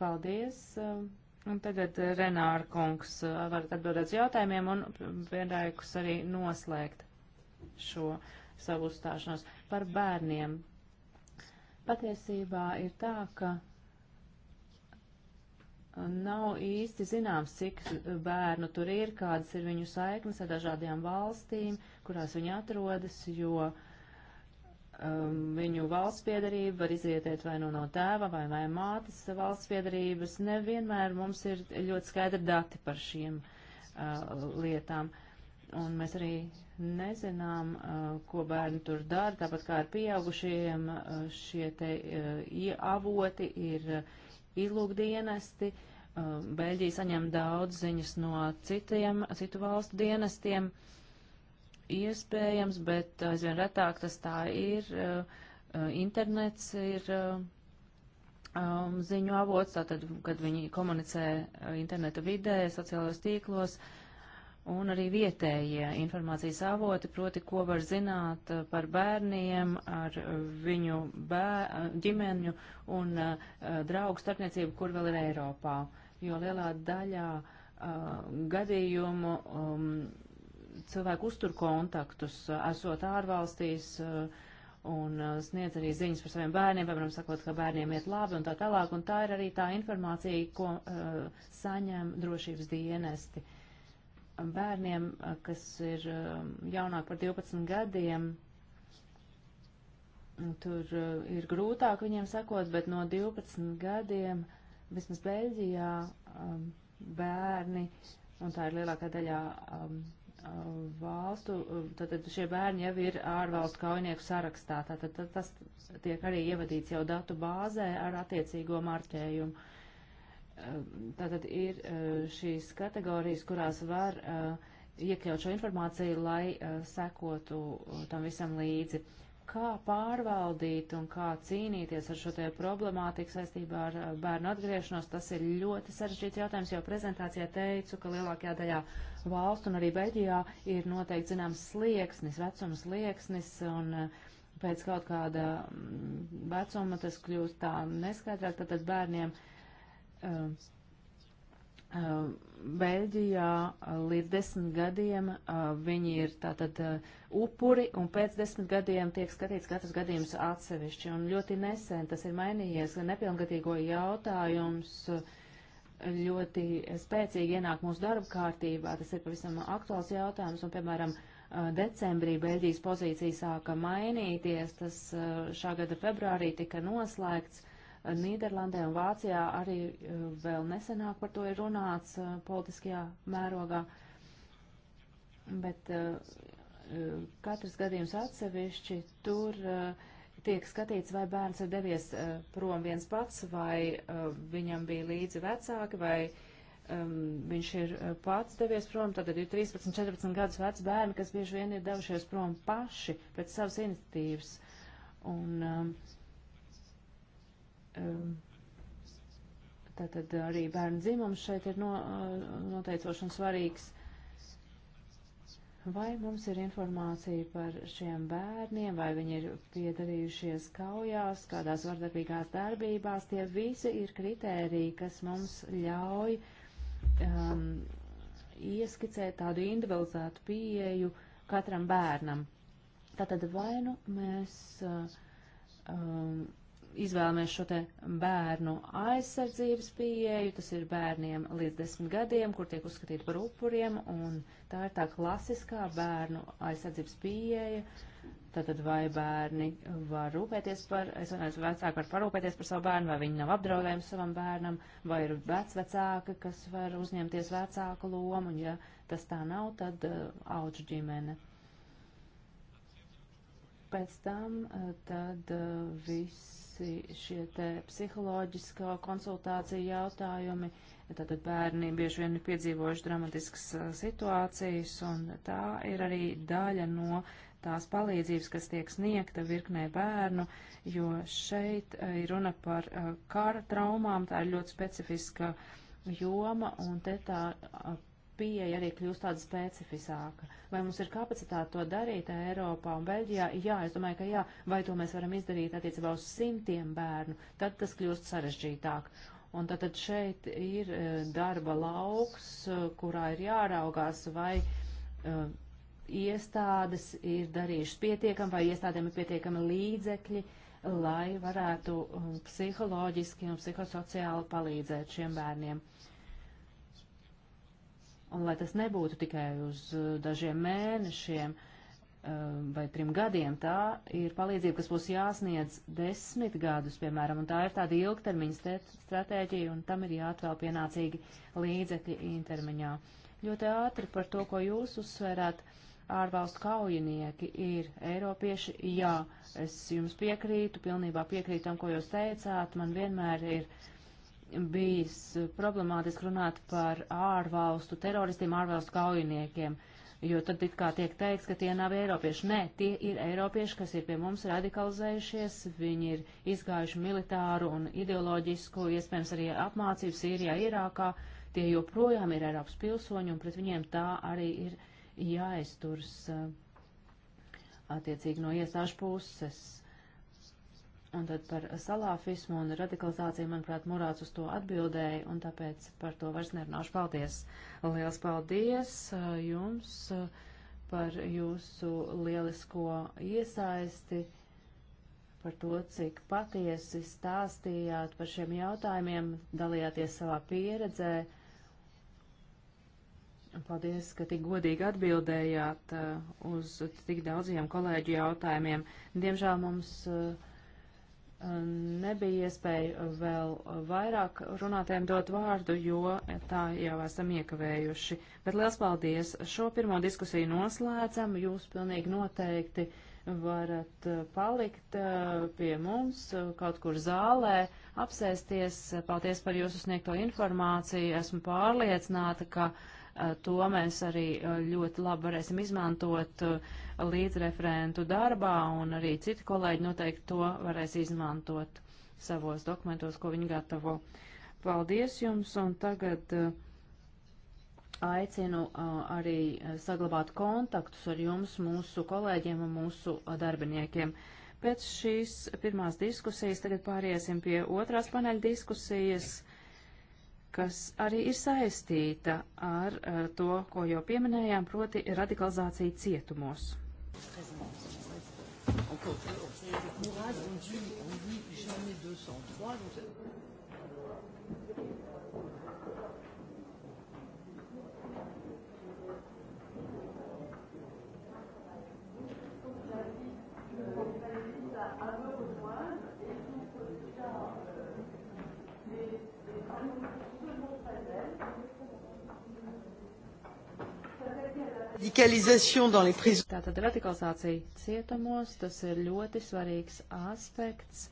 Paldies! Um, un tagad Renāra kungs uh, varat atbildēt uz jautājumiem un vienlaikus arī noslēgt šo savu uzstāšanos par bērniem. Patiesībā ir tā, ka nav īsti zināms, cik bērnu tur ir, kādas ir viņu saiknes ar dažādajām valstīm, kurās viņi atrodas, jo uh, Um, viņu valsts piedarība var izietēt vai nu no tēva vai, vai mātes valsts piedarības. Nevienmēr mums ir ļoti skaidri dati par šiem uh, lietām. Un mēs arī nezinām, uh, ko bērni tur dara, tāpat kā ar pieaugušajiem uh, šie te uh, avoti ir uh, izlūkdienesti. Uh, Beļģija saņem daudz ziņas no citiem, citu valstu dienestiem. Uh, iespējams, bet aizvien retāk tas tā ir. Uh, uh, internets ir uh, um, ziņu avots, tātad, kad viņi komunicē interneta vidē, sociālajos tīklos, un arī vietējie informācijas avoti, proti, ko var zināt par bērniem, ar viņu bēr, ģimeņu un uh, draugu starpniecību, kur vēl ir Eiropā, jo lielā daļā uh, gadījumu um, cilvēki uztur kontaktus, esot ārvalstīs eh, un eh, sniedz arī ziņas par saviem bērniem, piemēram, sakot, ka bērniem iet labi un tā tālāk, un tā ir arī tā informācija, ko uh, saņem drošības dienesti. Bērniem, kas ir uh, jaunāk par 12 gadiem, tur uh, ir grūtāk viņiem sakot, bet no 12 gadiem, vismaz Beļģijā, um, bērni, un tā ir lielākā daļā um, valstu, tātad šie bērni jau ir ārvalstu kaujinieku sarakstā, tātad tas tiek arī ievadīts jau datu bāzē ar attiecīgo marķējumu. Tātad ir eh, šīs kategorijas, kurās var eh, iekļaut šo informāciju, lai eh, sekotu tam visam līdzi. Kā pārvaldīt un kā cīnīties ar šo te problemātiku saistībā ar bērnu atgriešanos, tas ir ļoti sarežģīts jautājums, jo prezentācijā teicu, ka lielākajā daļā valstu un arī Beļģijā ir noteikti zināms slieksnis, vecums slieksnis un eh, pēc kaut kāda mm, vecuma tas kļūst tā neskaidrāk, tātad bērniem uh, uh, Beļģijā līdz desmit gadiem uh, viņi ir tātad upuri un pēc desmit gadiem tiek skatīts katrs gadījums atsevišķi un ļoti nesen tas ir mainījies nepilngadīgo jautājums. Uh, ļoti spēcīgi ienāk mūsu darba kārtībā. Tas ir pavisam aktuāls jautājums, un, piemēram, decembrī Beļģijas pozīcija sāka mainīties, tas šā gada februārī tika noslēgts. Nīderlandē un Vācijā arī vēl nesenāk par to ir runāts politiskajā mērogā. Bet katrs gadījums atsevišķi tur uh, tiek skatīts, vai bērns ir devies uh, prom viens pats, vai uh, viņam bija līdzi vecāki, vai um, viņš ir uh, pats devies prom. Tad ir 13, 14 gadus veci bērni, kas bieži vien ir devušies prom paši pēc savas iniciatīvas. Un, um, um, tātad arī bērnu dzimums šeit ir no, noteicoši un svarīgs. Vai mums ir informācija par šiem bērniem, vai viņi ir piedalījušies kaujās, kādās vardarbīgās darbībās? Tie visi ir kritēriji, kas mums ļauj um, ieskicēt tādu individualizētu pieeju katram bērnam. Tātad vai nu mēs uh, um, izvēlamies šo te bērnu aizsardzības pieeju, tas ir bērniem līdz desmit gadiem, kur tiek uzskatīti par upuriem, un tā ir tā klasiskā bērnu aizsardzības pieeja. Tātad vai bērni var rūpēties par, es vienais vecāku var parūpēties par savu bērnu, vai viņi nav apdraudējumi savam bērnam, vai ir vecvecāka, kas var uzņemties vecāku lomu, un ja tas tā nav, tad uh, auģu ģimene pēc tam uh, tad uh, viss visi šie te psiholoģiskā konsultācija jautājumi. Tātad bērni bieži vien ir piedzīvojuši dramatiskas situācijas, un tā ir arī daļa no tās palīdzības, kas tiek sniegta virknē bērnu, jo šeit ir runa par kara traumām, tā ir ļoti specifiska joma, un te tā pieeja arī kļūst tāda specifiskāka. Vai mums ir kapacitāte to darīt Eiropā un Beļģijā? Jā, es domāju, ka jā. Vai to mēs varam izdarīt attiecībā uz simtiem bērnu? Tad tas kļūst sarežģītāk. Un tad, tad šeit ir eh, darba lauks, eh, kurā ir jāraugās, vai uh, iestādes ir darījušas pietiekami, vai iestādēm ir pietiekami līdzekļi, lai varētu um, psiholoģiski un psihosociāli palīdzēt šiem bērniem. Uh, Un lai tas nebūtu tikai uz uh, dažiem mēnešiem uh, vai trim gadiem, tā ir palīdzība, kas būs jāsniedz desmit gadus, piemēram, un tā ir tāda ilgtermiņa stratēģija, un tam ir jāatvēl pienācīgi līdzekļi intermiņā. Ļoti ātri par to, ko jūs uzsverāt, ārvalstu kaujinieki ir eiropieši, jā, es jums piekrītu, pilnībā piekrītam, ko jūs teicāt, man vienmēr ir bijis problemātiski runāt par ārvalstu teroristiem, ārvalstu kaujiniekiem, jo tad it kā tiek teikts, ka tie nav eiropieši. Nē, tie ir eiropieši, kas ir pie mums radikalizējušies, viņi ir izgājuši militāru un ideoloģisku, iespējams arī apmācību Sīrijā, Irākā, tie joprojām ir Eiropas pilsoņi un pret viņiem tā arī ir jāizturs uh, attiecīgi no iestāžu puses. Un tad par salāfismu un radikalizāciju, manuprāt, Murāts uz to atbildēja, un tāpēc par to vairs nerunāšu. Paldies! Liels paldies uh, jums uh, par jūsu lielisko iesaisti, par to, cik patiesi stāstījāt par šiem jautājumiem, dalījāties savā pieredzē. Paldies, ka tik godīgi atbildējāt uh, uz tik daudziem kolēģu jautājumiem. Diemžēl mums uh, nebija iespēja vēl vairāk runātēm dot vārdu, jo tā jau esam iekavējuši. Bet liels paldies! Šo pirmo diskusiju noslēdzam. Jūs pilnīgi noteikti varat uh, palikt uh, pie mums uh, kaut kur zālē, apsēsties. Paldies par jūsu sniegto informāciju. Esmu pārliecināta, ka Eh, to mēs arī eh, ļoti labi varēsim izmantot eh, līdzreferentu darbā, un arī citi kolēģi noteikti to varēs izmantot savos dokumentos, ko viņi gatavo. Paldies jums, un tagad aicinu arī saglabāt kontaktus ar jums, mūsu kolēģiem un mūsu darbiniekiem. Pēc šīs pirmās diskusijas tagad pāriesim pie otrās paneļa diskusijas kas arī ir saistīta ar uh, to, ko jau pieminējām, proti radikalizāciju cietumos. Encore. Mourad, on dit, on dit jamais 203, donc radikalization dans les prisons. Tātad radikalizācija cietumos, tas ir ļoti svarīgs aspekts,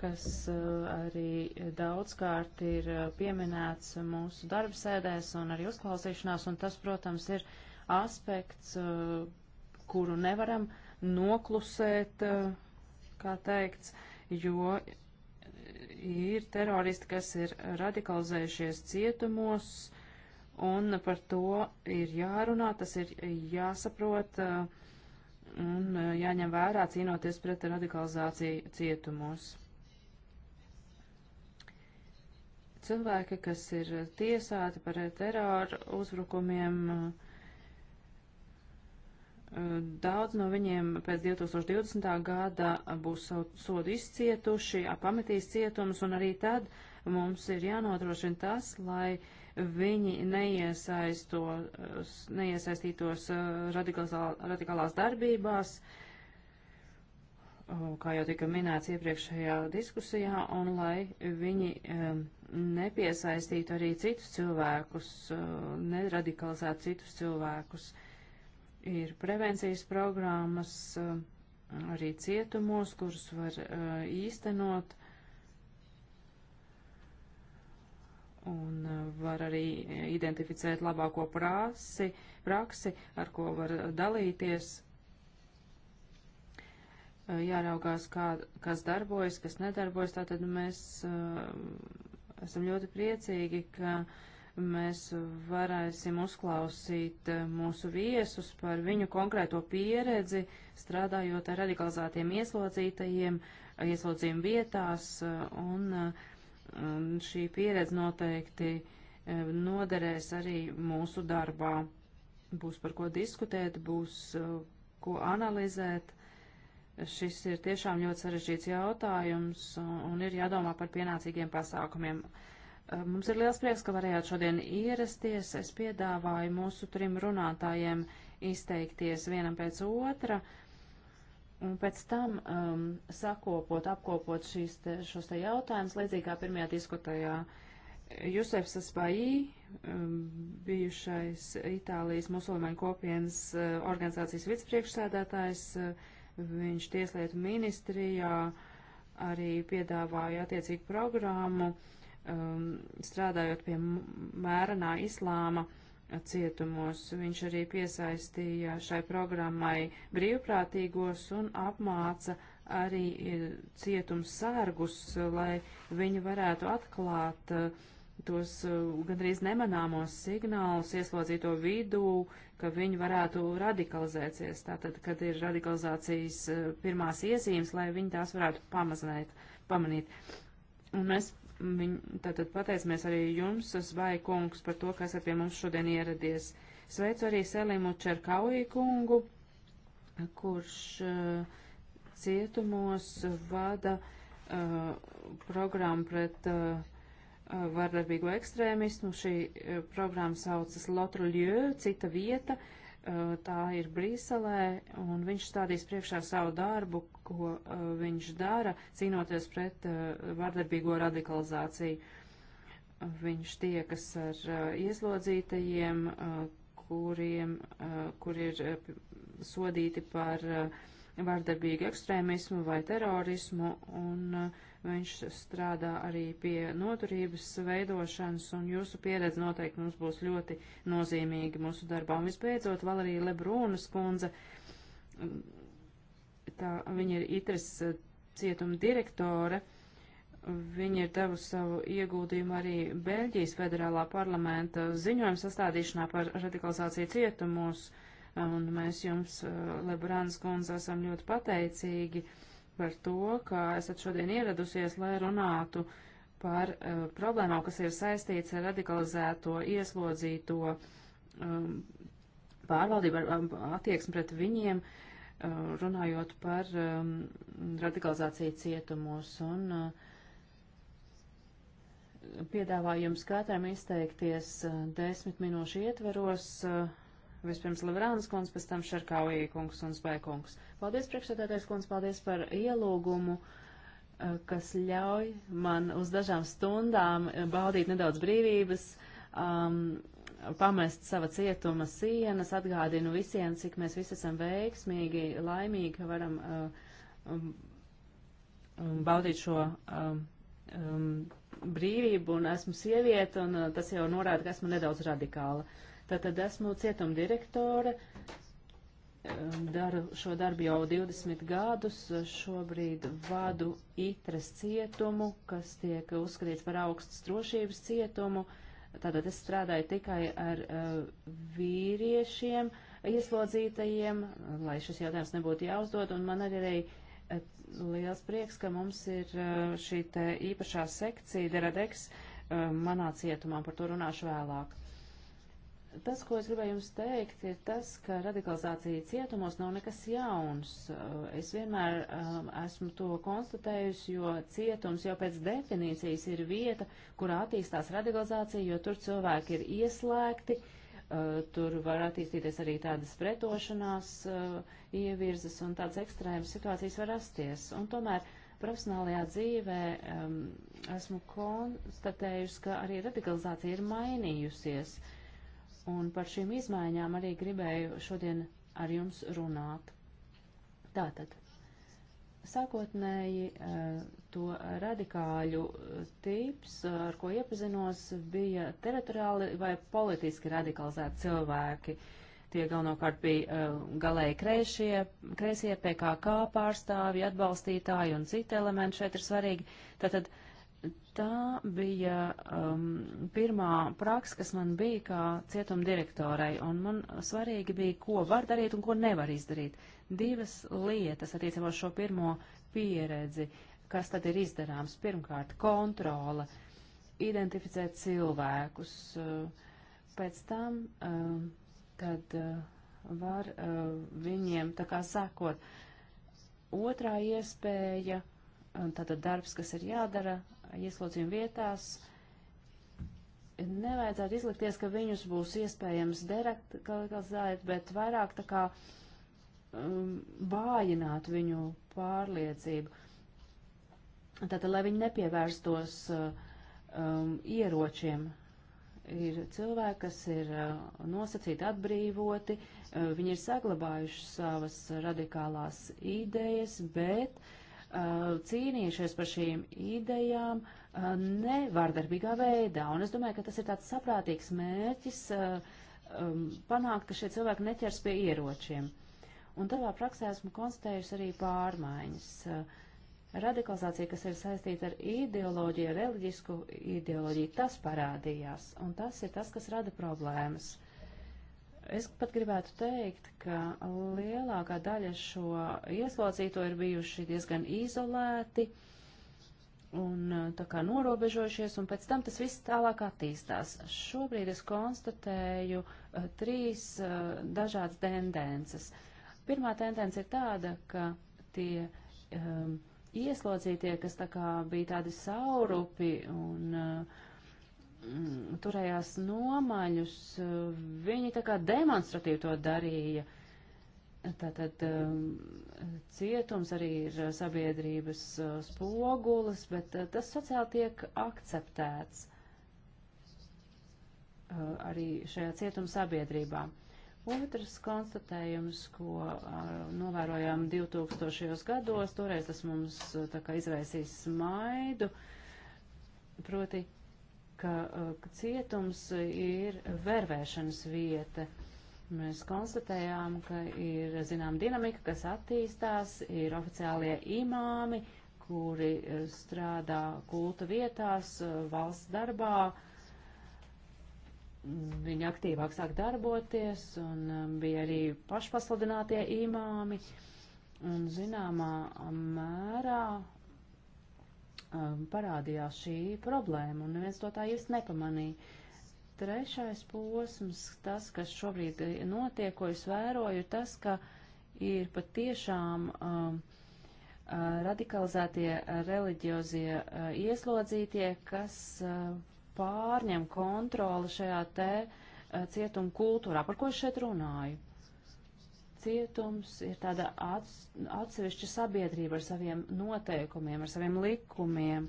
kas uh, arī daudzkārt ir uh, pieminēts mūsu darbsēdēs un arī uzklausīšanās, un tas, protams, ir aspekts, uh, kuru nevaram noklusēt, kā teikts, jo ir teroristi, kas ir radikalizējušies cietumos, un par to ir jārunā, tas ir jāsaprot uh, un uh, jāņem vērā cīnoties pret radikalizāciju cietumos. Cilvēki, kas ir tiesāti par terāru uzbrukumiem, uh, daudz no viņiem pēc 2020. gada būs savu sodu izcietuši, pametīs cietumus, un arī tad mums ir jānodrošina tas, lai uh, viņi neiesaistītos uh, radikālās darbībās, uh, kā jau tika minēts iepriekšējā diskusijā, un lai viņi um, nepiesaistītu arī citus cilvēkus, uh, neradikalizētu citus cilvēkus. Ir prevencijas programmas arī cietumos, kurus var īstenot un e, var arī identificēt labāko prāsi, praksi, ar ko var dalīties. E, jāraugās, kā, kas darbojas, kas nedarbojas. Tātad mēs e, esam ļoti priecīgi, ka mēs varēsim uzklausīt mūsu viesus par viņu konkrēto pieredzi, strādājot ar radikalizētiem ieslodzītajiem, ieslodzījumu vietās un uh, Un šī pieredze noteikti e, noderēs arī mūsu darbā. Būs par ko diskutēt, būs e, ko analizēt. Šis ir tiešām ļoti sarežģīts jautājums un ir jādomā par pienācīgiem pasākumiem. E, mums ir liels prieks, ka varējāt šodien ierasties. Es piedāvāju mūsu trim runātājiem izteikties vienam pēc otra. Uh, Un pēc tam um, sakopot, apkopot šīs te, šos te jautājumus, līdzīgi kā pirmajā diskutējā Jusefs Spaī, um, bijušais Itālijas musulmaņu kopienas uh, organizācijas vicepriekšsēdētājs, uh, viņš tieslietu ministrijā arī piedāvāja attiecīgu programmu, um, strādājot pie mērenā islāma. Uh, cietumos. Viņš arī piesaistīja šai programmai brīvprātīgos un apmāca arī e, cietumsargus, lai viņi varētu atklāt e, tos e, gandrīz nemanāmos signālus ieslodzīto vidū, ka viņi varētu radikalizēties. Tātad, kad ir radikalizācijas pirmās iezīmes, lai viņi tās varētu pamazināt, pamanīt. Un mēs Viņ, tātad pateicamies arī jums, Zvaigj kungs, par to, ka esat pie mums šodien ieradies. Sveicu arī Selimu Čerkauju kungu, kurš uh, cietumos vada uh, programmu pret uh, vardarbīgo ekstrēmismu. Šī programma saucas Lotruļjö, cita vieta. Uh, tā ir Brīselē, un viņš stādīs priekšā savu darbu, ko viņš dara, cīnoties pret vardarbīgo radikalizāciju. Viņš tiekas ar ieslodzītajiem, kuriem, kur ir sodīti par vardarbīgu ekstrēmismu vai terorismu, un uh, Viņš strādā arī pie noturības veidošanas, un jūsu pieredze noteikti mums būs ļoti nozīmīga mūsu darbā. Un visbeidzot, Valerija Lebrūnas kundze, tā, viņa ir ITRES e, cietuma direktore. Viņa ir devusi savu ieguldījumu arī Beļģijas federālā parlamenta ziņojuma sastādīšanā par radikalizāciju cietumos, un mēs jums, e, Lebrāns kundze, esam ļoti pateicīgi. Uh, par to, ka esat šodien ieradusies, lai runātu par uh, problēmām, kas ir saistīts ar radikalizēto, ieslodzīto um, pārvaldību, ar, ar um, attieksmi pret viņiem, uh, runājot par um, radikalizāciju cietumos. Un, uh, Piedāvāju jums katram izteikties uh, desmit minūšu ietveros. Uh, Vispirms Levrānas kungs, pēc tam Šarkāvī kungs un Spēkungs. Paldies, priekšsēdētais kungs, paldies par ielūgumu, eh, kas ļauj man uz dažām stundām eh, baudīt nedaudz brīvības, um, pamest sava cietuma sienas, atgādinu visiem, cik mēs visi esam veiksmīgi, laimīgi, ka varam eh, um, um, baudīt šo um, um, brīvību, un esmu sieviete, un tas jau norāda, ka esmu nedaudz radikāla. Uh, Tātad esmu cietuma direktore, um, daru šo darbu jau 20 gadus, šobrīd vadu itres cietumu, kas tiek uzskatīts par augstas drošības cietumu. Tātad es strādāju tikai ar uh, vīriešiem ieslodzītajiem, lai šis jautājums nebūtu jāuzdod, un man arī arī uh, liels prieks, ka mums ir uh, šī te īpašā sekcija Deradeks uh, manā cietumā, par to runāšu vēlāk. Tas, ko es gribēju jums teikt, ir tas, ka radikalizācija cietumos nav nekas jauns. Es vienmēr um, esmu to konstatējusi, jo cietums jau pēc definīcijas ir vieta, kurā attīstās radikalizācija, jo tur cilvēki ir ieslēgti, uh, tur var attīstīties arī tādas pretošanās uh, ievirzes un tādas ekstrēmas situācijas var rasties. Un tomēr profesionālajā dzīvē um, esmu konstatējusi, ka arī radikalizācija ir mainījusies. Uh, un par šīm izmaiņām arī gribēju šodien ar jums runāt. Tātad, sākotnēji eh, to radikāļu eh, tips, eh, ar ko iepazinos, bija teritoriāli vai politiski radikalizēti cilvēki. Tie galvenokārt bija galēji kreisie, kreisie PKK pārstāvji, atbalstītāji un citi elementi šeit ir svarīgi. Tātad, uh, Tā bija um, pirmā praksa, kas man bija kā cietuma direktorai, un man svarīgi bija, ko var darīt un ko nevar izdarīt. Divas lietas attiecībā uz šo pirmo pieredzi, kas tad ir izdarāms. Pirmkārt, kontrole, identificēt cilvēkus, uh, pēc tam, um, uh, kad uh, var uh, viņiem tā kā sakot. Otrā iespēja, uh, tātad darbs, kas ir jādara, ieslodzījuma vietās, nevajadzētu izlikties, ka viņus būs iespējams deradikalizēt, bet vairāk tā kā um, bājināt viņu pārliecību. Tātad, lai viņi nepievērstos uh, um, ieročiem, ir cilvēki, kas ir uh, nosacīti atbrīvoti, uh, viņi ir saglabājuši savas radikālās idejas, bet uh, Eh, cīnījušies par šīm idejām eh, nevārdarbīgā veidā. Un es domāju, ka tas ir tāds saprātīgs mērķis eh, um, panākt, ka šie cilvēki neķers pie ieročiem. Un tavā praksē esmu konstatējusi arī pārmaiņas. Radikalizācija, kas ir saistīta ar ideoloģiju, reliģisku ideoloģiju, tas parādījās. Un tas ir tas, kas rada problēmas. Uh, Es pat gribētu teikt, ka lielākā daļa šo ieslodzīto ir bijuši diezgan izolēti un eh, tā kā norobežojušies, un pēc tam tas viss tālāk attīstās. Šobrīd es konstatēju uh, trīs uh, dažādas tendences. Pirmā tendence ir tāda, ka tie um, ieslodzītie, kas tā kā bija tādi saurupi un uh, Mm, turējās nomaļus, viņi tā kā demonstratīvi to darīja. Tātad um, cietums arī ir sabiedrības uh, spogulis, bet uh, tas sociāli tiek akceptēts uh, arī šajā cietuma sabiedrībā. Otrs konstatējums, ko novērojām 2000. gados, toreiz tas mums tā kā izraisīs smaidu, proti Eh, ka cietums ir vervēšanas vieta. Mēs konstatējām, ka ir zinām dinamika, kas attīstās, ir oficiālie imāmi, kuri eh, strādā kulta vietās, eh, valsts darbā. Viņi aktīvāk sāk darboties, un bija arī pašpasludinātie imāmi. Un zināmā mērā um, parādījās šī problēma, un neviens to tā īsti nepamanīja. Trešais posms, tas, kas šobrīd notiek, ko es vēroju, ir tas, ka ir patiešām um, uh, radikalizētie reliģiozie uh, ieslodzītie, kas uh, pārņem kontroli šajā te uh, cietuma kultūrā. Par ko es šeit runāju? Cietums ir tāda atsevišķa sabiedrība ar saviem noteikumiem, ar saviem likumiem.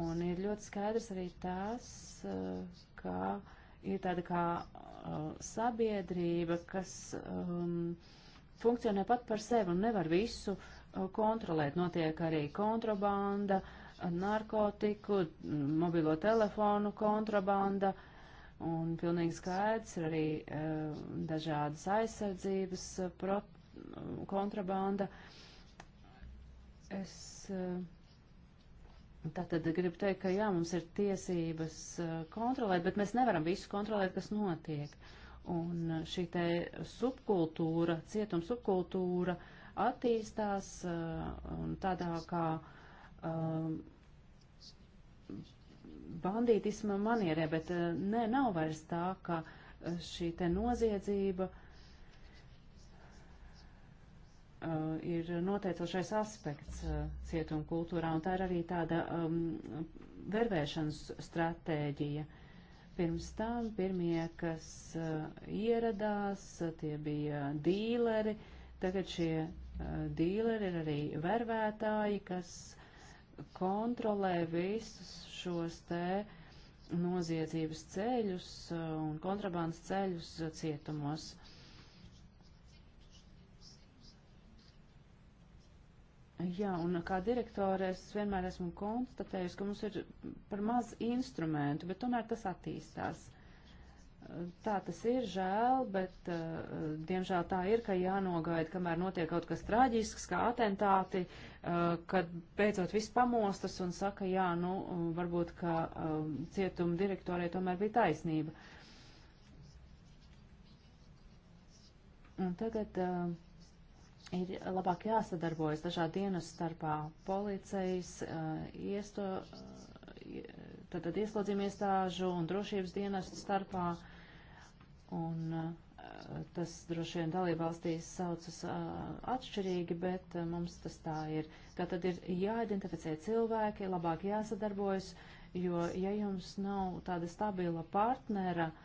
Un ir ļoti skaidrs arī tas, eh, ka ir tāda kā eh, sabiedrība, kas um, funkcionē pat par sevi un nevar visu eh, kontrolēt. Notiek arī kontrabanda, narkotiku, mobilo telefonu kontrabanda. Uh, Un pilnīgi skaidrs ir arī uh, dažādas aizsardzības uh, pro, kontrabanda. Es uh, tātad gribu teikt, ka jā, mums ir tiesības uh, kontrolēt, bet mēs nevaram visu kontrolēt, kas notiek. Un šī te subkultūra, cietuma subkultūra attīstās uh, un tādā kā. Uh, bandītisma manierē, bet eh, nē, nav vairs tā, ka eh, šī te noziedzība eh, ir noteicošais aspekts cietuma kultūrā, un tā ir arī tāda um, vervēšanas stratēģija. Pirms tam pirmie, kas uh, ieradās, tie bija dīleri, tagad šie uh, dīleri ir arī vervētāji, kas uh, kontrolē visus šos te noziedzības ceļus uh, un kontrabandas ceļus cietumos. Jā, un kā direktore es vienmēr esmu konstatējusi, ka mums ir par maz instrumentu, bet tomēr tas attīstās. Tā tas ir žēl, bet uh, diemžēl tā ir, ka jānogaida, kamēr notiek kaut kas traģisks, kā atentāti, uh, kad beidzot viss pamostas un saka, jā, nu, varbūt, ka uh, cietuma direktorē tomēr bija taisnība. Un tagad uh, ir labāk jāsadarbojas dažādu dienas starpā policijas, uh, iesto, uh, tad, tad ieslodzījuma iestāžu un drošības dienestu starpā. Uh, Un uh, tas droši vien dalībvalstīs saucas uh, atšķirīgi, bet uh, mums tas tā ir. Tātad ir jāidentificē cilvēki, labāk jāsadarbojas, jo ja jums nav tāda stabila partnera, uh,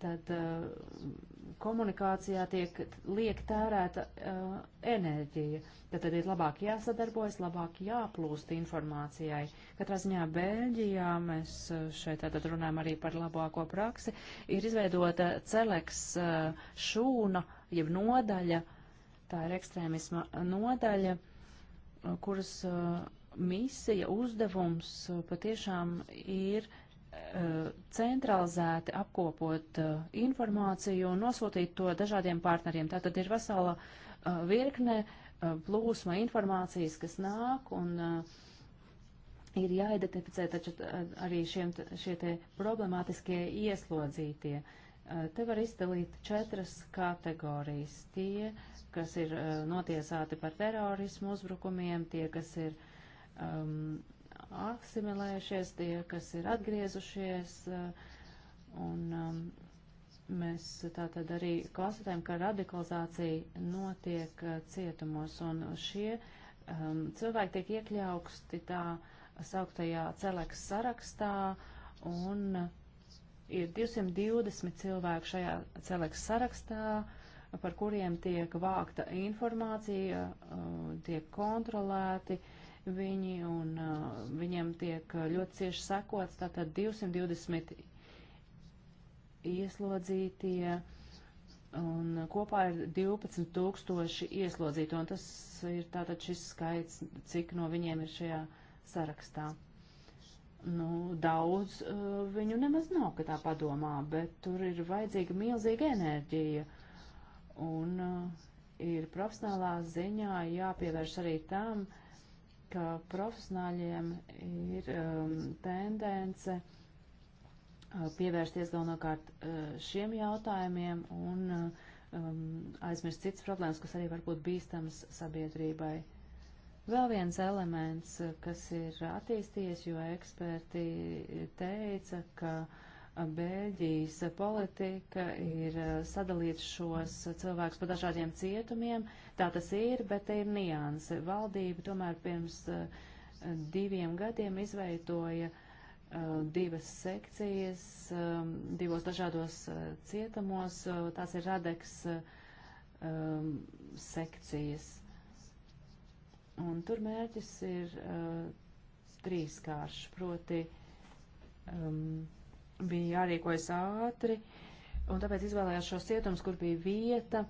tad uh, komunikācijā tiek liek tērēta uh, enerģija. Tad, tad ir labāk jāsadarbojas, labāk jāplūst informācijai. Katrā ziņā Bēļģijā, mēs uh, šeit tātad runājam arī par labāko praksi, ir izveidota celeks uh, šūna, jeb nodaļa, tā ir ekstrēmisma nodaļa, uh, kuras uh, misija, uzdevums patiešām ir uh, Eh, centralizēti apkopot uh, informāciju un nosūtīt to dažādiem partneriem. Tātad ir vesela uh, virkne uh, plūsma informācijas, kas nāk un ir jāidentificē taču arī šiem, šie te problemātiskie ieslodzītie. Te var izdalīt četras kategorijas. Tie, kas ir notiesāti par terorismu uzbrukumiem, tie, kas ir um, asimilējušies, tie, kas ir atgriezušies. Eh, un um, mēs tātad arī konstatējam, ka radikalizācija notiek eh, cietumos, un šie um, cilvēki tiek iekļauksti tā sauktajā celeks sarakstā, un ir 220 cilvēku šajā celeks sarakstā, par kuriem tiek vākta informācija, uh, tiek kontrolēti, uh, viņi un uh, viņiem tiek ļoti cieši sekots, tātad 220 ieslodzītie un kopā ir 12 tūkstoši ieslodzīto, un tas ir tātad šis skaits, cik no viņiem ir šajā sarakstā. Nu, daudz uh, viņu nemaz nav, ka tā padomā, bet tur ir vajadzīga milzīga enerģija. Un uh, ir profesionālā ziņā jāpievērš arī tam, uh, ka profesionāļiem ir um, tendence uh, pievērsties galvenokārt uh, šiem jautājumiem un uh, um, aizmirst citas problēmas, kas arī var būt bīstamas sabiedrībai. Vēl viens elements, uh, kas ir attīstījies, jo eksperti teica, ka uh, Bēļģijas politika ir uh, sadalīt šos cilvēkus pa dažādiem cietumiem, uh, Tā tas ir, bet te ir nianse. Valdība tomēr pirms uh, diviem gadiem izveidoja uh, divas sekcijas um, divos dažādos uh, cietumos. Tās ir radeks um, sekcijas. Un tur mērķis ir trīskāršs, proti um, bija jārīkojas ātri, un tāpēc izvēlējās šos cietums, kur bija vieta,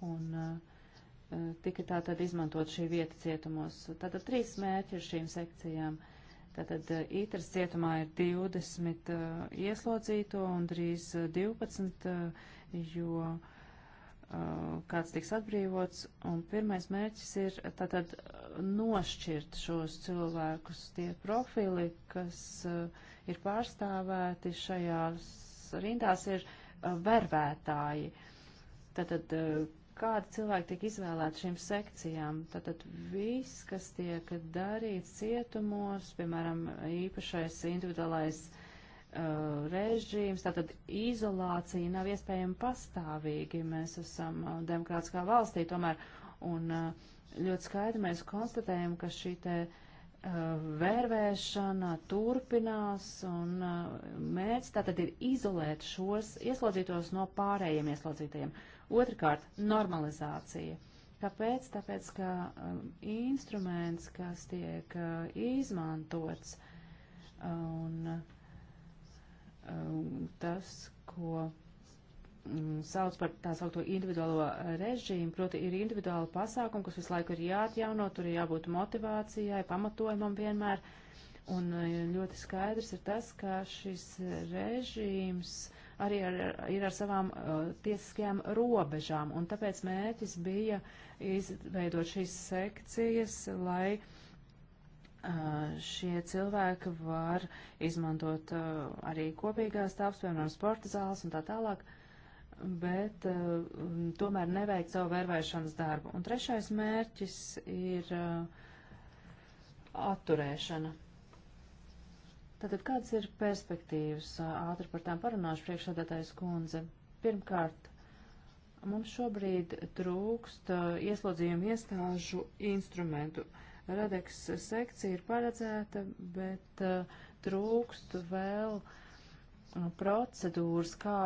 un eh, tika tā tad izmantot šī vieta cietumos. Tātad trīs mērķi ir šīm sekcijām. Tātad Ītras eh, cietumā ir 20 eh, ieslodzīto un drīz 12, jo kāds tiks atbrīvots. Un pirmais mērķis ir tātad nošķirt šos cilvēkus, tie profili, kas uh, ir pārstāvēti šajās rindās, ir uh, vervētāji. Tātad uh, kādi cilvēki tiek izvēlēti šīm sekcijām. Tātad viss, kas tiek darīts cietumos, piemēram, īpašais individuālais uh, režīms, tātad izolācija nav iespējama pastāvīgi. Mēs esam uh, demokrātiskā valstī tomēr, un uh, ļoti skaidri mēs konstatējam, ka šī te uh, vērvēšana turpinās un uh, mērķis tātad ir izolēt šos ieslodzītos no pārējiem ieslodzītajiem. Otrakārt, normalizācija. Kāpēc? Tāpēc, ka um, instruments, kas tiek uh, izmantots, un um, tas, ko um, sauc par tā saukto individuālo uh, režīmu, proti ir individuāla pasākuma, kas visu laiku ir jāatjauno, tur ir jābūt motivācijai, pamatojumam vienmēr, un uh, ļoti skaidrs ir tas, ka šis režīms uh, arī ar, ir ar savām uh, tiesiskajām robežām, un tāpēc mērķis bija izveidot šīs sekcijas, lai uh, šie cilvēki var izmantot uh, arī kopīgās tāps, piemēram, sporta zāles un tā tālāk, bet uh, tomēr neveikt savu vērvēšanas darbu. Un trešais mērķis ir uh, atturēšana. Tātad kādas ir perspektīvas? Ātri par tām parunāšu priekšsādātājs kundze. Pirmkārt, mums šobrīd trūkst ieslodzījumu iestāžu instrumentu. Radeks sekcija ir paredzēta, bet trūkst vēl procedūras, kā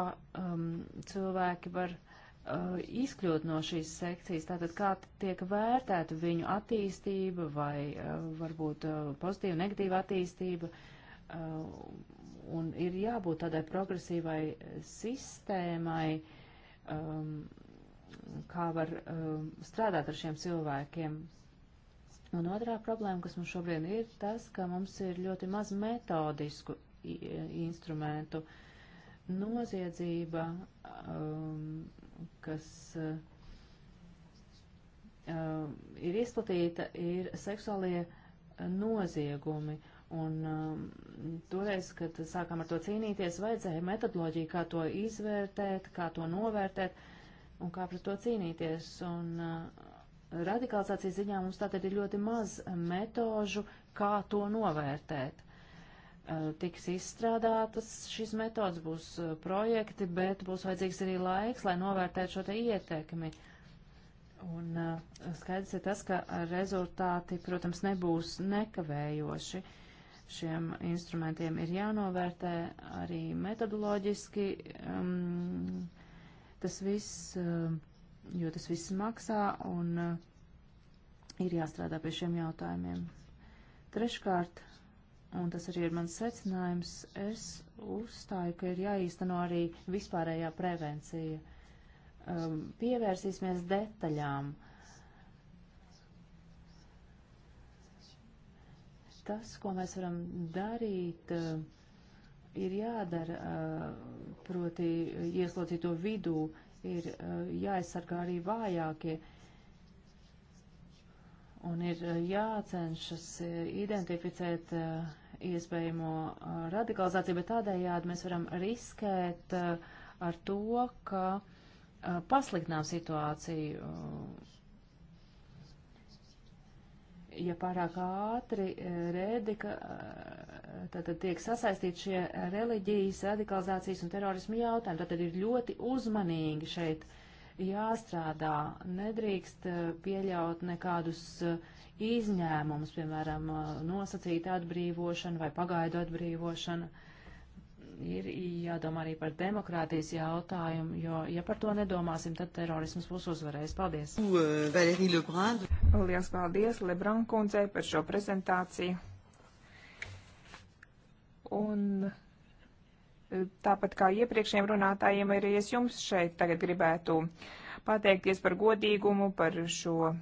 um, cilvēki var uh, izkļūt no šīs sekcijas, tātad kā tiek vērtēta viņu attīstība vai uh, varbūt uh, pozitīva, negatīva attīstība, uh, Uh, un ir jābūt tādai progresīvai sistēmai, um, kā var um, strādāt ar šiem cilvēkiem. Un otrā problēma, kas mums šobrīd ir, tas, ka mums ir ļoti maz metodisku instrumentu. Noziedzība, um, kas uh, um, ir izplatīta, ir seksuālie noziegumi. Uh, Un um, toreiz, kad sākām ar to cīnīties, vajadzēja metodoloģiju, kā to izvērtēt, kā to novērtēt un kā pret to cīnīties. Un uh, radikalizācijas ziņā mums tātad ir ļoti maz metožu, kā to novērtēt. Uh, tiks izstrādātas šīs metodas, būs uh, projekti, bet būs vajadzīgs arī laiks, lai novērtētu šo te ietekmi. Un uh, skaidrs ir tas, ka rezultāti, protams, nebūs nekavējoši. Uh, Šiem instrumentiem ir jānovērtē arī metodoloģiski um, tas viss, um, jo tas viss maksā un uh, ir jāstrādā pie šiem jautājumiem. Treškārt, un tas arī ir mans secinājums, es uzstāju, ka ir jāīsteno arī vispārējā prevencija. Um, pievērsīsimies detaļām Tas, ko mēs varam darīt, eh, ir jādara, eh, proti ieslodzīto vidū ir eh, jāaizsargā arī vājākie. Un ir jācenšas identificēt iespējamo radikalizāciju, bet tādējādi mēs varam riskēt ar to, ka pasliktinām situāciju ja pārāk ātri eh, redika, eh, tātad tiek sasaistīti šie reliģijas, radikalizācijas un terorismu jautājumi, tātad ir ļoti uzmanīgi šeit jāstrādā, nedrīkst eh, pieļaut nekādus izņēmumus, piemēram, nosacīta atbrīvošana vai pagaidu atbrīvošana. Uh, ir jādomā arī par demokrātijas jautājumu, jo, ja par to nedomāsim, tad terorismas būs uzvarējis. Paldies! Uh, Lielas paldies Lebran kundzei par šo prezentāciju. Un uh, tāpat kā iepriekšējiem runātājiem, arī es jums šeit tagad gribētu pateikties par godīgumu, par šo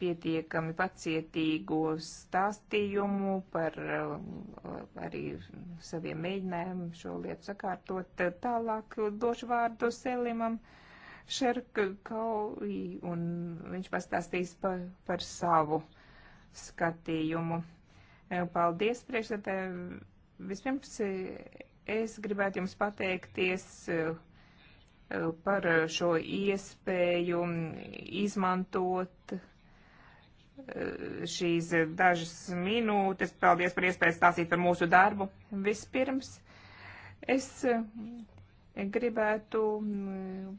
pietiekami pacietīgu stāstījumu par um, arī saviem mēģinājumiem šo lietu sakārtot. Tālāk došu vārdu Selimam Šerkaui, un viņš pastāstīs par, par savu skatījumu. Paldies, priekšsēdētāji. Vispirms eh, es gribētu jums pateikties uh, par eh, šo iespēju mm, izmantot eh, šīs dažas minūtes. Paldies par iespēju stāstīt par mūsu darbu. Vispirms es eh, gribētu mm,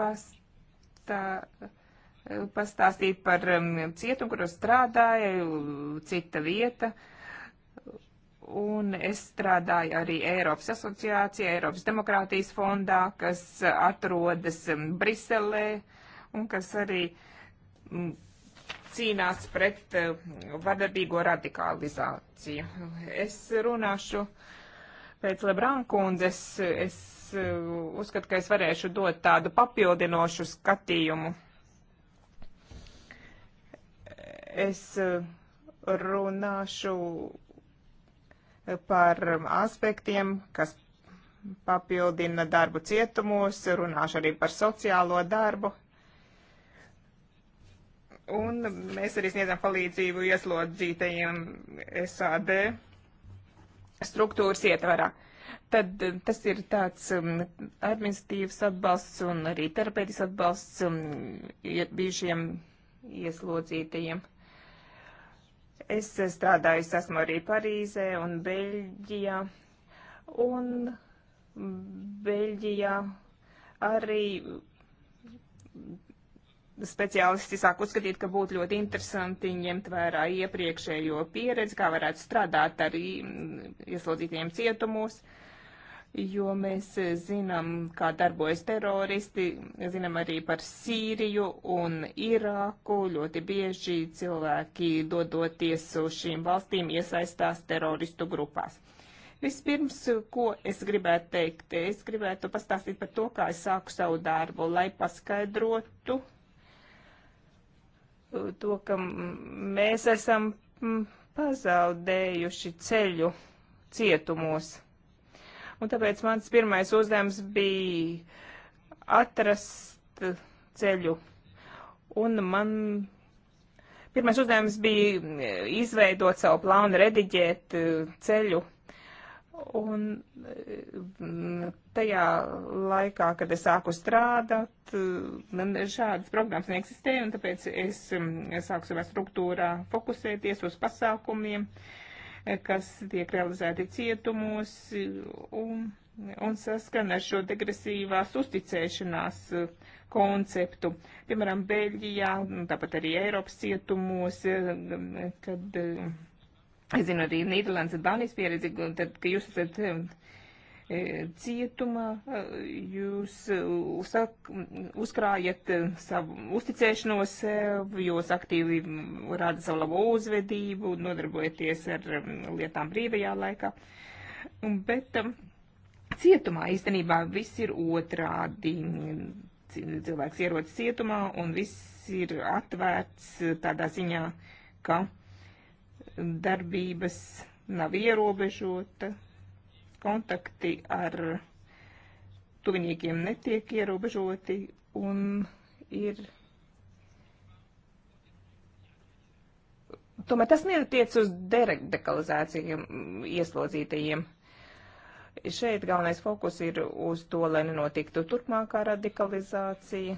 pastā, pastāstīt par mm, cietumu, kur strādāju, cita vieta. Un es strādāju arī Eiropas asociācijā, Eiropas demokrātijas fondā, kas atrodas um, Briselē un kas arī mm, cīnās pret um, vardarbīgo radikalizāciju. Es runāšu pēc Lebrankundzes. Es, es uh, uzskatu, ka es varēšu dot tādu papildinošu skatījumu. Es uh, runāšu par aspektiem, kas papildina darbu cietumos, runāšu arī par sociālo darbu. Un mēs arī sniedzam palīdzību ieslodzītajiem SAD struktūras ietvarā. Tad eh, tas ir tāds um, administratīvs atbalsts un arī terapeitis atbalsts um, bijušiem ieslodzītajiem. Es strādāju, es esmu arī Parīzē un Beļģijā. Un Beļģijā arī speciālisti sāk uzskatīt, ka būtu ļoti interesanti ņemt vērā iepriekšējo pieredzi, kā varētu strādāt arī ieslodzītiem cietumos. Uh, jo mēs eh, zinām, kā darbojas teroristi, zinām arī par Sīriju un Irāku. Ļoti bieži cilvēki dodoties uz šīm valstīm iesaistās teroristu grupās. Vispirms, ko es gribētu teikt, es gribētu pastāstīt par to, kā es sāku savu darbu, lai paskaidrotu eh, to, ka mēs esam pazaudējuši ceļu cietumos Un tāpēc mans pirmais uzdevums bija atrast ceļu. Un man pirmais uzdevums bija izveidot savu plānu, rediģēt eh, ceļu. Un eh, tajā laikā, kad es sāku strādāt, eh, šādas programmas neeksistēja, un tāpēc es mm, sāku savā struktūrā fokusēties uz pasākumiem. Uh, kas tiek realizēti cietumos un, un saskana ar šo degresīvās uzticēšanās eh, konceptu. Piemēram, Beļģijā, tāpat arī Eiropas cietumos, eh, kad, eh, es zinu, arī Nīderlandes un Dānijas pieredzi, tad, ka jūs esat E, cietumā, e, jūs e, uzsak, uzkrājat savu uzticēšanos sev, jūs aktīvi rāda savu labo uzvedību, nodarbojaties ar lietām brīvajā laikā. Bet cietumā īstenībā viss ir otrādi. Cilvēks ierodas cietumā un viss ir atvērts tādā ziņā, ka darbības nav ierobežota, kontakti ar tuviniekiem netiek ierobežoti un ir. Tomēr tas neatiec uz deradikalizācijiem ieslodzītajiem. Šeit galvenais fokus ir uz to, lai nenotiktu turpmākā radikalizācija.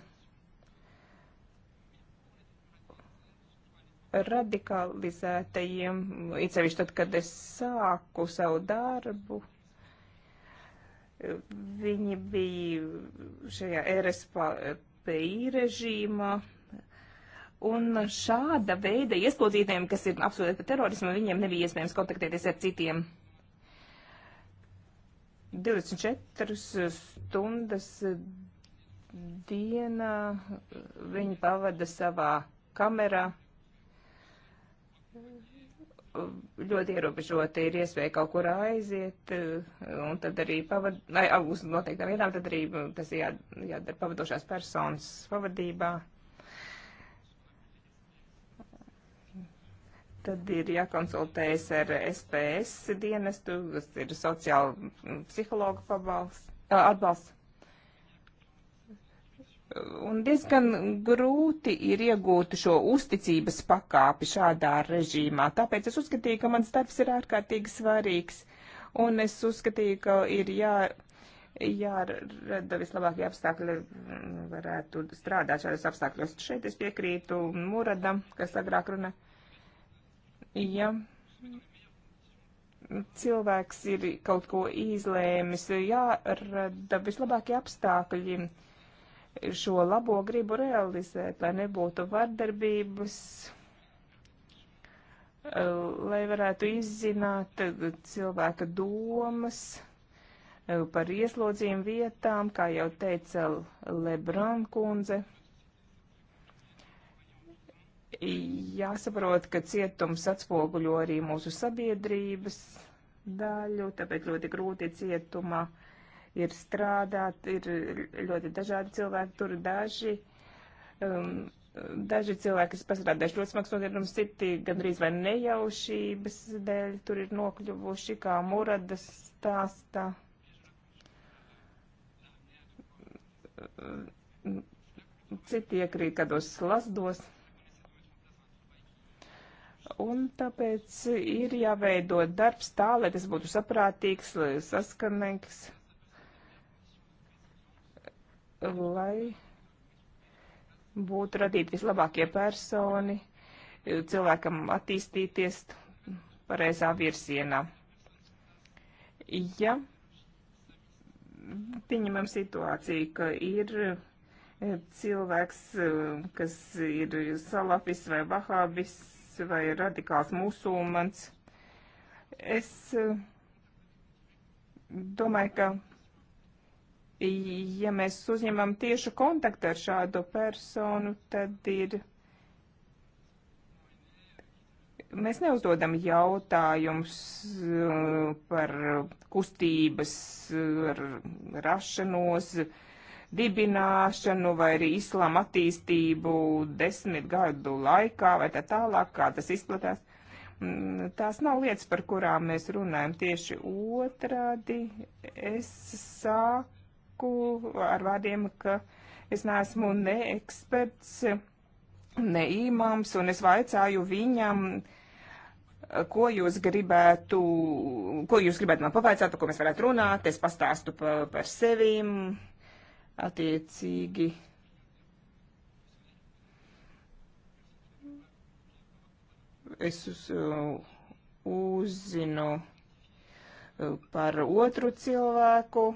Radikalizētajiem, it sevišķi tad, kad es sāku savu darbu, Viņi bija šajā RSPI režīmā. Un šāda veida ieslodzītiem, kas ir apsūdzēti par terorismu, viņiem nebija iespējams kontaktēties ar citiem. 24 stundas dienā viņi pavada savā kamerā ļoti ierobežoti ir iespēja kaut kur aiziet, eh, un tad arī pavad, vai uz noteiktām vietām, tad arī mm, tas jā, jādara pavadošās personas pavadībā. Tad ir jākonsultējas ar SPS dienestu, kas ir sociāla mm, psihologa pabalsts, atbalsts. Un diezgan grūti ir iegūt šo uzticības pakāpi šādā režīmā. Tāpēc es uzskatīju, ka mans darbs ir ārkārtīgi svarīgs. Un es uzskatīju, ka ir jā, jārada vislabākie apstākļi, varētu strādāt šādos apstākļos. Šeit es piekrītu Muradam, kas agrāk runā. Ja cilvēks ir kaut ko izlēmis, jārada vislabākie apstākļi šo labo gribu realizēt, lai nebūtu vardarbības, eh, lai varētu izzināt eh, cilvēka domas eh, par ieslodzījumu vietām, kā jau teica Lebran kundze. Jāsaprot, ka cietums atspoguļo arī mūsu sabiedrības daļu, tāpēc ļoti grūti cietumā uh, ir strādāt, ir ļoti dažādi cilvēki, tur daži, um, daži cilvēki, kas pastrādājuši ļoti smags nodarbums, citi gandrīz vai nejaušības dēļ, tur ir nokļuvuši kā muradas stāstā. Citi iekrīt kādos slazdos. Un tāpēc ir jāveido darbs tā, lai tas būtu saprātīgs, saskanīgs lai būtu radīti vislabākie personi, cilvēkam attīstīties pareizā virsienā. Ja pieņemam situāciju, ka ir eh, cilvēks, eh, kas ir salafis vai vahābis vai radikāls musulmans, es eh, domāju, ka ja mēs uzņemam tiešu kontaktu ar šādu personu, tad ir. Mēs neuzdodam jautājumus uh, par kustības, uh, rašanos, dibināšanu vai arī islāma attīstību desmit gadu laikā vai tā tālāk, kā tas izplatās. Mm, tās nav lietas, par kurām mēs runājam tieši otrādi. Es sāku saku ar vārdiem, ka es neesmu ne eksperts, ne īmams, un es vaicāju viņam, ko jūs gribētu, ko jūs gribētu man pavaicāt, par ko mēs varētu runāt, es pastāstu par, par sevim, attiecīgi. Es uz, uzzinu par otru cilvēku,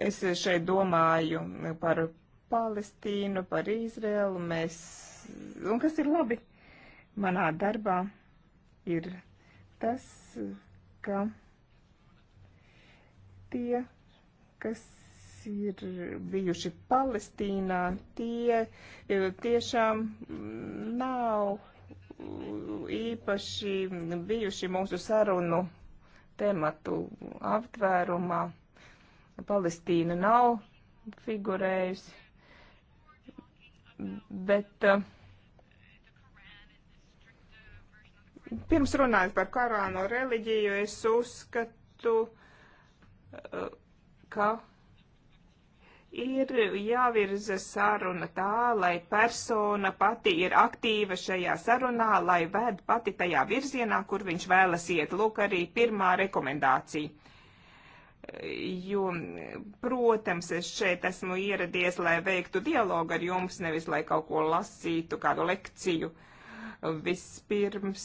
Es šeit domāju par Palestīnu, par Izraelu, mēs, un kas ir labi manā darbā, ir tas, ka tie, kas ir bijuši Palestīnā, tie tiešām nav īpaši bijuši mūsu sarunu tematu aptvērumā. Palestīna nav figurējusi, bet uh, pirms runājot par Korānu reliģiju, es uzskatu, uh, ka ir jāvirza saruna tā, lai persona pati ir aktīva šajā sarunā, lai ved pati tajā virzienā, kur viņš vēlas iet. Lūk, arī pirmā rekomendācija jo, protams, es šeit esmu ieradies, lai veiktu dialogu ar jums, nevis lai kaut ko lasītu, kādu lekciju. Vispirms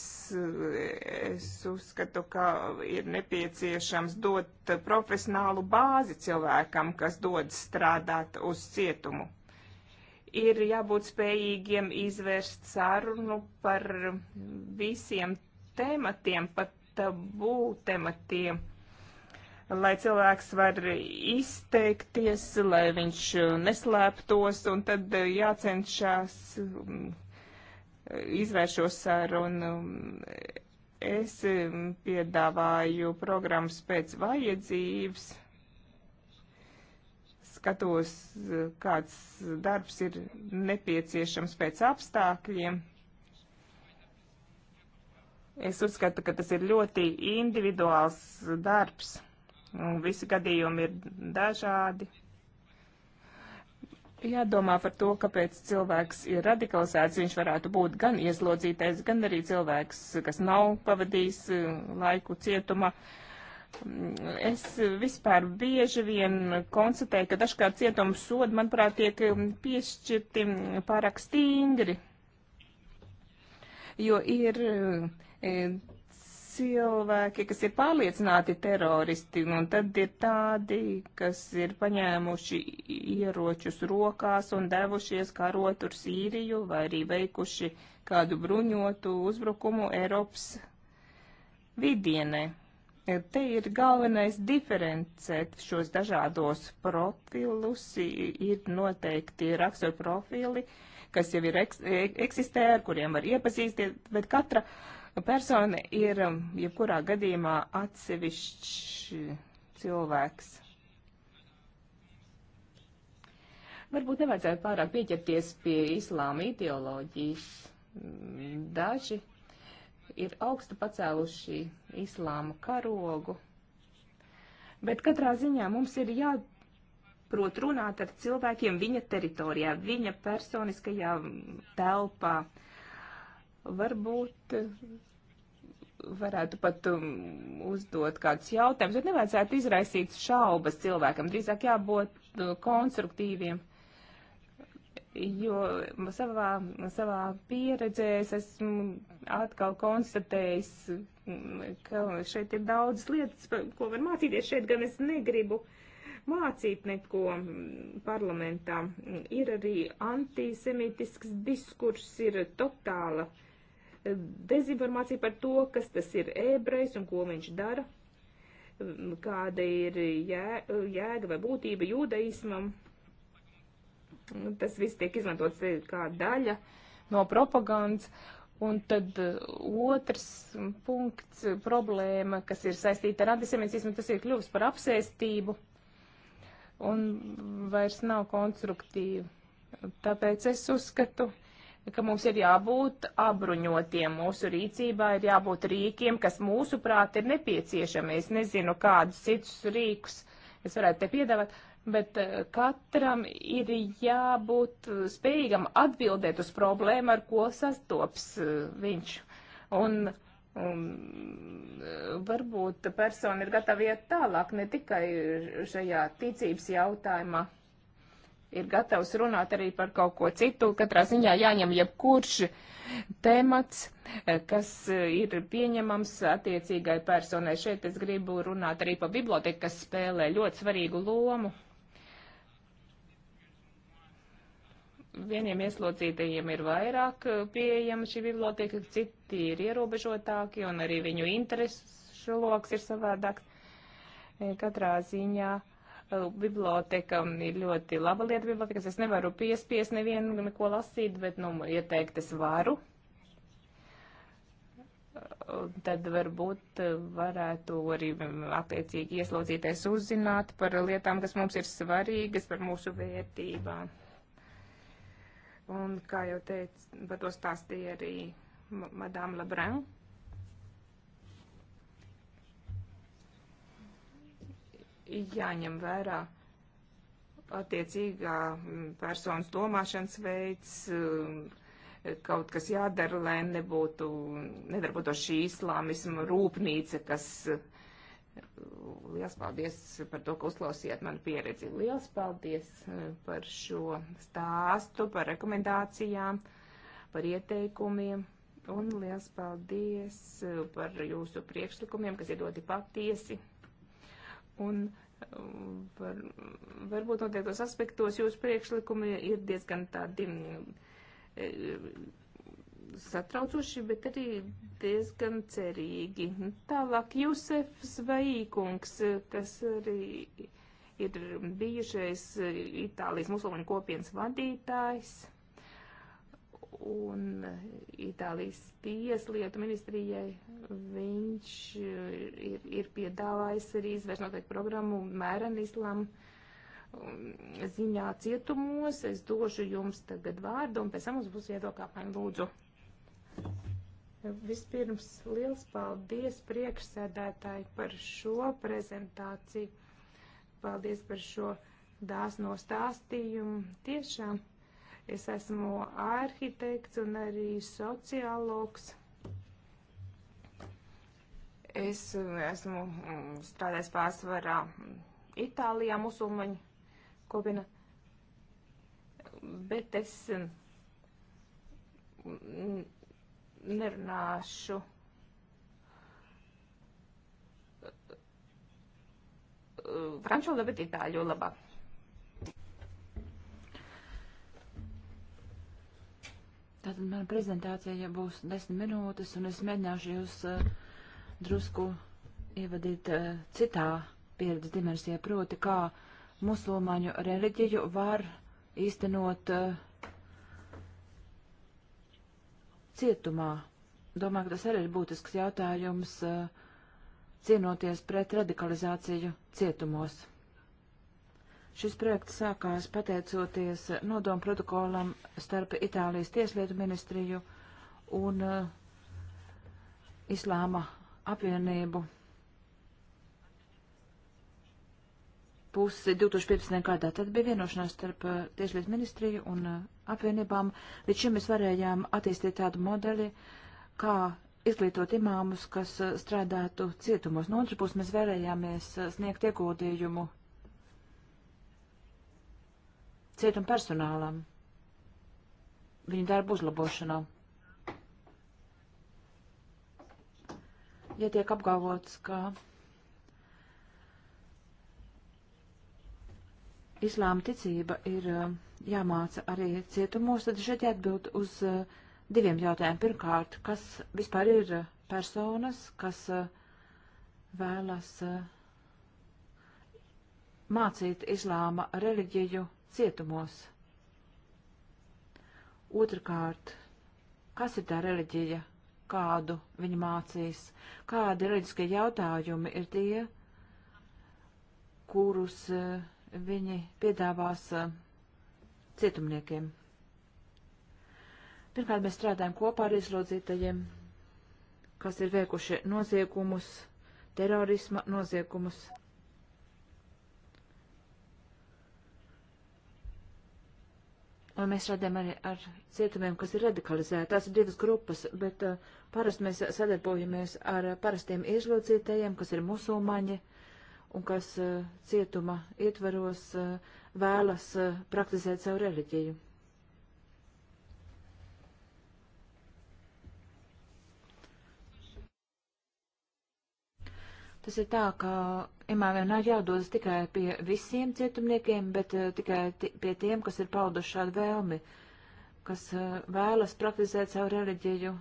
es uzskatu, ka ir nepieciešams dot profesionālu bāzi cilvēkam, kas dod strādāt uz cietumu ir jābūt spējīgiem izvērst sarunu par visiem tematiem, pat tabū tematiem lai cilvēks var izteikties, lai viņš neslēptos, un tad eh, jācenšas mm, eh, izvērst šo sarunu. Es mm, piedāvāju programmas pēc vajadzības, skatos, eh, kāds darbs ir nepieciešams pēc apstākļiem. Es uzskatu, ka tas ir ļoti individuāls darbs. Visi gadījumi ir dažādi. Jādomā par to, kāpēc cilvēks ir radikalizēts. Viņš varētu būt gan ieslodzītais, gan arī cilvēks, kas nav pavadījis uh, laiku cietumā. Es vispār bieži vien konstatēju, ka dažkārt cietums sodi, manuprāt, tiek um, piešķirti pārāk stingri, jo ir uh, cilvēki, kas ir pārliecināti teroristi, un tad ir tādi, kas ir paņēmuši ieročus rokās un devušies karot ar Sīriju vai arī veikuši kādu bruņotu uzbrukumu Eiropas vidienē. Te ir galvenais diferencēt šos dažādos profilus, ir noteikti raksturprofili, kas jau ir eks e-, eksistē, ar kuriem var iepazīstīt, bet katra uh, Persona ir um, jebkurā gadījumā atsevišķs cilvēks. Varbūt nevajadzētu pārāk pieķerties pie islāma ideoloģijas. Daži ir augstu pacēluši islāma karogu, bet katrā ziņā mums ir jāprot runāt ar cilvēkiem viņa teritorijā, viņa personiskajā telpā. Varbūt varētu pat um, uzdot kādus jautājumus, bet nevajadzētu izraisīt šaubas cilvēkam, drīzāk jābūt uh, konstruktīviem. Jo savā, savā pieredzē es esmu atkal konstatējis, mm, ka šeit ir daudz lietas, ko var mācīties. Šeit gan es negribu mācīt neko mm, parlamentā. Ir arī antisemitisks diskurs, ir totāla uh, dezinformācija par to, kas tas ir ebrejs un ko viņš dara, kāda ir jē, jēga vai būtība jūdaismam. Tas viss tiek izmantots kā daļa no propagandas. Un tad uh, otrs punkts, problēma, kas ir saistīta ar antisemītismu, tas ir kļuvis par apsēstību un vairs nav konstruktīvi. Tāpēc es uzskatu, uh, ka mums ir jābūt apbruņotiem. Mūsu rīcībā ir jābūt rīkiem, kas mūsuprāt ir nepieciešami. Es nezinu, kādus citus rīkus es varētu te piedāvāt, bet eh, katram ir jābūt spējīgam atbildēt uz problēmu, ar ko sastops eh, viņš. Un, un eh, varbūt persona ir gatava iet tālāk ne tikai šajā ticības jautājumā ir gatavs runāt arī par kaut ko citu. Katrā ziņā jāņem jebkurš temats, eh, kas eh, ir pieņemams attiecīgai personai. Šeit es gribu runāt arī par biblioteku, kas spēlē ļoti svarīgu lomu. Vieniem ieslodzītajiem ir vairāk eh, pieejama šī biblioteka, citi ir ierobežotāki un arī viņu interesu loks ir savādāk. Katrā ziņā uh, Biblioteka ir ļoti laba lieta bibliotekas. Es nevaru piespies nevienu neko lasīt, bet, nu, ieteikt es varu. Tad varbūt varētu arī attiecīgi ieslodzīties uzzināt par lietām, kas mums ir svarīgas, par mūsu vērtībām. Un, kā jau teicu, par to stāstīja arī Madame Lebrun jāņem vērā attiecīgā mm, personas domāšanas veids, mm, kaut kas jādara, lai nebūtu, nedarbotu šī islāmisma rūpnīca, kas mm, liels paldies par to, ka uzklausījāt manu pieredzi. Liels paldies par šo stāstu, par rekomendācijām, par ieteikumiem. Un liels paldies par jūsu priekšlikumiem, kas ir ļoti patiesi. Un var, varbūt noteiktos aspektos jūsu priekšlikumi ir diezgan tādi mm, e, satraucoši, bet arī diezgan cerīgi. Tālāk Jusefs Vaīkungs, kas arī ir bijušais Itālijas musulmaņu kopienas vadītājs un Itālijas tieslietu ministrijai viņš eh, ir, ir piedāvājis arī izvērst noteikti programmu mēren islam um, ziņā cietumos. Es došu jums tagad vārdu un pēc tam mums būs viedokā paņu lūdzu. Vispirms liels paldies priekšsēdētāji par šo prezentāciju. Paldies par šo dāsno stāstījumu. Tiešām. Es esmu arhitekts un arī sociālogs. Es mm, esmu mm, strādājis pārsvarā mm, Itālijā, musulmaņu kopiena, bet es nerunāšu. Franču, bet itāļu labāk. Tātad mana prezentācija ja būs desmit minūtes, un es mēģināšu jūs uh, drusku ievadīt uh, citā pieredzes dimensijā, proti, kā musulmaņu reliģiju var īstenot uh, cietumā. Domāju, ka tas arī ir būtisks jautājums, cienoties pret radikalizāciju cietumos. Šis projekts sākās pateicoties nodomu protokolam starp Itālijas tieslietu ministriju un uh, Islāma apvienību pusi 2015. gadā. Tad bija vienošanās starp uh, tieslietu ministriju un uh, apvienībām. Līdz šim mēs varējām attīstīt tādu modeli, kā izglītot imāmus, kas uh, strādātu cietumos. No otras puses mēs vēlējāmies uh, sniegt ieguldījumu cietuma personālam, viņu darbu uzlabošanā. Ja tiek apgalvots, ka islāma ticība ir uh, jāmāca arī cietumos, tad šeit jāatbild uz uh, diviem jautājumiem. Pirmkārt, kas vispār ir uh, personas, kas vēlas mācīt islāma reliģiju cietumos. Otrakārt, kas ir tā reliģija, kādu viņi mācīs, kādi reliģiskie jautājumi ir tie, kurus eh, viņi piedāvās eh, cietumniekiem. Pirmkārt, mēs strādājam kopā ar izlodzītajiem, kas ir veikuši noziegumus, terorisma noziegumus, Un mēs strādājam arī ar cietumiem, kas ir radikalizēti. Tās ir divas grupas, bet uh, parasti mēs sadarbojamies ar parastiem ieslodzītajiem, kas ir musulmaņi un kas uh, cietuma ietvaros uh, vēlas praktizēt savu reliģiju. Tas ir tā, ka imām vienmēr jādodas tikai pie visiem cietumniekiem, bet uh, tikai pie tiem, kas ir pauduši šādu vēlmi, kas uh, vēlas praktizēt savu reliģiju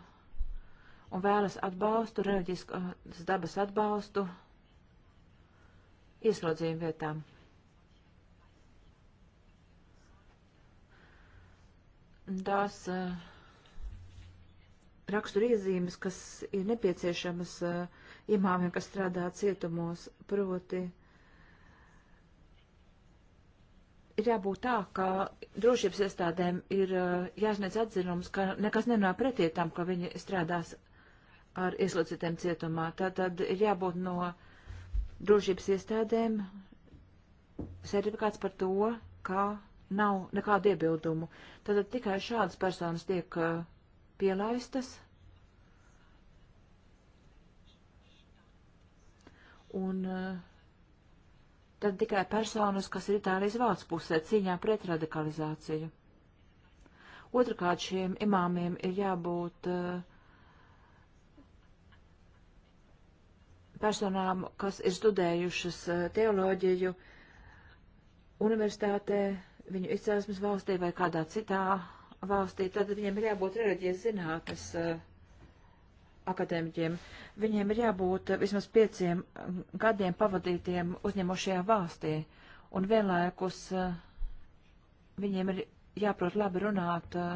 un vēlas atbalstu, reliģiskas eh, dabas atbalstu ieslodzījumu vietām. Tās uh, raksturiezīmes, kas ir nepieciešamas uh, imāmiem, kas strādā cietumos, proti ir jābūt tā, ka drošības iestādēm ir eh, jāsniedz atzinums, ka nekas nenā pretī tam, ka viņi strādās ar ieslodzītiem cietumā. Tātad ir jābūt no drošības iestādēm sertifikāts par to, ka nav nekādu iebildumu. Tātad tikai šādas personas tiek eh, pielaistas un eh, tad tikai personas, kas ir Itālijas valsts pusē cīņā pret radikalizāciju. Otrakārt šiem imāmiem ir jābūt eh, personām, kas ir studējušas eh, teoloģiju universitātē, viņu izcelsmes valstī vai kādā citā valstī, tad viņiem ir jābūt reliģijas zinātnes uh, akadēmiķiem, viņiem ir jābūt vismaz pieciem gadiem pavadītiem uzņemošajā valstī, un vienlaikus e, viņiem ir jāprot labi runāt e,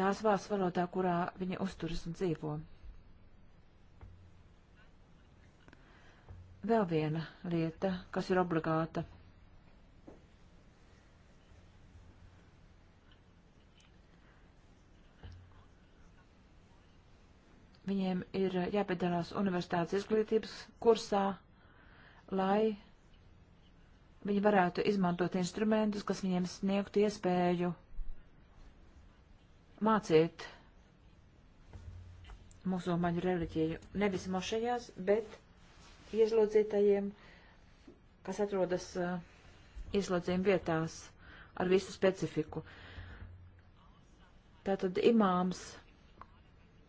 tās valsts valodā, kurā viņi uzturas un dzīvo. Vēl viena lieta, kas ir obligāta viņiem ir jāpiedalās universitātes izglītības kursā, lai viņi varētu izmantot instrumentus, kas viņiem sniegtu iespēju mācīt musulmaņu reliģiju. Nevis mošajās, bet ieslodzītajiem, kas atrodas uh, ieslodzījuma vietās ar visu specifiku. Tātad imāms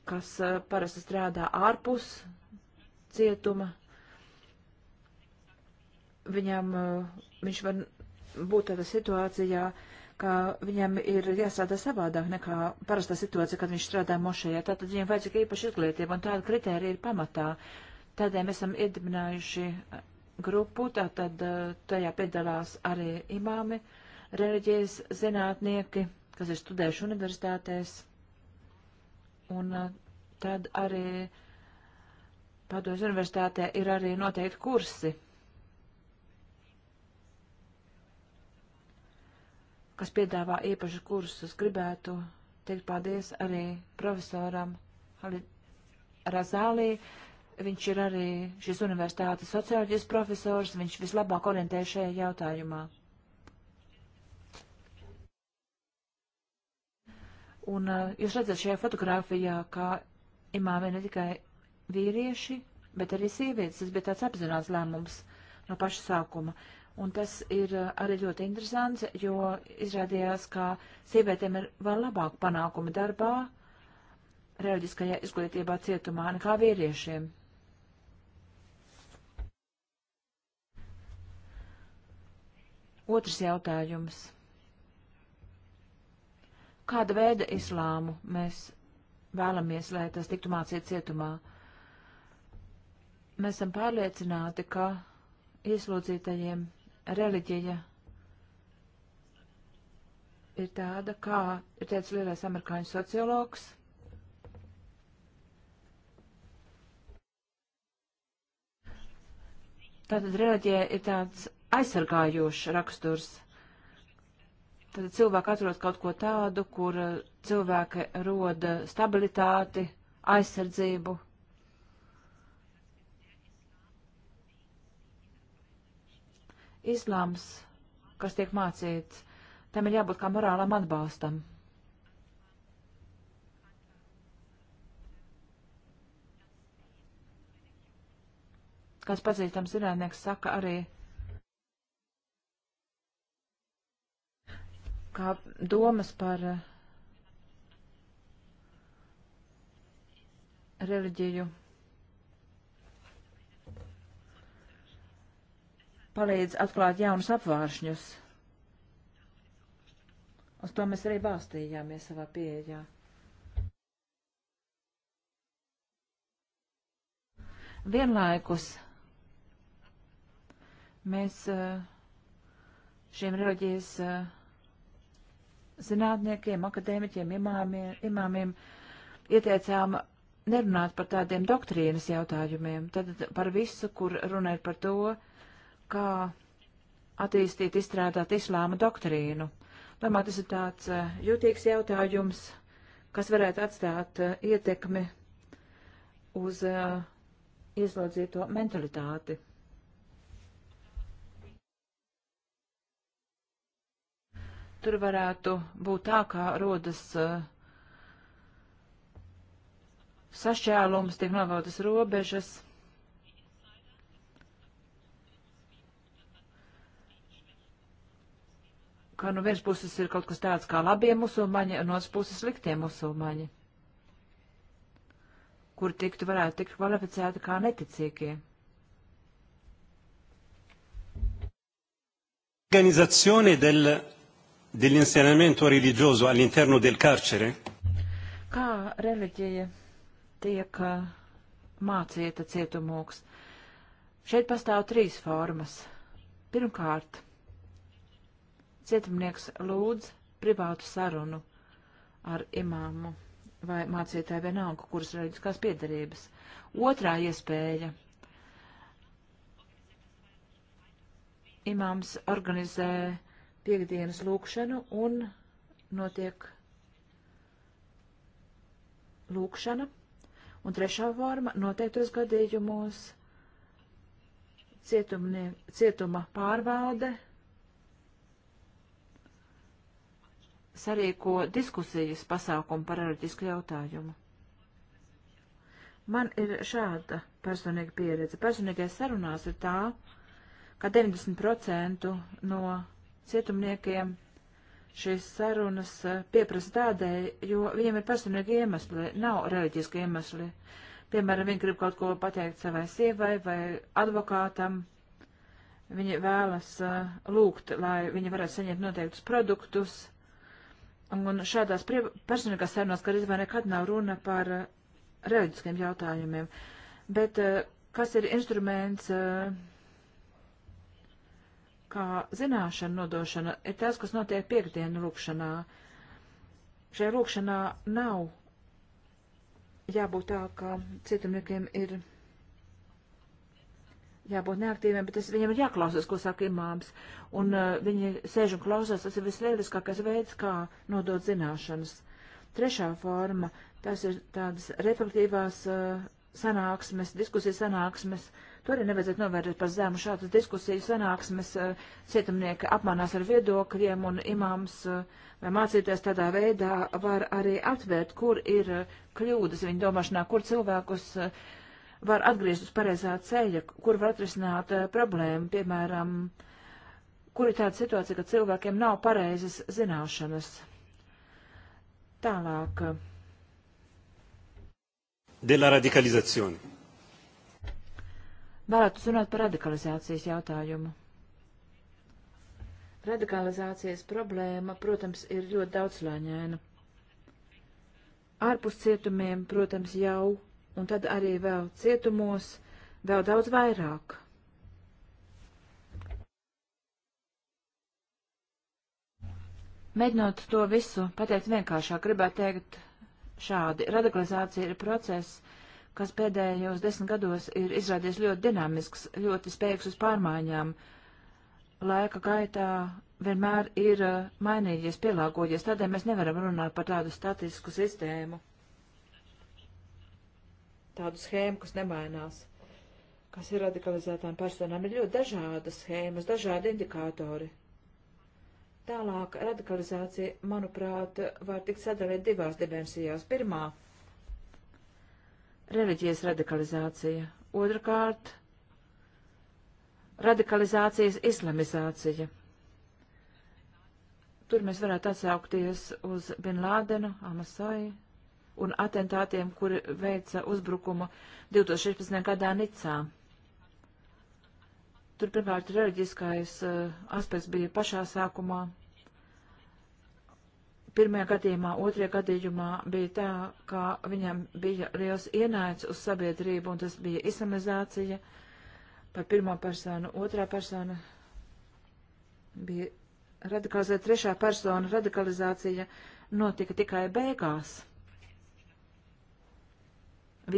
kas eh, parasti strādā ārpus cietuma. Viņam, eh, viņš var būt tādā situācijā, ka viņam ir jāstrādā savādāk nekā parastā situācija, kad viņš strādā mošajā. Tātad viņam vajadzīga īpaša izglītība, un tāda kritērija ir pamatā. Tādēļ mēs esam iedibinājuši grupu, tātad eh, tajā piedalās arī imāmi, reliģijas zinātnieki, kas ir studējuši universitātēs Un eh, tad arī Padojas universitātē ir arī noteikti kursi, kas piedāvā īpašus kursus. Gribētu teikt paldies arī profesoram Razālī. Viņš ir arī šīs universitātes socioloģijas profesors, viņš vislabāk orientē šajā jautājumā. Un eh, jūs redzat šajā fotografijā, ka imāmi ne tikai vīrieši, bet arī sievietes. Tas bija tāds apzināts lēmums no paša sākuma. Un tas ir eh, arī ļoti interesants, jo izrādījās, ka sievietēm ir vēl labāk panākumi darbā, reliģiskajā izglītībā cietumā nekā vīriešiem. Otrs jautājums kāda veida islāmu mēs vēlamies, lai tas tiktu mācīts cietumā. Mēs esam pārliecināti, ka ieslodzītajiem reliģija ir tāda, kā ir teicis lielais amerikāņu sociologs. Tātad reliģija ir tāds aizsargājošs raksturs. Tad cilvēki atrod kaut ko tādu, kur eh, cilvēki roda stabilitāti, aizsardzību. Islāms, kas tiek mācīts, tam ir jābūt kā morālam atbalstam. Kāds pazīstams zinātnieks saka arī, kā domas par eh, reliģiju palīdz atklāt jaunus apvāršņus. Uz to mēs arī bāstījāmies savā pieejā. Vienlaikus mēs eh, šiem reliģijas eh, zinātniekiem, akadēmiķiem, imāmiem, imāmiem ieteicām nerunāt par tādiem doktrīnas jautājumiem, tad par visu, kur runa ir par to, kā attīstīt, izstrādāt islāma doktrīnu. Domāju, tas ir tāds eh, jūtīgs jautājums, kas varētu atstāt eh, ietekmi uz eh, ieslodzīto mentalitāti. Tur varētu būt tā, kā rodas uh, sašķēlums, tiek novautas robežas. Kā no nu vienas puses ir kaut kas tāds kā labie musulmaņi, un no otras puses sliktie musulmaņi, kur tiktu varētu tikt kvalificēti kā neticīgie. Organizzazione del dell'insegnamento religioso all'interno del carcere? Kā reliģija tiek uh, mācīta cietumūks? Šeit pastāv trīs formas. Pirmkārt, cietumnieks lūdz privātu sarunu ar imāmu vai mācītāju vienalga, kuras reliģiskās piedarības. Otrā iespēja. Imāms organizē uh, piekdienas lūkšanu un notiek lūkšana. Un trešā forma noteiktos gadījumos cietumnie, cietuma pārvalde sarīko diskusijas pasākumu par erotisku jautājumu. Man ir šāda personīga pieredze. Personīgais sarunās ir tā, ka 90% no cietumniekiem šīs sarunas eh, pieprasa tādēļ, jo viņiem ir personīgi iemesli, nav reliģiski iemesli. Piemēram, viņi grib kaut ko pateikt savai sievai vai advokātam. Viņi vēlas uh, lūgt, lai viņi varētu saņemt noteiktus produktus. Un šādās personīgās sarunās, kad izvēl nekad nav runa par uh, reliģiskiem jautājumiem. Bet uh, kas ir instruments uh, kā zināšana nodošana ir tas, kas notiek piekdienu lūkšanā. Šai lūkšanā nav jābūt tā, ka cietumniekiem ir jābūt neaktīviem, bet tas viņam ir jāklausās, ko saka imāms. Un uh, viņi sēž un klausās, tas ir vislieliskākais veids, kā nodot zināšanas. Trešā forma, tas ir tādas reflektīvās uh, sanāksmes, diskusijas sanāksmes, uh, To arī nevajadzētu novērtēt par zemu. Šādas diskusijas sanāksmes eh, cietumnieki apmanās ar viedokļiem un imāms eh, vai mācīties tādā veidā var arī atvērt, kur ir eh, kļūdas viņa domāšanā, kur cilvēkus var atgriezt uz pareizā ceļa, kur var atrisināt problēmu, piemēram, kur ir tāda situācija, ka cilvēkiem nav pareizas zināšanas. Tālāk. Della radicalizzazione Vēlētos runāt par radikalizācijas jautājumu. Radikalizācijas problēma, protams, ir ļoti daudzslāņaina. Ārpus cietumiem, protams, jau, un tad arī vēl cietumos, vēl daudz vairāk. Mēģinot to visu pateikt vienkāršāk, gribētu teikt šādi. Radikalizācija ir process, kas pēdējos desmit gados ir izrādies ļoti dinamisks, ļoti spējīgs uz pārmaiņām. Laika gaitā vienmēr ir uh, mainījies, pielāgojies, tādēļ mēs nevaram runāt par tādu statisku sistēmu, tādu schēmu, kas nemainās, kas ir radikalizētām personām. Ir ļoti dažādas schēmas, dažādi indikātori. Tālāk radikalizācija, manuprāt, var tikt sadalīt divās dimensijās. Pirmā reliģijas radikalizācija. Otrakārt, radikalizācijas islamizācija. Tur mēs varētu atsaukties uz Bin Lādenu, Amasai un atentātiem, kuri veica uzbrukumu 2016. gadā Nicā. Tur, pirmkārt, reliģiskais uh, aspekts bija pašā sākumā. Pirmajā gadījumā, otrajā gadījumā bija tā, ka viņam bija liels ienaids uz sabiedrību, un tas bija islamizācija par pirmo personu, otrā persona bija radikalizēta, trešā persona radikalizācija notika tikai beigās.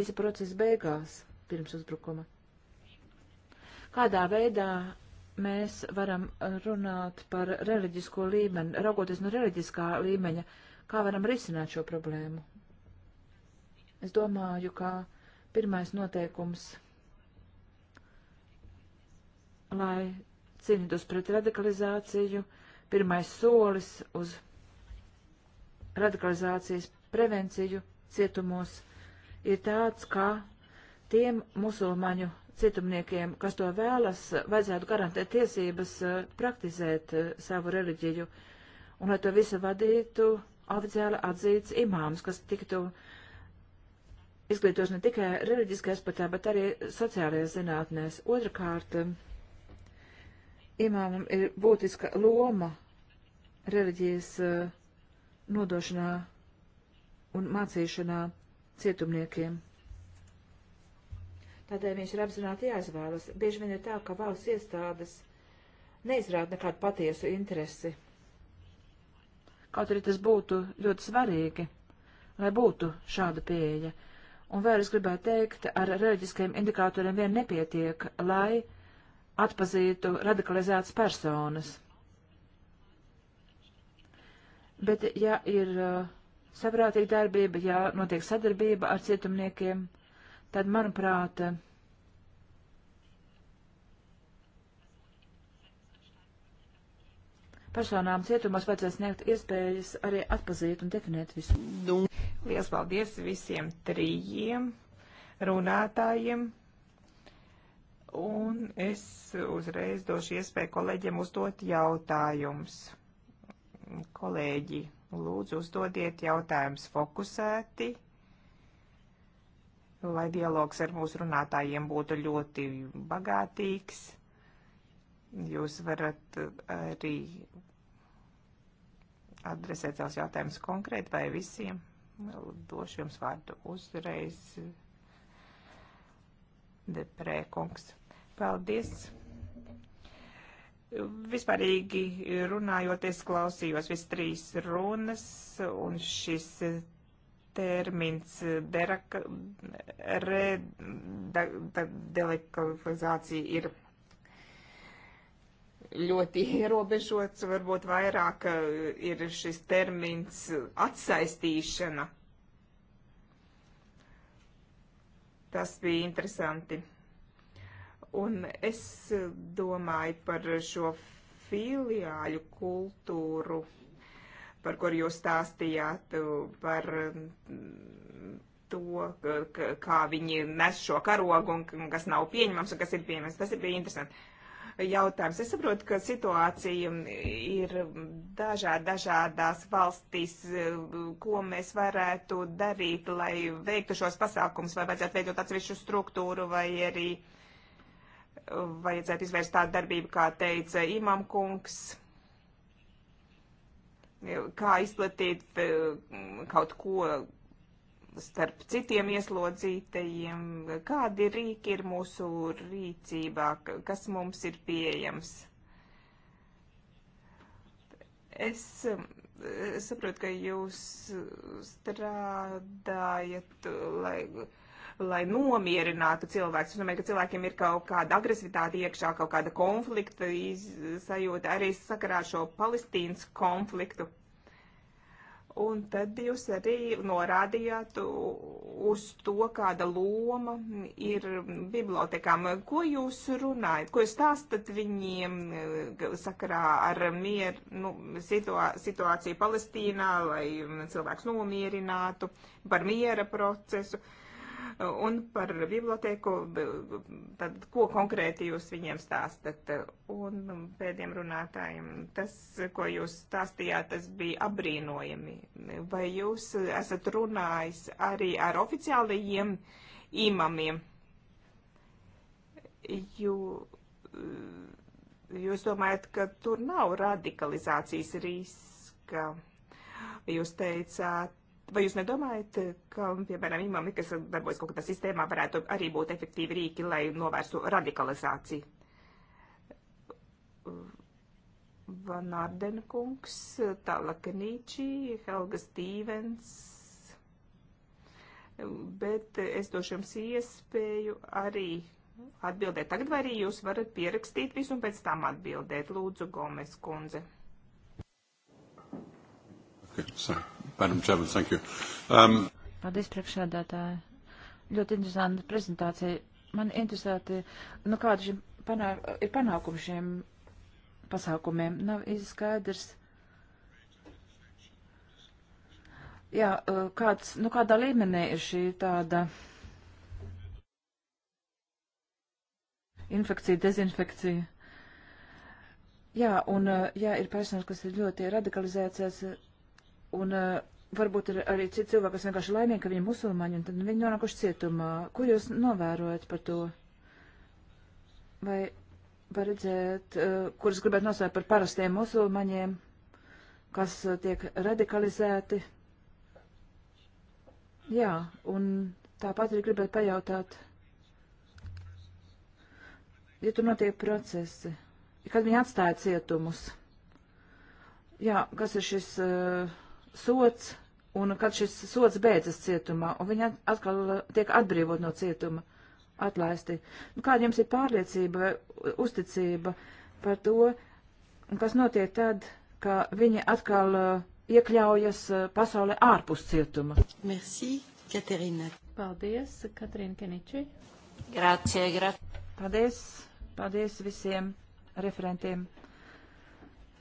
Visa procesa beigās pirms uzbrukuma. Kādā veidā mēs varam runāt par reliģisko līmeni, raugoties no reliģiskā līmeņa, kā varam risināt šo problēmu. Es domāju, ka pirmais noteikums, lai cīnītos pret radikalizāciju, pirmais solis uz radikalizācijas prevenciju cietumos ir tāds, kā tiem musulmaņu cietumniekiem, kas to vēlas, vajadzētu garantēt tiesības eh, praktizēt eh, savu reliģiju, un lai to visu vadītu oficiāli atzīts imāms, kas tiktu izglītos ne tikai reliģiskajā aspektā, bet arī sociālajās zinātnēs. Otrakārt, eh, imāmam ir būtiska loma reliģijas nodošanā un mācīšanā cietumniekiem. Tādēļ viņš ir apzināti jāizvēlas. Bieži vien ir tā, ka valsts iestādes neizrāda nekādu patiesu interesi. Kaut arī tas būtu ļoti svarīgi, lai būtu šāda pieeja. Un vēl es gribētu teikt, ar reliģiskajiem indikatoriem vien nepietiek, lai atpazītu radikalizētas personas. Bet, ja ir uh, saprātīga darbība, ja notiek sadarbība ar cietumniekiem, uh, tad, manuprāt, personām cietumos vajadzēs sniegt iespējas arī atpazīt un definēt visu. Nu. Lielas paldies visiem trījiem runātājiem. Un es uzreiz došu iespēju kolēģiem uzdot jautājumus. Kolēģi, lūdzu, uzdodiet jautājumus fokusēti lai dialogs ar mūsu runātājiem būtu ļoti bagātīgs. Jūs varat arī adresēt savus jautājumus konkrēti vai visiem. Došu jums vārdu uzreiz. Deprē kungs. Paldies! Vispārīgi runājot, es klausījos vis trīs runas, un šis termins eh, deraka, redelekalizācija ir ļoti ierobežots, varbūt vairāk eh, ir šis termins atsaistīšana. Tas bija interesanti. Un es eh, domāju par šo filiāļu kultūru par kur jūs stāstījāt, uh, par um, to, kā viņi nes šo karogu un kas nav pieņemams un kas ir pieņemams. Tas ir bija interesanti. Jautājums. Es saprotu, ka situācija um, ir dažāda dažādās valstīs, uh, ko mēs varētu darīt, lai veiktu šos pasākums, vai vajadzētu veidot atsevišķu struktūru, vai arī uh, vajadzētu izvērst tādu darbību, kā teica Imam kungs kā izplatīt eh, kaut ko starp citiem ieslodzītajiem, kādi rīki ir mūsu rīcībā, kas mums ir pieejams. Eh, es saprotu, ka jūs strādājat, lai lai nomierinātu cilvēks. Es domāju, ka cilvēkiem ir kaut kāda agresivitāte iekšā, kaut kāda konflikta sajūta arī sakarā ar šo Palestīnas konfliktu. Un tad jūs arī norādījāt uz to, kāda loma ir bibliotekām. Ko jūs runājat, ko jūs stāstat viņiem sakarā ar mieru nu, situā, situāciju Palestīnā, lai cilvēks nomierinātu par miera procesu? Uh, un par biblioteku, tad ko konkrēti jūs viņiem stāstat. Un pēdējiem runātājiem, tas, ko jūs stāstījāt, tas bija apbrīnojami. Vai jūs esat runājis arī ar oficiālajiem imamiem? Jo jūs domājat, ka tur nav radikalizācijas riska? Jūs teicāt, Vai jūs nedomājat, ka, piemēram, imami, kas darbojas kaut kādā sistēmā, varētu arī būt efektīvi rīki, lai novērstu radikalizāciju? Van Ardenkungs, tālāk Nīči, Helga Stīvens. Bet es došu jums iespēju arī atbildēt. Tagad vai arī jūs varat pierakstīt visu un pēc tam atbildēt. Lūdzu, Gomes kundze. Okay, sorry. Madam Chairman, thank you. Um... Paldies, priekšsēdētāji. Ļoti interesanta prezentācija. Man interesēti, nu kādi šim panā, ir panākumi šiem pasākumiem. Nav izskaidrs. Jā, uh, kāds, nu kādā līmenī ir šī tāda infekcija, dezinfekcija. Jā, un uh, ja ir personas, kas ir ļoti radikalizējusies, Un uh, varbūt ir arī citi cilvēki, kas vienkārši laimīgi, ka viņi ir musulmaņi, un tad viņi nonākuši cietumā. Ko jūs novērojat par to? Vai var redzēt, uh, eh, kurus gribētu nosaukt par parastiem musulmaņiem, kas uh, tiek radikalizēti? Jā, un tāpat arī gribētu pajautāt, ja tur notiek procesi, kad viņi atstāja cietumus. Jā, kas ir šis uh, sots, un kad šis sots beidzas cietumā, un viņi atkal tiek atbrīvot no cietuma, atlaisti. Nu, kāda jums ir pārliecība, uzticība par to, kas notiek tad, ka viņi atkal uh, iekļaujas uh, pasaulē ārpus cietuma? Merci, Katerina. Paldies, Katrīna Keniči. Grazie, grazie. Paldies, paldies visiem referentiem,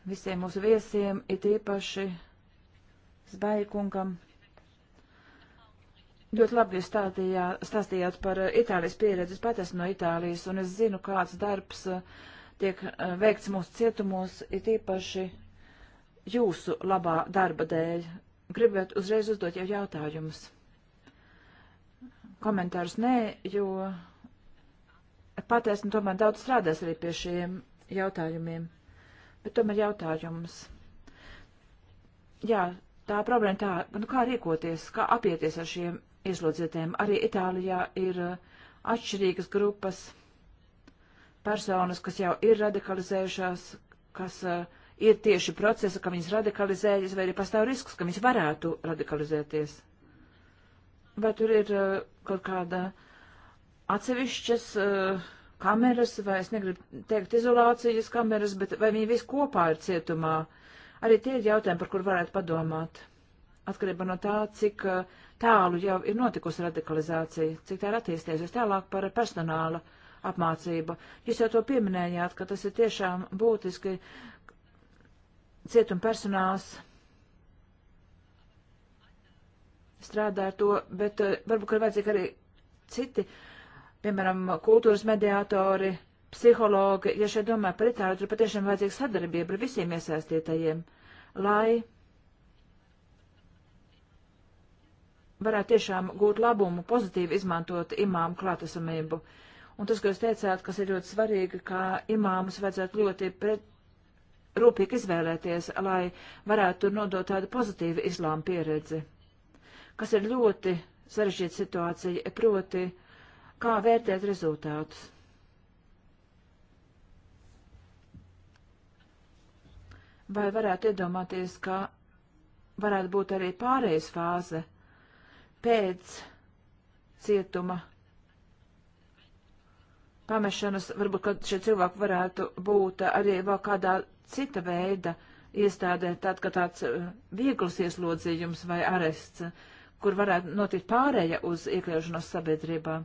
visiem mūsu viesiem, it īpaši Zvaigungam. Ļoti labi jūs stādījā, stāstījāt par uh, Itālijas pieredzi. Es pat esmu no Itālijas, un es zinu, kāds darbs uh, tiek uh, veikts mūsu cietumos, it īpaši jūsu labā darba dēļ. Gribētu uzreiz uzdot jau jautājumus. Komentārus nē, jo pat esmu tomēr daudz strādājis arī pie šiem jautājumiem. Bet tomēr jautājums. Jā, tā problēma tā, nu kā rīkoties, kā apieties ar šiem ieslodzītēm. Arī Itālijā ir uh, atšķirīgas grupas personas, kas jau ir radikalizējušās, kas uh, ir tieši procesa, ka viņas radikalizējas, vai arī pastāv risks, ka viņas varētu radikalizēties. Vai tur ir uh, kaut kāda atsevišķas uh, kameras, vai es negribu teikt izolācijas kameras, bet vai viņi visi kopā ir cietumā? Uh, Arī tie ir jautājumi, par kur varētu padomāt. Atkarībā no tā, cik uh, tālu jau ir notikusi radikalizācija, cik tā ir attīstījusies tālāk par personāla apmācību. Jūs jau to pieminējāt, ka tas ir tiešām būtiski cietuma personāls strādā ar to, bet uh, varbūt, ka ir vajadzīgi arī citi, piemēram, kultūras mediātori, psihologi, ja šeit domā par Itāliju, tur patiešām vajadzīga sadarbība ar visiem iesaistītajiem, lai varētu tiešām gūt labumu, pozitīvi izmantot imāmu klātesamību. Un tas, ko jūs teicāt, kas ir ļoti svarīgi, ka imāmus vajadzētu ļoti pret, rūpīgi izvēlēties, lai varētu tur nodot tādu pozitīvu islāmu pieredzi, kas ir ļoti sarežģīta situācija, proti, kā vērtēt rezultātus. Vai varētu iedomāties, ka varētu būt arī pārējais fāze pēc cietuma pamešanas, varbūt, ka šie cilvēki varētu būt arī vēl kādā cita veida iestādē, tad, kad tāds uh, viegls ieslodzījums vai arests, kur varētu notikt pārēja uz iekļaušanos sabiedrībā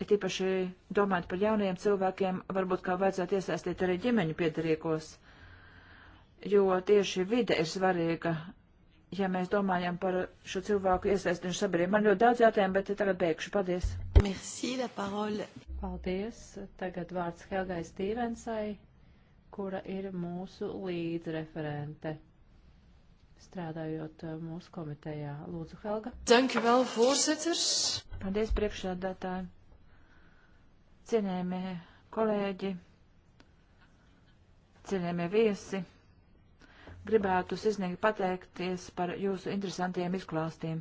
it īpaši domājot par jauniem cilvēkiem, varbūt kā vajadzētu iesaistīt arī ģimeņu piedarīgos, jo tieši vide ir svarīga, ja mēs domājam par šo cilvēku iesaistīšanu sabiedrību. Man ļoti daudz jautājumu, bet tagad beigšu. Paldies! Merci, la parole! Paldies! Tagad vārds Helgai Stīvensai, kura ir mūsu līdzreferente strādājot eh, mūsu komitejā. Lūdzu, Helga. Dank u wel, voorzitter. Paldies, priekšsēdētāji. Cienējamie kolēģi, cienējamie viesi, gribētu sirsnīgi pateikties par jūsu interesantiem izklāstiem.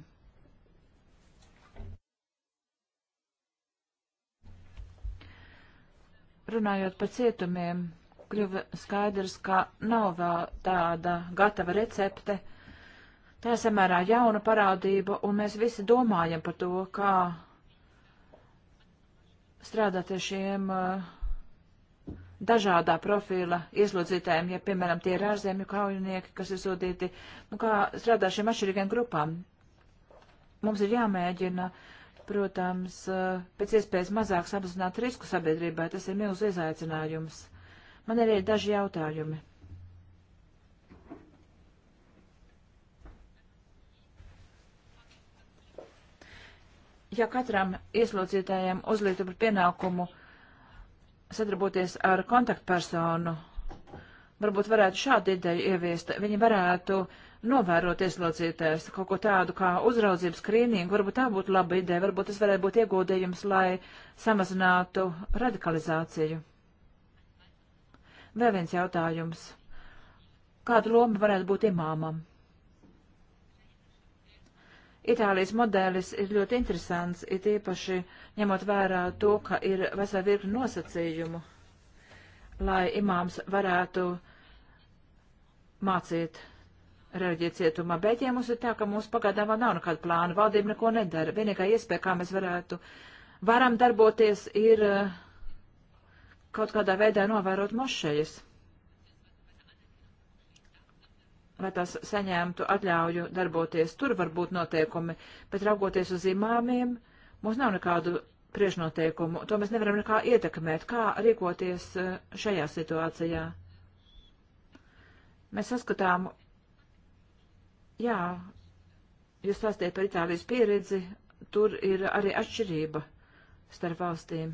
Runājot par cietumiem, kļuva skaidrs, ka nav vēl tāda gatava recepte. Tā ir samērā jauna parādība, un mēs visi domājam par to, kā strādāt ar šiem uh, dažādā profila ieslodzītājiem, ja, piemēram, tie ir ārzemju kaujinieki, kas ir sodīti, nu, kā strādā šiem atšķirīgiem grupām. Mums ir jāmēģina, protams, uh, pēc iespējas mazāk samazināt risku sabiedrībai. Tas ir milzu izaicinājums. Man ir arī daži jautājumi. ja katram ieslodzītājiem uzliektu par pienākumu sadarboties ar kontaktpersonu, varbūt varētu šādu ideju ieviest. Viņi varētu novērot ieslodzītājs kaut ko tādu kā uzraudzības skrīningu. Varbūt tā būtu laba ideja, varbūt tas varētu būt ieguldījums, lai samazinātu radikalizāciju. Vēl viens jautājums. Kādu lomu varētu būt imāmam? Itālijas modelis ir ļoti interesants, it īpaši ņemot vērā to, ka ir vesela virkni nosacījumu, lai imāms varētu mācīt reliģiju cietumā. Bet, ja mums ir tā, ka mums pagaidām vēl nav nekāda plāna, valdība neko nedara, vienīgā iespēja, kā mēs varētu, varam darboties, ir eh, kaut kādā veidā novērot mošejas. lai tās saņemtu atļauju darboties. Tur var būt noteikumi, bet raugoties uz imāmiem, mums nav nekādu priešnoteikumu. To mēs nevaram nekā ietekmēt, kā rīkoties eh, šajā situācijā. Mēs saskatām, jā, jūs stāstījat par Itālijas pieredzi, tur ir arī atšķirība starp valstīm.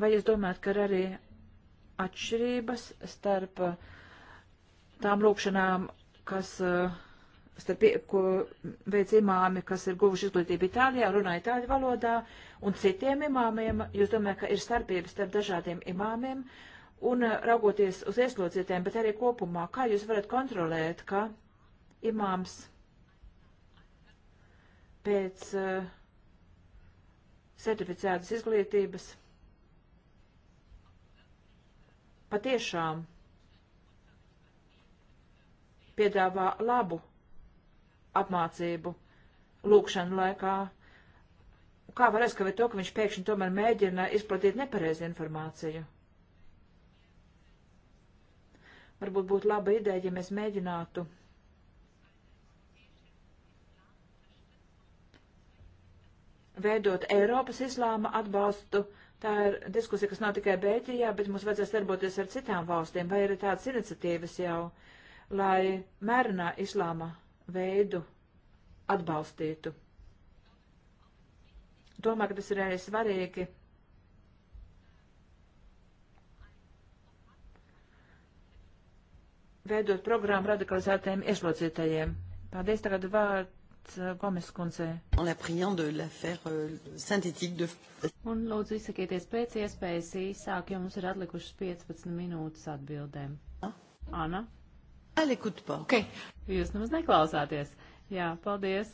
Vai jūs domājat, ka ir arī atšķirības starp uh, tām lūkšanām, kas, eh, starp, ko veic imāmi, kas ir guvuši izglītību Itālijā, runā itāļu valodā, un citiem imāmiem, jūs domājat, ka ir starpības starp dažādiem imāmiem, un eh, raugoties uz ieslodzītiem, bet arī kopumā, kā jūs varat kontrolēt, ka imāms pēc uh, certificētas izglītības patiešām piedāvā labu apmācību lūkšanu laikā. Kā var aizskavēt to, ka viņš pēkšņi tomēr mēģina izplatīt nepareizi informāciju? Varbūt būtu laba ideja, ja mēs mēģinātu veidot Eiropas islāma atbalstu. Tā ir diskusija, kas nav tikai Bēļģijā, bet mums vajadzēs darboties ar citām valstīm, vai ir tādas iniciatīvas jau. Uh, lai mērenā islāma veidu atbalstītu. Domāju, ka tas ir arī svarīgi. Veidot programmu radikalizētajiem ieslodzītajiem. Paldies tagad vārds uh, Gomes kundzē. Euh, Un lūdzu izsakieties pēc iespējas īsāk, jo mums ir atlikušas 15 minūtes atbildēm. Ana? Alikut pa. Okay. Jūs mums neklausāties. Jā, paldies.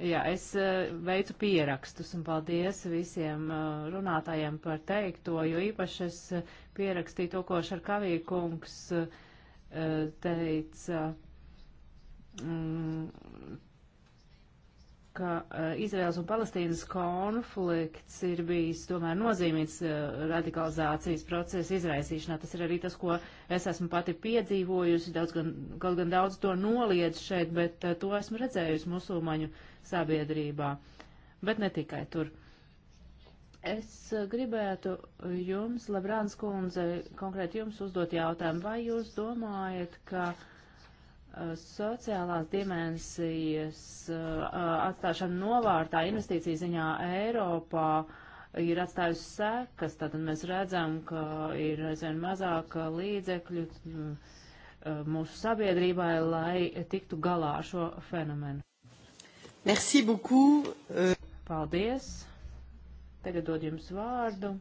Jā, es eh, veicu pierakstus un paldies visiem eh, runātājiem par teikto, jo īpaši es eh, pierakstīju to, ko Šarkavī kungs teica mm, ka uh, Izraels un Palestīnas konflikts ir bijis tomēr nozīmīgs uh, radikalizācijas procesa izraisīšanā. Tas ir arī tas, ko es esmu pati piedzīvojusi, daudz gan, kaut gan daudz to noliedz šeit, bet uh, to esmu redzējusi musulmaņu sabiedrībā. Bet ne tikai tur. Es gribētu jums, Lebrāns kundze, konkrēti jums uzdot jautājumu, vai jūs domājat, ka uh, Uh, sociālās dimensijas uh, uh, atstāšana novārtā investīcija ziņā Eiropā ir atstājusi sekas, tad mēs redzam, ka ir aizvien mazāk līdzekļu mm, mūsu sabiedrībai, lai tiktu galā ar šo fenomenu. Merci beaucoup. Paldies. Tagad dod jums vārdu.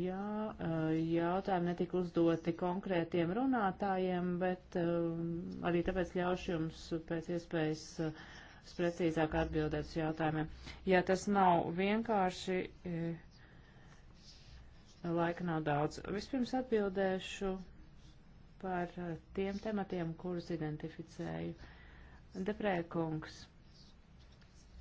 Jā, eh, jautājumi netika uzdoti konkrētiem runātājiem, bet eh, arī tāpēc ļaušu jums pēc iespējas eh, precīzāk atbildēt uz jautājumiem. Ja tas nav vienkārši, laika nav daudz. Vispirms atbildēšu par tiem tematiem, kurus identificēju. Deprēkungs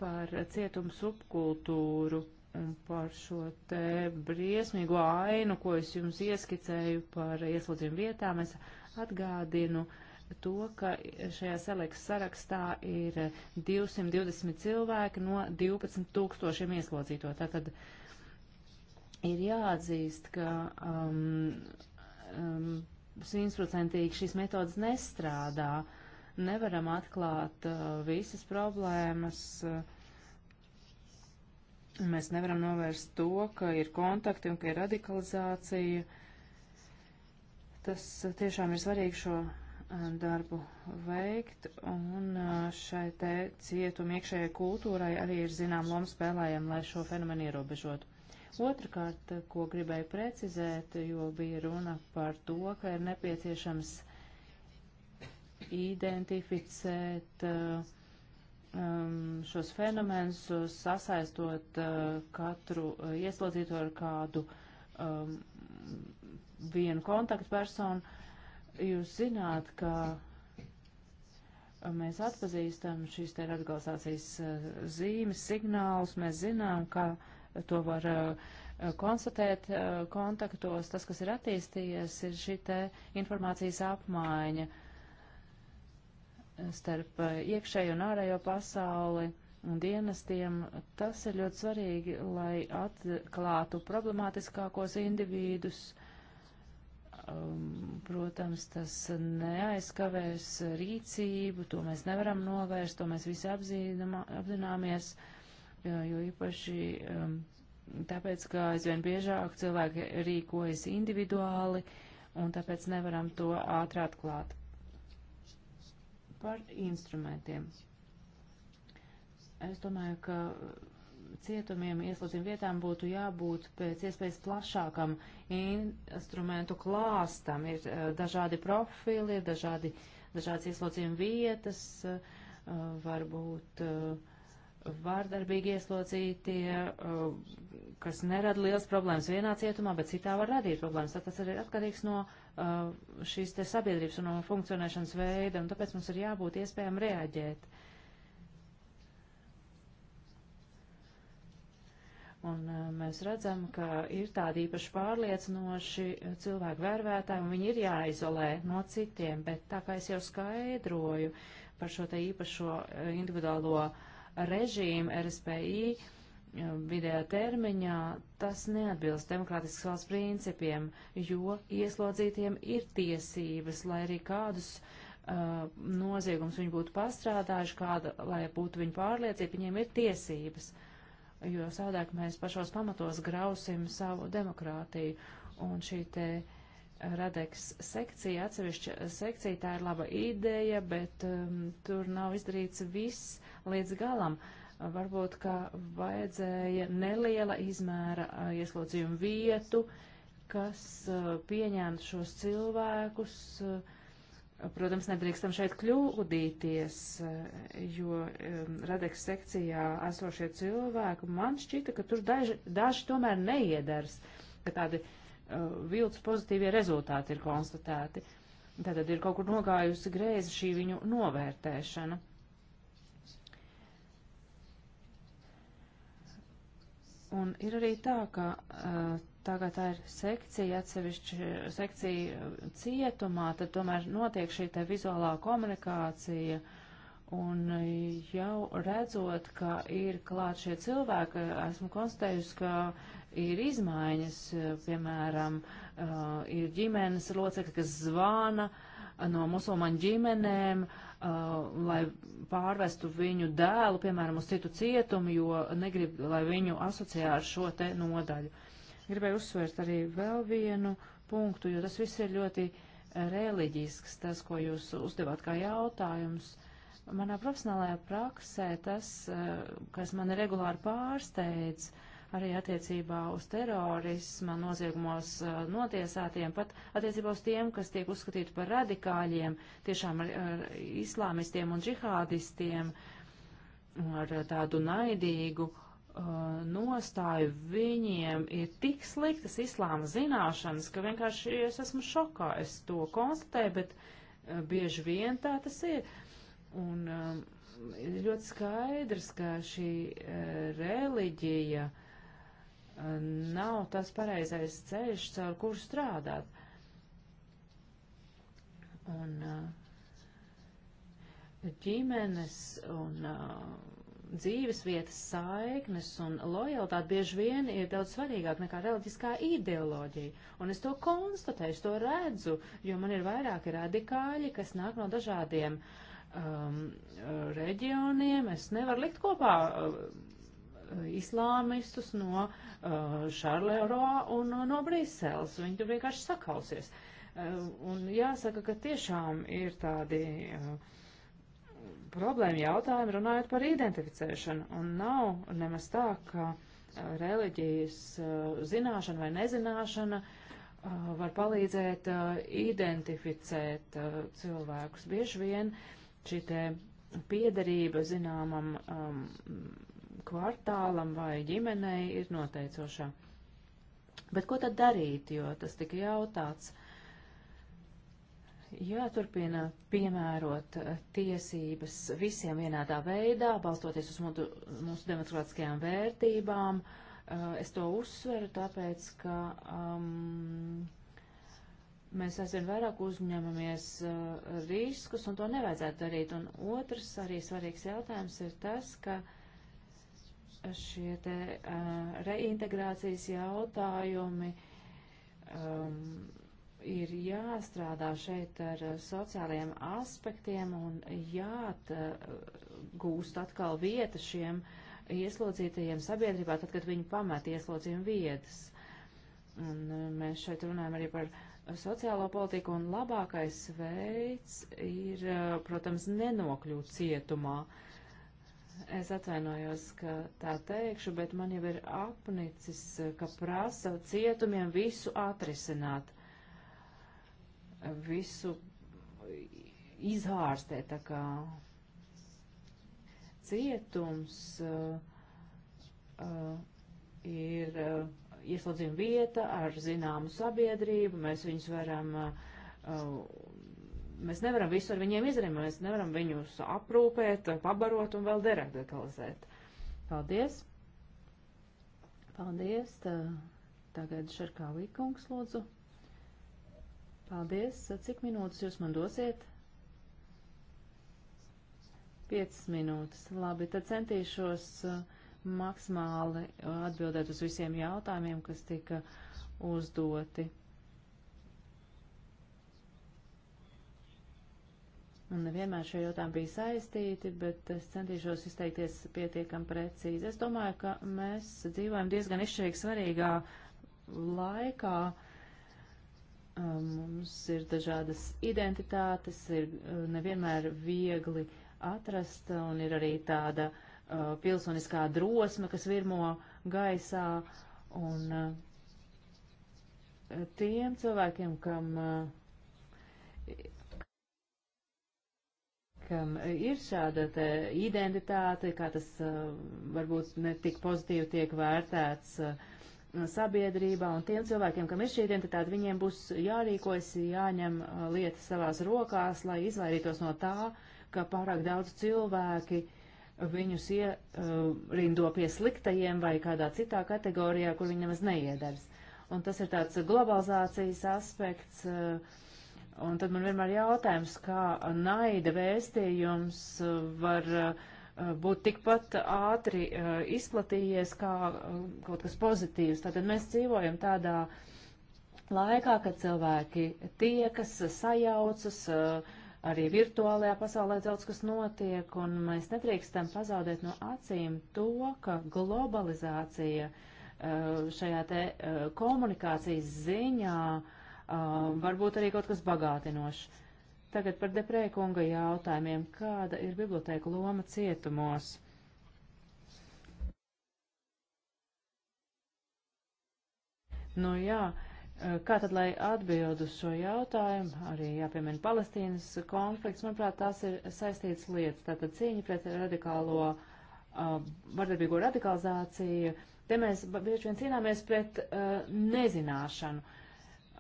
par cietumu subkultūru un par šo te briesmīgo ainu, ko es jums ieskicēju par ieslodzījumu vietām, es atgādinu to, ka šajā selekts sarakstā ir 220 cilvēki no 12 tūkstošiem ieslodzīto. Tātad ir jāatzīst, ka um, um, 100% šīs metodas nestrādā. Nevaram atklāt uh, visas problēmas. Uh, Mēs nevaram novērst to, ka ir kontakti un ka ir radikalizācija. Tas eh, tiešām ir svarīgi šo eh, darbu veikt, un eh, šai te cietuma iekšējai kultūrai arī ir zinām loma spēlējama, lai šo fenomenu ierobežotu. Otrakārt, ko gribēju precizēt, jo bija runa par to, ka ir nepieciešams identificēt uh, um, šos fenomenus sasaistot uh, katru uh, ieslodzīto ar kādu um, vienu kontaktpersonu. Jūs zināt, ka mēs atpazīstam šīs te radikalizācijas uh, zīmes, signālus, mēs zinām, ka to var uh, konstatēt uh, kontaktos. Tas, kas ir attīstījies, ir šī te informācijas apmaiņa. Uh, starp eh, iekšējo un ārējo pasauli un dienestiem, tas ir ļoti svarīgi, lai atklātu problemātiskākos individus. Um, protams, tas neaizskavēs rīcību, to mēs nevaram novērst, to mēs visi apzinamā, apzināmies, jo, jo īpaši um, tāpēc, ka aizvien biežāk cilvēki rīkojas individuāli, un tāpēc nevaram to ātri atklāt. Par instrumentiem. Es domāju, ka cietumiem, ieslodzījuma vietām būtu jābūt pēc iespējas plašākam instrumentu klāstam. Ir eh, dažādi profili, ir dažādi, dažādas ieslodzījuma vietas, eh, varbūt eh, vārdarbīgi ieslodzītie, kas nerada liels problēmas vienā cietumā, bet citā var radīt problēmas. Tad tas arī ir atkarīgs no Uh, šīs te sabiedrības un uh, funkcionēšanas veida, un tāpēc mums ir jābūt iespējām reaģēt. Un uh, mēs redzam, ka ir tādi īpaši pārliecinoši cilvēku vērvētāji, un viņi ir jāizolē no citiem, bet tā kā es jau skaidroju par šo te īpašo individuālo režīmu RSPI, uh, vidējā termiņā, tas neatbilst demokrātiskas valsts principiem, jo ieslodzītiem ir tiesības, lai arī kādus uh, noziegums viņi būtu pastrādājuši, kāda, lai būtu viņa pārliecība, viņiem ir tiesības, jo savādāk mēs pašos pamatos grausim savu demokrātiju. Un šī te Radeks sekcija, atsevišķa sekcija, tā ir laba ideja, bet um, tur nav izdarīts viss līdz galam. Uh, varbūt, ka vajadzēja neliela izmēra ieslodzījumu vietu, kas pieņemtu šos cilvēkus. Protams, nedrīkstam šeit kļūdīties, jo um, Radeks sekcijā esošie cilvēki, man šķita, ka tur daži, daži tomēr neiedars, ka tādi vilts pozitīvie rezultāti ir konstatēti. Tātad ir kaut kur nogājusi greizi šī viņu novērtēšana. Un ir arī tā, ka uh, tagad tā ir sekcija, atsevišķi eh, sekcija cietumā, tad tomēr notiek šī te vizuālā komunikācija. Un jau redzot, ka ir klāt šie cilvēki, esmu konstatējusi, ka ir izmaiņas, eh, piemēram, uh, ir ģimenes locekļi, kas zvana no musulmaņu ģimenēm, uh, Uh, lai pārvestu viņu dēlu, piemēram, uz citu cietumu, jo negrib, lai viņu asociē ar šo te nodaļu. Gribēju uzsvērt arī vēl vienu punktu, jo tas viss ir ļoti reliģisks, tas, ko jūs uzdevāt kā jautājums. Manā profesionālajā praksē tas, uh, kas mani regulāri pārsteidz, uh, arī attiecībā uz terorisma noziegumos uh, notiesātiem, pat attiecībā uz tiem, kas tiek uzskatīti par radikāļiem, tiešām ar, ar islāmistiem un džihādistiem, ar tādu naidīgu uh, nostāju viņiem ir tik sliktas islāma zināšanas, ka vienkārši es esmu šokā, es to konstatēju, bet uh, bieži vien tā tas ir. Un, um, ļoti skaidrs, ka šī uh, reliģija nav tas pareizais ceļš, caur kuru strādāt. Un uh, ģimenes un uh, dzīvesvietas saiknes un lojaltāte bieži vien ir daudz svarīgāk nekā reliģiskā ideoloģija. Un es to konstatēju, es to redzu, jo man ir vairāki radikāļi, kas nāk no dažādiem um, reģioniem. Es nevaru likt kopā. Uh, islāmistus no Šarleroa uh, un no Briseles. Viņi tur vienkārši sakausies. Uh, un jāsaka, ka tiešām ir tādi uh, problēma jautājumi runājot par identificēšanu. Un nav nemaz tā, ka reliģijas zināšana vai nezināšana var palīdzēt identificēt cilvēkus. Bieži vien šī te piederība zināmam um, kvartālam vai ģimenei ir noteicošā. Bet ko tad darīt, jo tas tika jautāts? Jāturpina piemērot eh, tiesības visiem vienādā veidā, balstoties uz mūtu, mūsu demokrātiskajām vērtībām. Eh, es to uzsveru tāpēc, ka um, mēs aizvien vairāk uzņemamies uh, riskus, un to nevajadzētu darīt. Un otrs arī svarīgs jautājums ir tas, ka uh, šie te uh, reintegrācijas jautājumi um, ir jāstrādā šeit ar sociālajiem aspektiem un jāatgūst atkal vieta šiem ieslodzītajiem sabiedrībā, tad, kad viņi pamet ieslodzījumu vietas. Un mēs šeit runājam arī par sociālo politiku, un labākais veids ir, protams, nenokļūt cietumā. Uh, Es atvainojos, ka tā teikšu, bet man jau ir apnicis, ka prasa cietumiem visu atrisināt, visu izhārstē, tā kā cietums uh, uh, ir uh, ieslodzījuma vieta ar zināmu sabiedrību, mēs viņus varam uh, Mēs nevaram visu ar viņiem izdarīt, mēs nevaram viņus aprūpēt, pabarot un vēl deradikalizēt. Paldies! Paldies! Tā, tagad Šarkā Līkungs lūdzu. Paldies! Cik minūtes jūs man dosiet? 5 minūtes. Labi, tad centīšos uh, maksimāli uh, atbildēt uz visiem jautājumiem, kas tika uzdoti. un nevienmēr šie jautājumi bija saistīti, bet es centīšos izteikties pietiekam precīzi. Es domāju, ka mēs dzīvojam diezgan izšķirīgi svarīgā laikā. Um, mums ir dažādas identitātes, ir uh, nevienmēr viegli atrast, un ir arī tāda uh, pilsoniskā drosme, kas virmo gaisā, un uh, tiem cilvēkiem, kam uh, kam ir šāda te identitāte, kā tas uh, varbūt netik pozitīvi tiek vērtēts uh, sabiedrībā, un tiem cilvēkiem, kam ir šī identitāte, viņiem būs jārīkojas, jāņem uh, lietas savās rokās, lai izvairītos no tā, ka pārāk daudz cilvēki viņus ierindo pie sliktajiem vai kādā citā kategorijā, kur viņi nemaz neiedaras. Un tas ir tāds globalizācijas aspekts, uh, Un tad man vienmēr jautājums, kā naida vēstījums var eh, būt tikpat ātri eh, izplatījies kā eh, kaut kas pozitīvs. Tātad mēs dzīvojam tādā laikā, kad cilvēki tiekas, sajaucas, arī virtuālajā pasaulē daudz kas notiek, un mēs nedrīkstam pazaudēt no acīm to, ka globalizācija šajā te komunikācijas ziņā uh, varbūt arī kaut kas bagātinošs. Tagad par deprēkunga jautājumiem. Kāda ir bibliotēka loma cietumos? Nu jā, kā tad, lai atbild uz šo jautājumu, arī jāpiemina Palestīnas konflikts, manuprāt, tās ir saistītas lietas. Tātad cīņa pret radikālo, uh, vardarbīgo radikalizāciju, te mēs bieži vien cīnāmies pret uh, nezināšanu.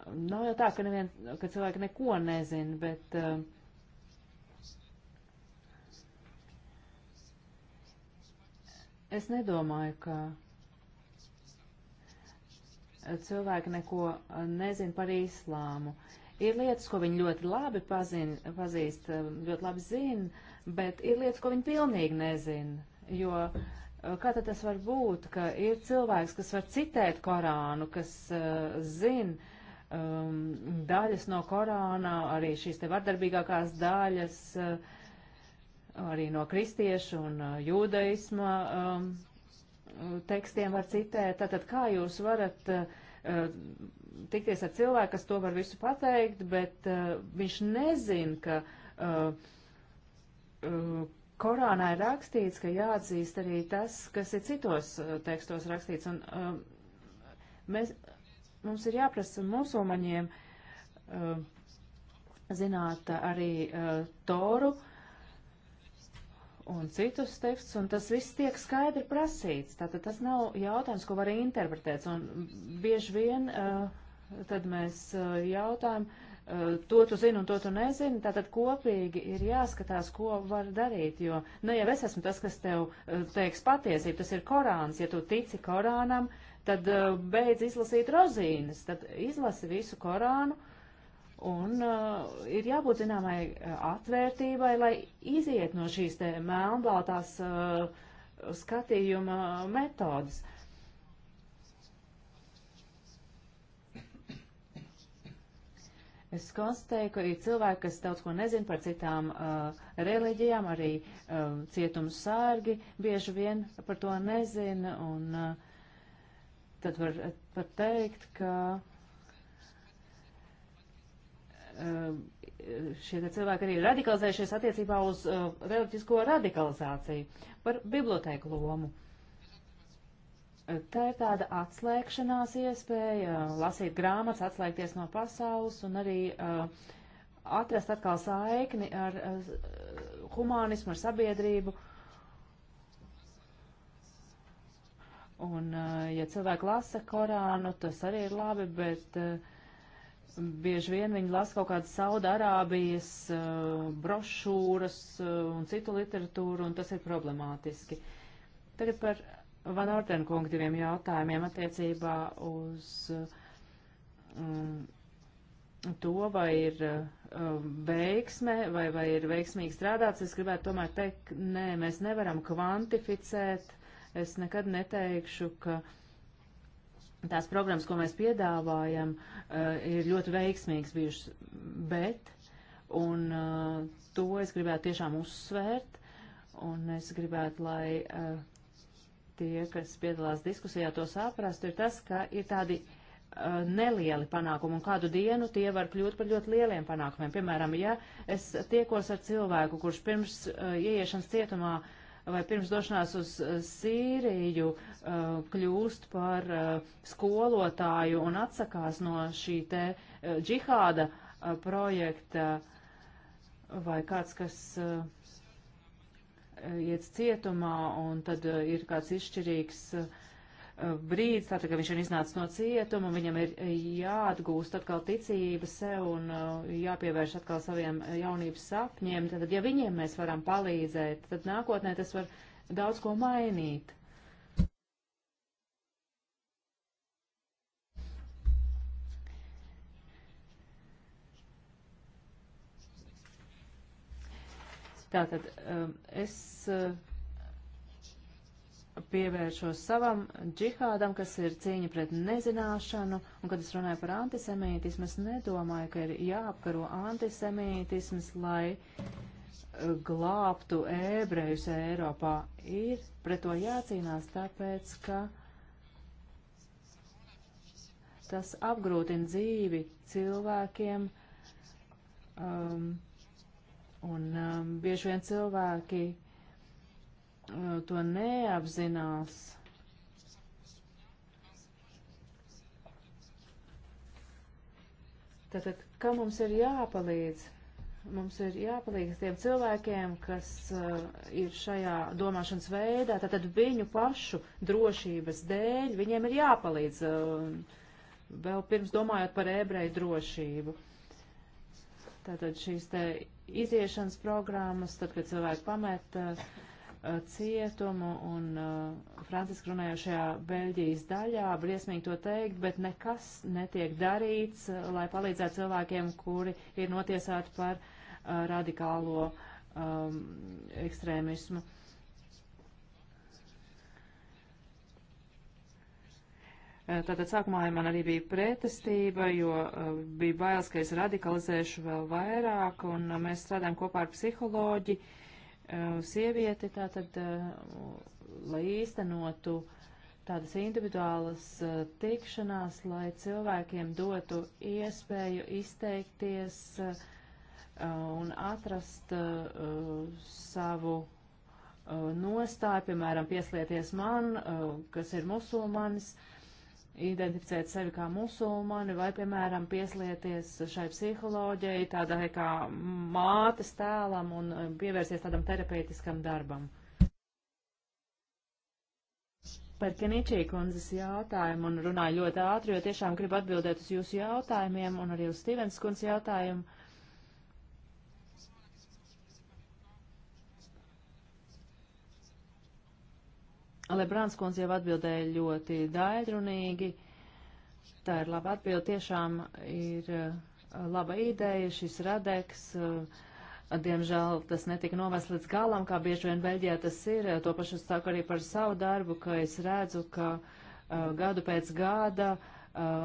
Nav jau tā, ka, nevien, ka cilvēki neko nezina, bet uh, es nedomāju, ka cilvēki neko eh, nezina par īslāmu. Ir lietas, ko viņi ļoti labi pazin, pazīst, eh, ļoti labi zina, bet ir lietas, ko viņi pilnīgi nezina. Jo kā tad tas var būt, ka ir cilvēks, kas var citēt Korānu, kas uh, zina, um, daļas no Korāna, arī šīs te vardarbīgākās daļas, uh, arī no kristiešu un uh, jūdaisma um, tekstiem var citēt. Tātad kā jūs varat uh, tikties ar cilvēku, kas to var visu pateikt, bet uh, viņš nezin, ka uh, uh, Korānā ir rakstīts, ka jāatzīst arī tas, kas ir citos uh, tekstos rakstīts. Un, um, mēs Mums ir jāprasa musulmaņiem uh, zināt arī uh, Toru un citus tekstus, un tas viss tiek skaidri prasīts. Tātad tas nav jautājums, ko var interpretēt, un bieži vien uh, tad mēs uh, jautājam, uh, to tu zini un to tu nezini, tātad kopīgi ir jāskatās, ko var darīt, jo ne nu, jau es esmu tas, kas tev uh, teiks patiesību, tas ir Korāns, ja tu tici Korānam, tad uh, beidz izlasīt rozīnes, tad izlasi visu Korānu. Un uh, ir jābūt zināmai eh, atvērtībai, lai iziet no šīs te melnbaltās uh, skatījuma metodas. Es konstatēju, ka ir cilvēki, kas daudz ko nezin par citām uh, reliģijām, arī uh, cietums sārgi bieži vien par to nezin. Un, uh, tad var pat teikt, ka um, šie cilvēki arī ir radikalizējušies attiecībā uz uh, reliģisko radikalizāciju par bibliotēku lomu. Tā ir tāda atslēgšanās iespēja, uh, lasīt grāmatas, atslēgties no pasaules un arī uh, atrast atkal saikni ar uh, humānismu, ar sabiedrību. Uh, Un, eh, ja cilvēki lasa Korānu, tas arī ir labi, bet eh, bieži vien viņi lasa kaut kādas Saudarābijas eh, brošūras un citu literatūru, un tas ir problemātiski. Tagad par Van Orden kungu diviem jautājumiem attiecībā uz um, to, vai ir um, veiksme, vai, vai ir veiksmīgi strādāts. Es gribētu tomēr teikt, nē, mēs nevaram kvantificēt Es nekad neteikšu, ka tās programmas, ko mēs piedāvājam, eh, ir ļoti veiksmīgas bijušas, bet, un eh, to es gribētu tiešām uzsvērt, un es gribētu, lai eh, tie, kas piedalās diskusijā, to saprastu, ir tas, ka ir tādi nelieli panākumi, un kādu dienu tie var kļūt par ļoti lieliem panākumiem. Piemēram, ja es tiekos ar cilvēku, kurš pirms uh, ieiešanas cietumā uh, vai pirms došanās uz eh, Sīriju eh, kļūst par eh, skolotāju un atsakās no šī te džihāda projekta vai kāds, kas iet cietumā un tad ir kāds izšķirīgs uh, brīdis, tātad, ka viņš ir iznācis no cietuma, viņam ir jāatgūst atkal ticība sev un uh, jāpievērš atkal saviem jaunības sapņiem. Tātad, ja viņiem mēs varam palīdzēt, tad nākotnē tas var daudz ko mainīt. Tātad, um, es uh, pievēršos savam džihādam, kas ir cīņa pret nezināšanu, un kad es runāju par antisemītismu, es nedomāju, ka ir jāapkaro antisemītisms, lai eh, glābtu ebrejus Eiropā. Ir pret to jācīnās, tāpēc, ka tas apgrūtina dzīvi cilvēkiem, um, un um, bieži vien cilvēki uh, Uh, to neapzinās. Tātad, kā mums ir jāpalīdz? Mums ir jāpalīdz tiem cilvēkiem, kas uh, ir šajā domāšanas veidā, tātad viņu pašu drošības dēļ viņiem ir jāpalīdz, uh, vēl pirms domājot par ebreju drošību. Tātad šīs te iziešanas programmas, tad, kad cilvēki pamet uh, Uh, cietumu, un uh, franciski runājošajā Beļģijas daļā, briesmīgi to teikt, bet nekas netiek darīts, uh, lai palīdzētu cilvēkiem, kuri ir notiesāti par uh, radikālo um, ekstrēmismu. Uh, tātad sākumā man arī bija pretestība, jo uh, bija bailes, ka es radikalizēšu vēl vairāk, un mēs strādājam kopā ar psiholoģiju Uh, sievieti, tātad, uh, lai īstenotu tādas individuālas uh, tikšanās, lai cilvēkiem dotu iespēju izteikties un atrast savu nostāju, piemēram, pieslieties man, kas ir musulmanis, identificēt sevi kā musulmani vai, piemēram, pieslieties šai psiholoģijai, tādai kā mātes tēlam un eh, pievērsties tādam terapeitiskam darbam. Par Keničī kundzes jautājumu un runāju ļoti ātri, jo tiešām gribu atbildēt uz jūsu jautājumiem un arī uz Stevens kundzes jautājumu. Lebrāns kundze jau atbildēja ļoti daļrunīgi. Tā ir laba atbilde. Tiešām ir uh, laba ideja šis radeks. Uh, diemžēl tas netika novest līdz galam, kā bieži vien Beļģijā tas ir. Uh, to pašu saku arī par savu darbu, ka es redzu, ka gadu pēc gada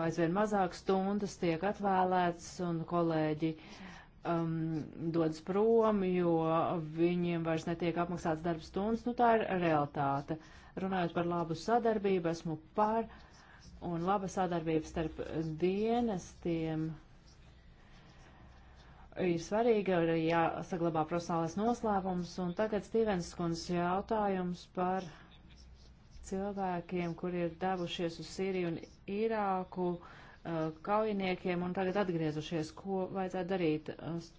aizvien mazāk stundas tiek atvēlēts un kolēģi uh, um, dodas prom, jo viņiem vairs netiek apmaksāts darbs stundas. Nu, tā ir realitāte. Runājot par labu sadarbību, esmu par un laba sadarbība starp dienestiem ir svarīga, ir jāsaglabā profesionālais noslēpums. Un tagad Stīvens Kundzes jautājums par cilvēkiem, kuri ir devušies uz Sīriju un Irāku. Uh, Uh, kaujiniekiem un tagad atgriezušies, ko vajadzētu darīt.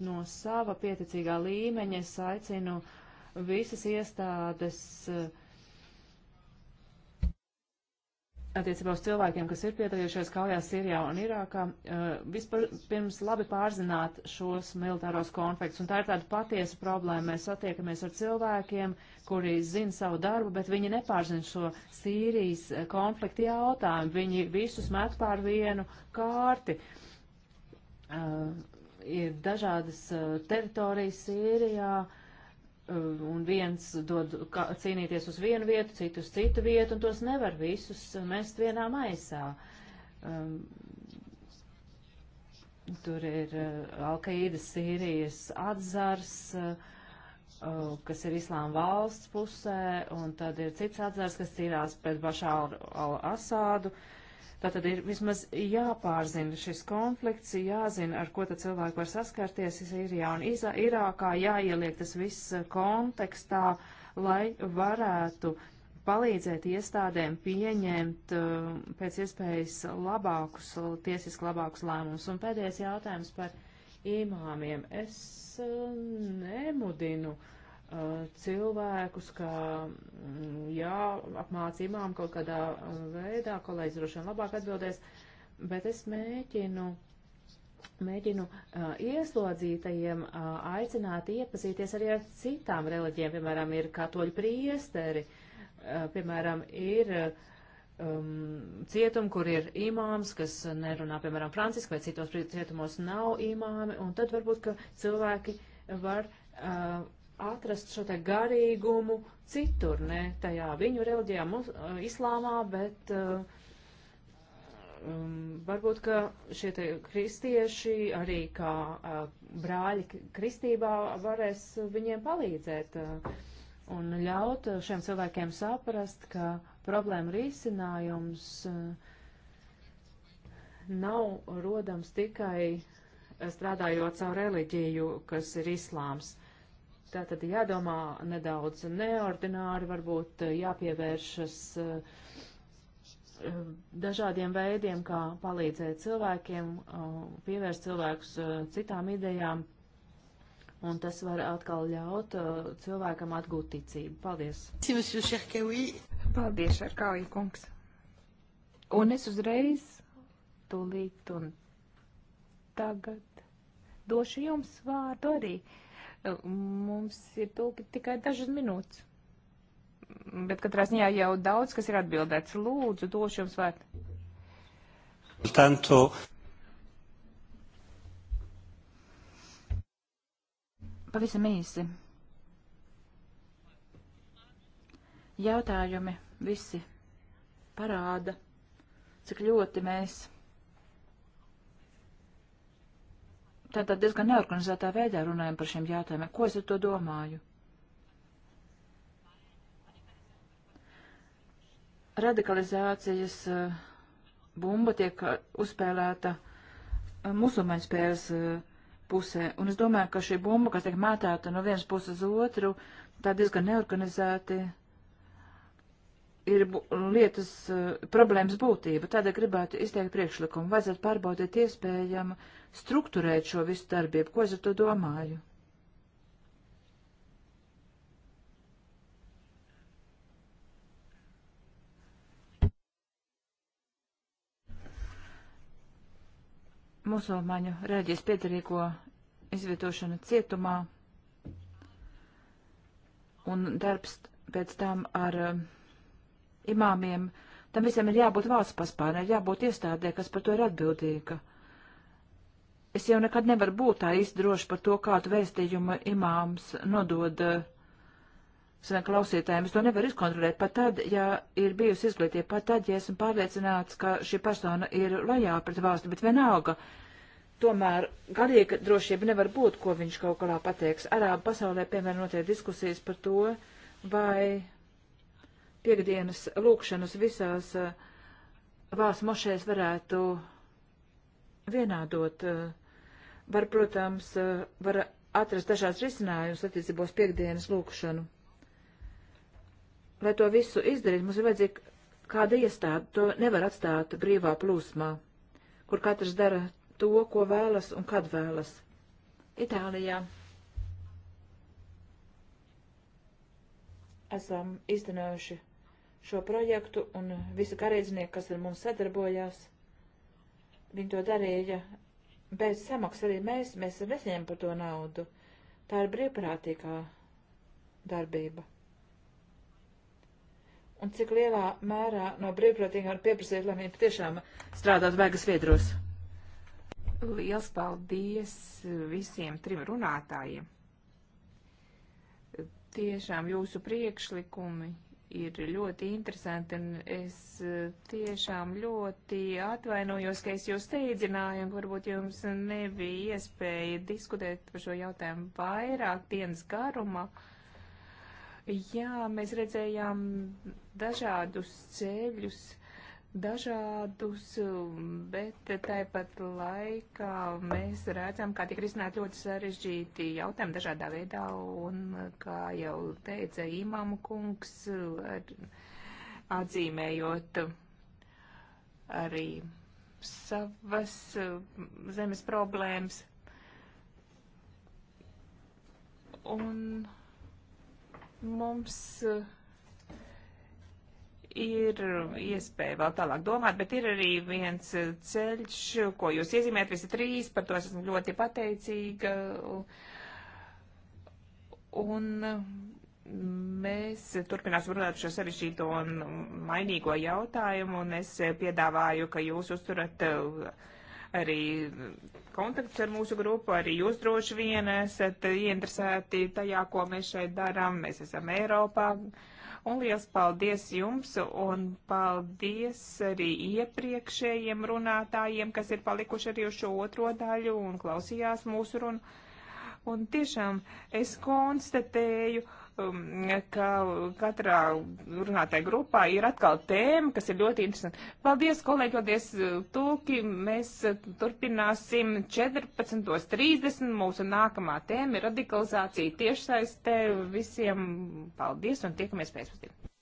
No sava pieticīgā līmeņa es aicinu visas iestādes uh, attiecībā uz cilvēkiem, kas ir piedalījušies kaujās Sīrijā un Irākā, eh, vispār pirms labi pārzināt šos militāros konfliktus. Un tā ir tāda patiesa problēma. Mēs satiekamies ar cilvēkiem, kuri zina savu darbu, bet viņi nepārzina šo Sīrijas eh, konfliktu jautājumu. Viņi visus met pār vienu kārti. Uh, ir dažādas teritorijas Sīrijā, Uh, un viens dod kā, cīnīties uz vienu vietu, citu uz citu vietu, un tos nevar visus mest vienā maisā. Um, tur ir uh, Alkaīdas Sīrijas atzars, uh, uh kas ir Islāma valsts pusē, un tad ir cits atzars, kas cīnās pret Bašāru al-Asādu. Al Tātad ir vismaz jāpārzina šis konflikts, jāzina, ar ko tad cilvēki var saskarties Sīrijā un izā, Irākā, jāieliek tas viss kontekstā, lai varētu palīdzēt iestādēm pieņemt uh, pēc iespējas labākus, tiesiski labākus lēmumus. Un pēdējais jautājums par imāmiem. Es uh, nemudinu uh, cilvēkus, ka mm, jāapmācībām kaut kādā mm, veidā, kolēģis droši vien labāk atbildēs, bet es mēģinu, mēģinu uh, ieslodzītajiem uh, aicināt iepazīties arī ar citām reliģijām, piemēram, ir katoļu priesteri, uh, piemēram, ir um, cietumi, kur ir imāms, kas nerunā, piemēram, franciski, vai citos cietumos nav imāmi, un tad varbūt, ka cilvēki var uh, atrast šo te garīgumu citur, ne tajā viņu reliģijā, mus, eh, islāmā, bet uh, um, varbūt, ka šie te kristieši arī kā uh, brāļi kristībā varēs viņiem palīdzēt uh, un ļaut šiem cilvēkiem saprast, ka problēma risinājums uh, nav rodams tikai strādājot savu reliģiju, kas ir islāms. Uh, Tā tad jādomā nedaudz neordināri, varbūt eh, jāpievēršas eh, dažādiem veidiem, kā palīdzēt cilvēkiem, eh, pievērst cilvēkus citām idejām, un tas var atkal ļaut cilvēkam atgūt ticību. Paldies! Paldies, Šarkauja kungs! Un es uzreiz, tūlīt un tagad, došu jums vārdu arī. Uh, Mums ir tulki tikai dažas minūtes. Bet katrā ziņā jau daudz, kas ir atbildēts. Lūdzu, došu jums vārdu. Tanto. Pavisam īsi. Jautājumi visi parāda, cik ļoti mēs Tātad diezgan neorganizētā veidā runājam par šiem jautājumiem. Ko es ar to domāju? Radikalizācijas eh, bumba tiek eh, uzspēlēta eh, musulmaņu spēles pusē, un es domāju, ka šī bumba, kas tiek mētēta no vienas puses uz otru, tā diezgan neorganizēti ir lietas eh, problēmas būtība. Tādēļ gribētu izteikt priekšlikumu. Vajadzētu pārbaudīt iespējama strukturēt šo visu darbību. Ko es ar to domāju? musulmaņu rēģis piedarīgo izvietošanu cietumā un darbs pēc tam ar uh, imāmiem, tam visiem ir jābūt valsts paspārnē, jābūt iestādē, kas par to ir atbildīga. Es jau nekad nevaru būt tā īsti droši par to, kādu vēstījumu imāms nodod saviem eh, klausītājiem. Es to nevaru izkontrolēt pat tad, ja ir bijusi izglītība, pat tad, ja esmu pārliecināts, ka šī persona ir lojā pret valsti, bet vienalga. Tomēr garīga drošība nevar būt, ko viņš kaut kādā pateiks. Arābu pasaulē, piemēram, notiek diskusijas par to, vai piekdienas lūkšanas visās eh, vās mošēs varētu vienādot. Eh, var, protams, eh, var atrast dažādas risinājumus attiecībos piekdienas lūkšanu. Lai to visu izdarītu, mums ir vajadzīga kāda iestāde, to nevar atstāt brīvā plūsmā, kur katrs dara to, ko vēlas un kad vēlas. Itālijā esam izdenojuši šo projektu un visi karēdznieki, kas ar mums sadarbojās, viņi to darīja bez samaksas arī mēs, mēs nesaņēmām par to naudu. Tā ir brīvprātīgā darbība. Un cik lielā mērā no brīvprātīgā pieprasīt, lai viņi tiešām strādātu vēgas viedros. Liels paldies visiem trim runātājiem. Tiešām jūsu priekšlikumi ir ļoti interesanti, un es e, tiešām ļoti atvainojos, ka es jūs steidzināju, un varbūt jums nebija iespēja diskutēt par šo jautājumu vairāk dienas garumā. Jā, mēs redzējām dažādus ceļus, dažādus, um, bet tāpat laikā mēs redzam, kā tiek risināt ļoti sarežģīti jautājumi dažādā veidā, un uh, kā jau teica Imam kungs, ar, atzīmējot arī savas uh, zemes problēmas. Un mums uh, ir iespēja vēl tālāk domāt, bet ir arī viens eh, ceļš, ko jūs iezīmējat visi trīs, par to es esmu ļoti pateicīga. Un mm, mēs turpināsim runāt šo sarežģīto un mainīgo jautājumu, un es piedāvāju, ka jūs uzturat eh, arī kontakts ar mūsu grupu, arī jūs droši vien esat ieinteresēti tajā, ko mēs šeit darām. Mēs esam Eiropā. Uh, Un liels paldies jums un paldies arī iepriekšējiem runātājiem, kas ir palikuši arī uz šo otro daļu un klausījās mūsu runu. Un tiešām es konstatēju, uh, Um, ka katrā runātajā grupā ir atkal tēma, kas ir ļoti interesanta. Paldies, kolēģi, paldies, uh, tūki. Mēs uh, turpināsim 14.30. Mūsu nākamā tēma ir radikalizācija tiešsaistē. Visiem paldies un tiekamies pēcpusdienā.